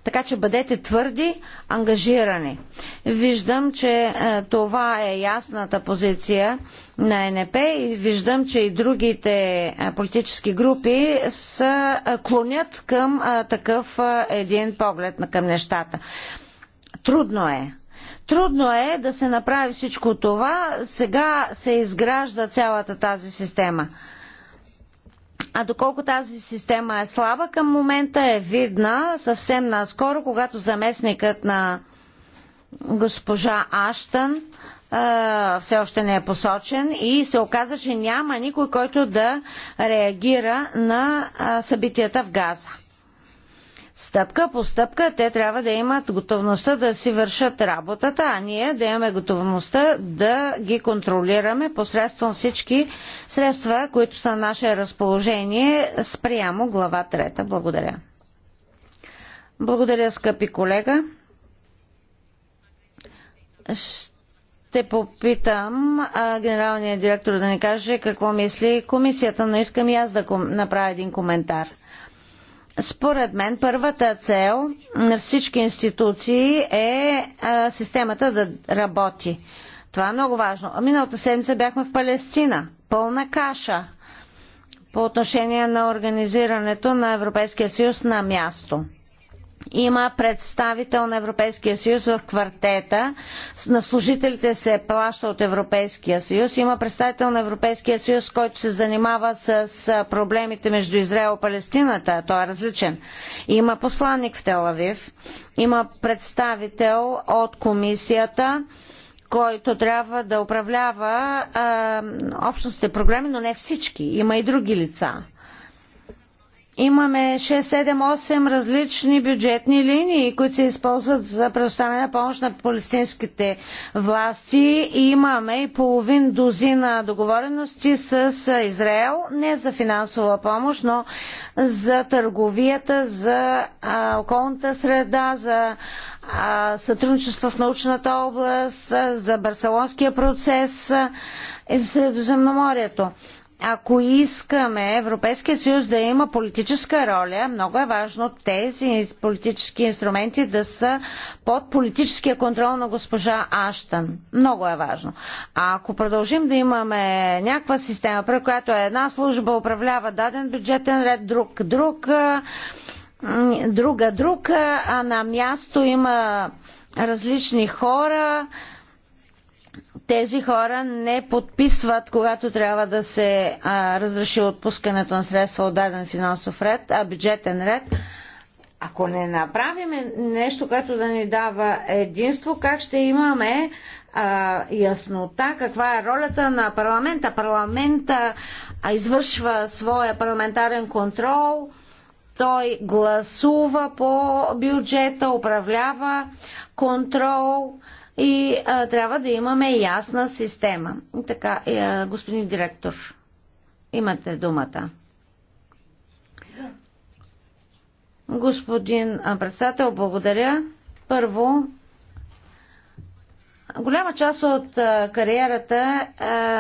Speaker 1: Така че бъдете твърди, ангажирани. Виждам, че е, това е ясната позиция на НП и виждам, че и другите е, политически групи са, е, клонят към такъв един поглед към нещата. Трудно е Трудно е да се направи всичко това. Сега се изгражда цялата тази система. А доколко тази система е слаба към момента е видна съвсем наскоро, когато заместникът на госпожа Аштън все още не е посочен и се оказа, че няма никой, който да реагира на събитията в Газа стъпка по стъпка те трябва да имат готовността да си вършат работата, а ние да имаме готовността да ги контролираме посредством всички средства, които са на наше разположение спрямо глава трета. Благодаря. Благодаря, скъпи колега. Ще попитам а, генералния директор да ни каже какво мисли комисията, но искам и аз да направя един коментар. Според мен първата цел на всички институции е системата да работи. Това е много важно. А миналата седмица бяхме в Палестина. Пълна каша по отношение на организирането на Европейския съюз на място има представител на Европейския съюз в квартета. На служителите се плаща от Европейския съюз. Има представител на Европейския съюз, който се занимава с проблемите между Израел и Палестината. Той е различен. Има посланник в Телавив. Има представител от комисията който трябва да управлява а, общностите програми, но не всички. Има и други лица. Имаме 6, 7, 8 различни бюджетни линии, които се използват за предоставяне на помощ на палестинските власти. И имаме и половин дозина договорености с Израел, не за финансова помощ, но за търговията, за а, околната среда, за а, сътрудничество в научната област, за барселонския процес и за Средоземноморието. Ако искаме Европейския съюз да има политическа роля, много е важно тези политически инструменти да са под политическия контрол на госпожа Аштън. Много е важно. А ако продължим да имаме някаква система, при която една служба управлява даден бюджетен ред, друг, друг, друга, друга, а на място има различни хора, тези хора не подписват, когато трябва да се а, разреши отпускането на средства от даден финансов ред, а бюджетен ред. Ако не направиме нещо, което да ни дава единство, как ще имаме а, яснота каква е ролята на парламента? Парламента а, извършва своя парламентарен контрол, той гласува по бюджета, управлява контрол и а, трябва да имаме ясна система. Така, е, а, господин директор, имате думата. Господин председател, благодаря. Първо, голяма част от кариерата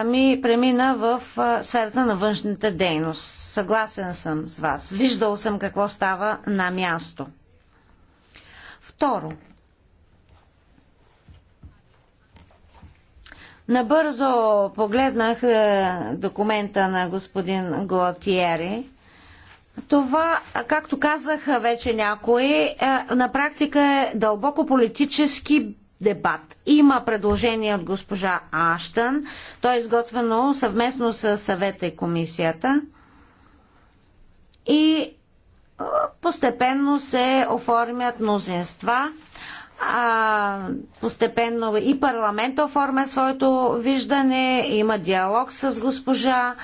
Speaker 1: ми премина в сферата на външната дейност. Съгласен съм с вас. Виждал съм какво става на място. Второ, Набързо погледнах е, документа на господин Голтиери. Това, както казах вече някои, е, на практика е дълбоко политически дебат. Има предложение от госпожа Аштън. То е изготвено съвместно с съвета и комисията. И е, постепенно се оформят мнозинства а, постепенно и парламента оформя своето виждане, има диалог с госпожа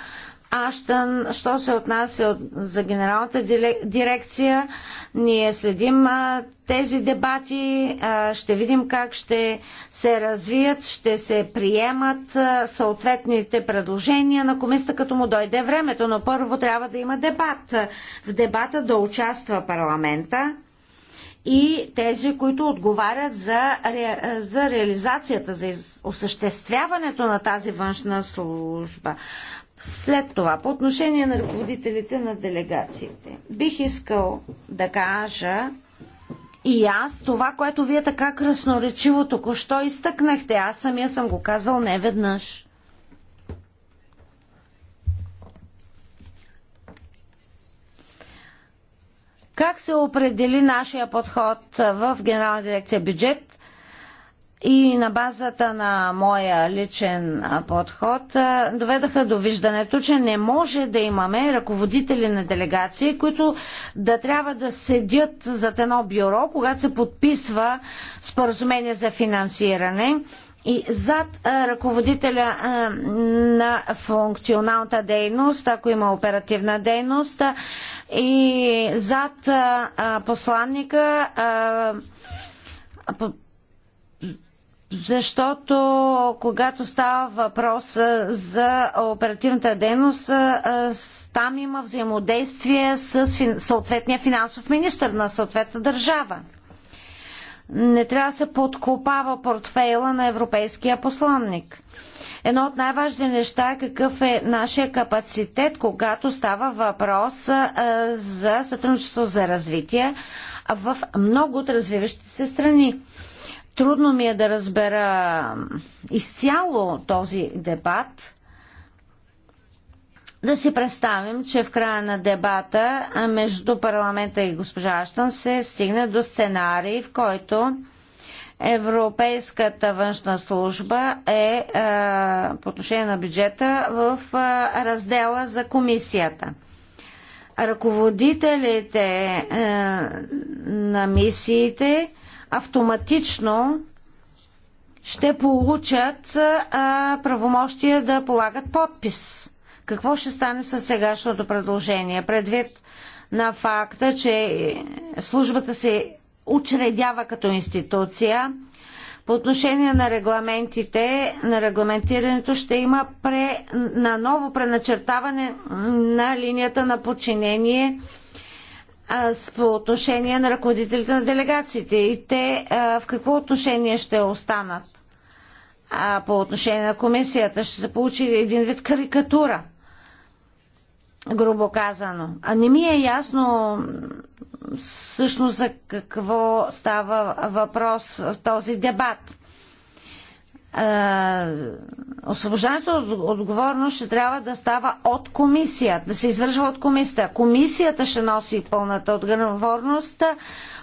Speaker 1: Аштън, що се отнася от, за генералната дирекция, ние следим а, тези дебати, а, ще видим как ще се развият, ще се приемат а, съответните предложения на комисията, като му дойде времето, но първо трябва да има дебат. В дебата да участва парламента и тези, които отговарят за, ре, за реализацията, за из, осъществяването на тази външна служба. След това, по отношение на ръководителите на делегациите, бих искал да кажа, и аз това, което вие така красноречиво току-що изтъкнахте, аз самия съм го казвал не веднъж. Как се определи нашия подход в Генерална дирекция бюджет? И на базата на моя личен подход доведаха до виждането, че не може да имаме ръководители на делегации, които да трябва да седят зад едно бюро, когато се подписва споразумение за финансиране и зад ръководителя на функционалната дейност, ако има оперативна дейност, и зад посланника защото когато става въпрос за оперативната дейност, там има взаимодействие с съответния финансов министр на съответната държава не трябва да се подкопава портфейла на европейския посланник. Едно от най-важните неща е какъв е нашия капацитет, когато става въпрос за сътрудничество за развитие в много от развиващите се страни. Трудно ми е да разбера изцяло този дебат, да си представим, че в края на дебата между парламента и госпожа Аштан се стигне до сценарий, в който Европейската външна служба е а, по отношение на бюджета в а, раздела за комисията. Ръководителите а, на мисиите автоматично ще получат правомощия да полагат подпис какво ще стане с сегашното предложение? Предвид на факта, че службата се учредява като институция, по отношение на регламентите, на регламентирането ще има пре, на ново преначертаване на линията на подчинение а, с, по отношение на ръководителите на делегациите и те а, в какво отношение ще останат. А по отношение на комисията ще се получи един вид карикатура – грубо казано. А не ми е ясно всъщност за какво става въпрос в този дебат. Освобождането от отговорност ще трябва да става от комисията, да се извършва от комисията. Комисията ще носи пълната отговорност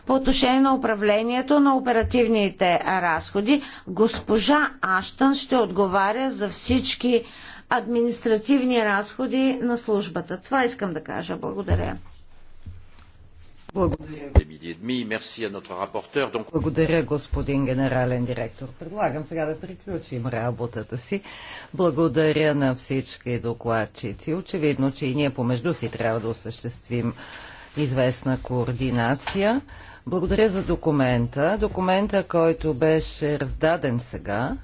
Speaker 1: по отношение на управлението на оперативните разходи. Госпожа Аштън ще отговаря за всички административни разходи на
Speaker 4: службата. Това искам да кажа. Благодаря.
Speaker 3: Благодаря. Благодаря,
Speaker 4: господин генерален директор. Предлагам сега да приключим работата си. Благодаря на всички докладчици. Очевидно, че и ние помежду си трябва да осъществим известна координация. Благодаря за документа. Документа, който беше раздаден сега,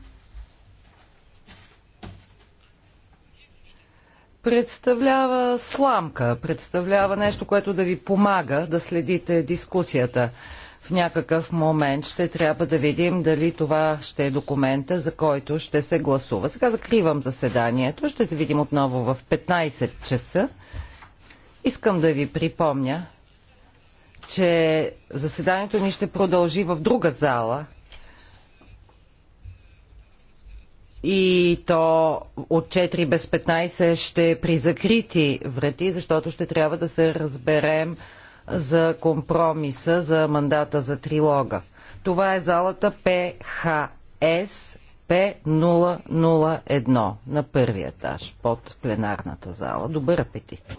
Speaker 4: представлява сламка, представлява нещо, което да ви помага да следите дискусията. В някакъв момент ще трябва да видим дали това ще е документа, за който ще се гласува. Сега закривам заседанието. Ще се видим отново в 15 часа. Искам да ви припомня, че заседанието ни ще продължи в друга зала, и то от 4 без 15 ще е при закрити врати, защото ще трябва да се разберем за компромиса за мандата за трилога. Това е залата ПХС п 001 на първият етаж под пленарната зала. Добър апетит!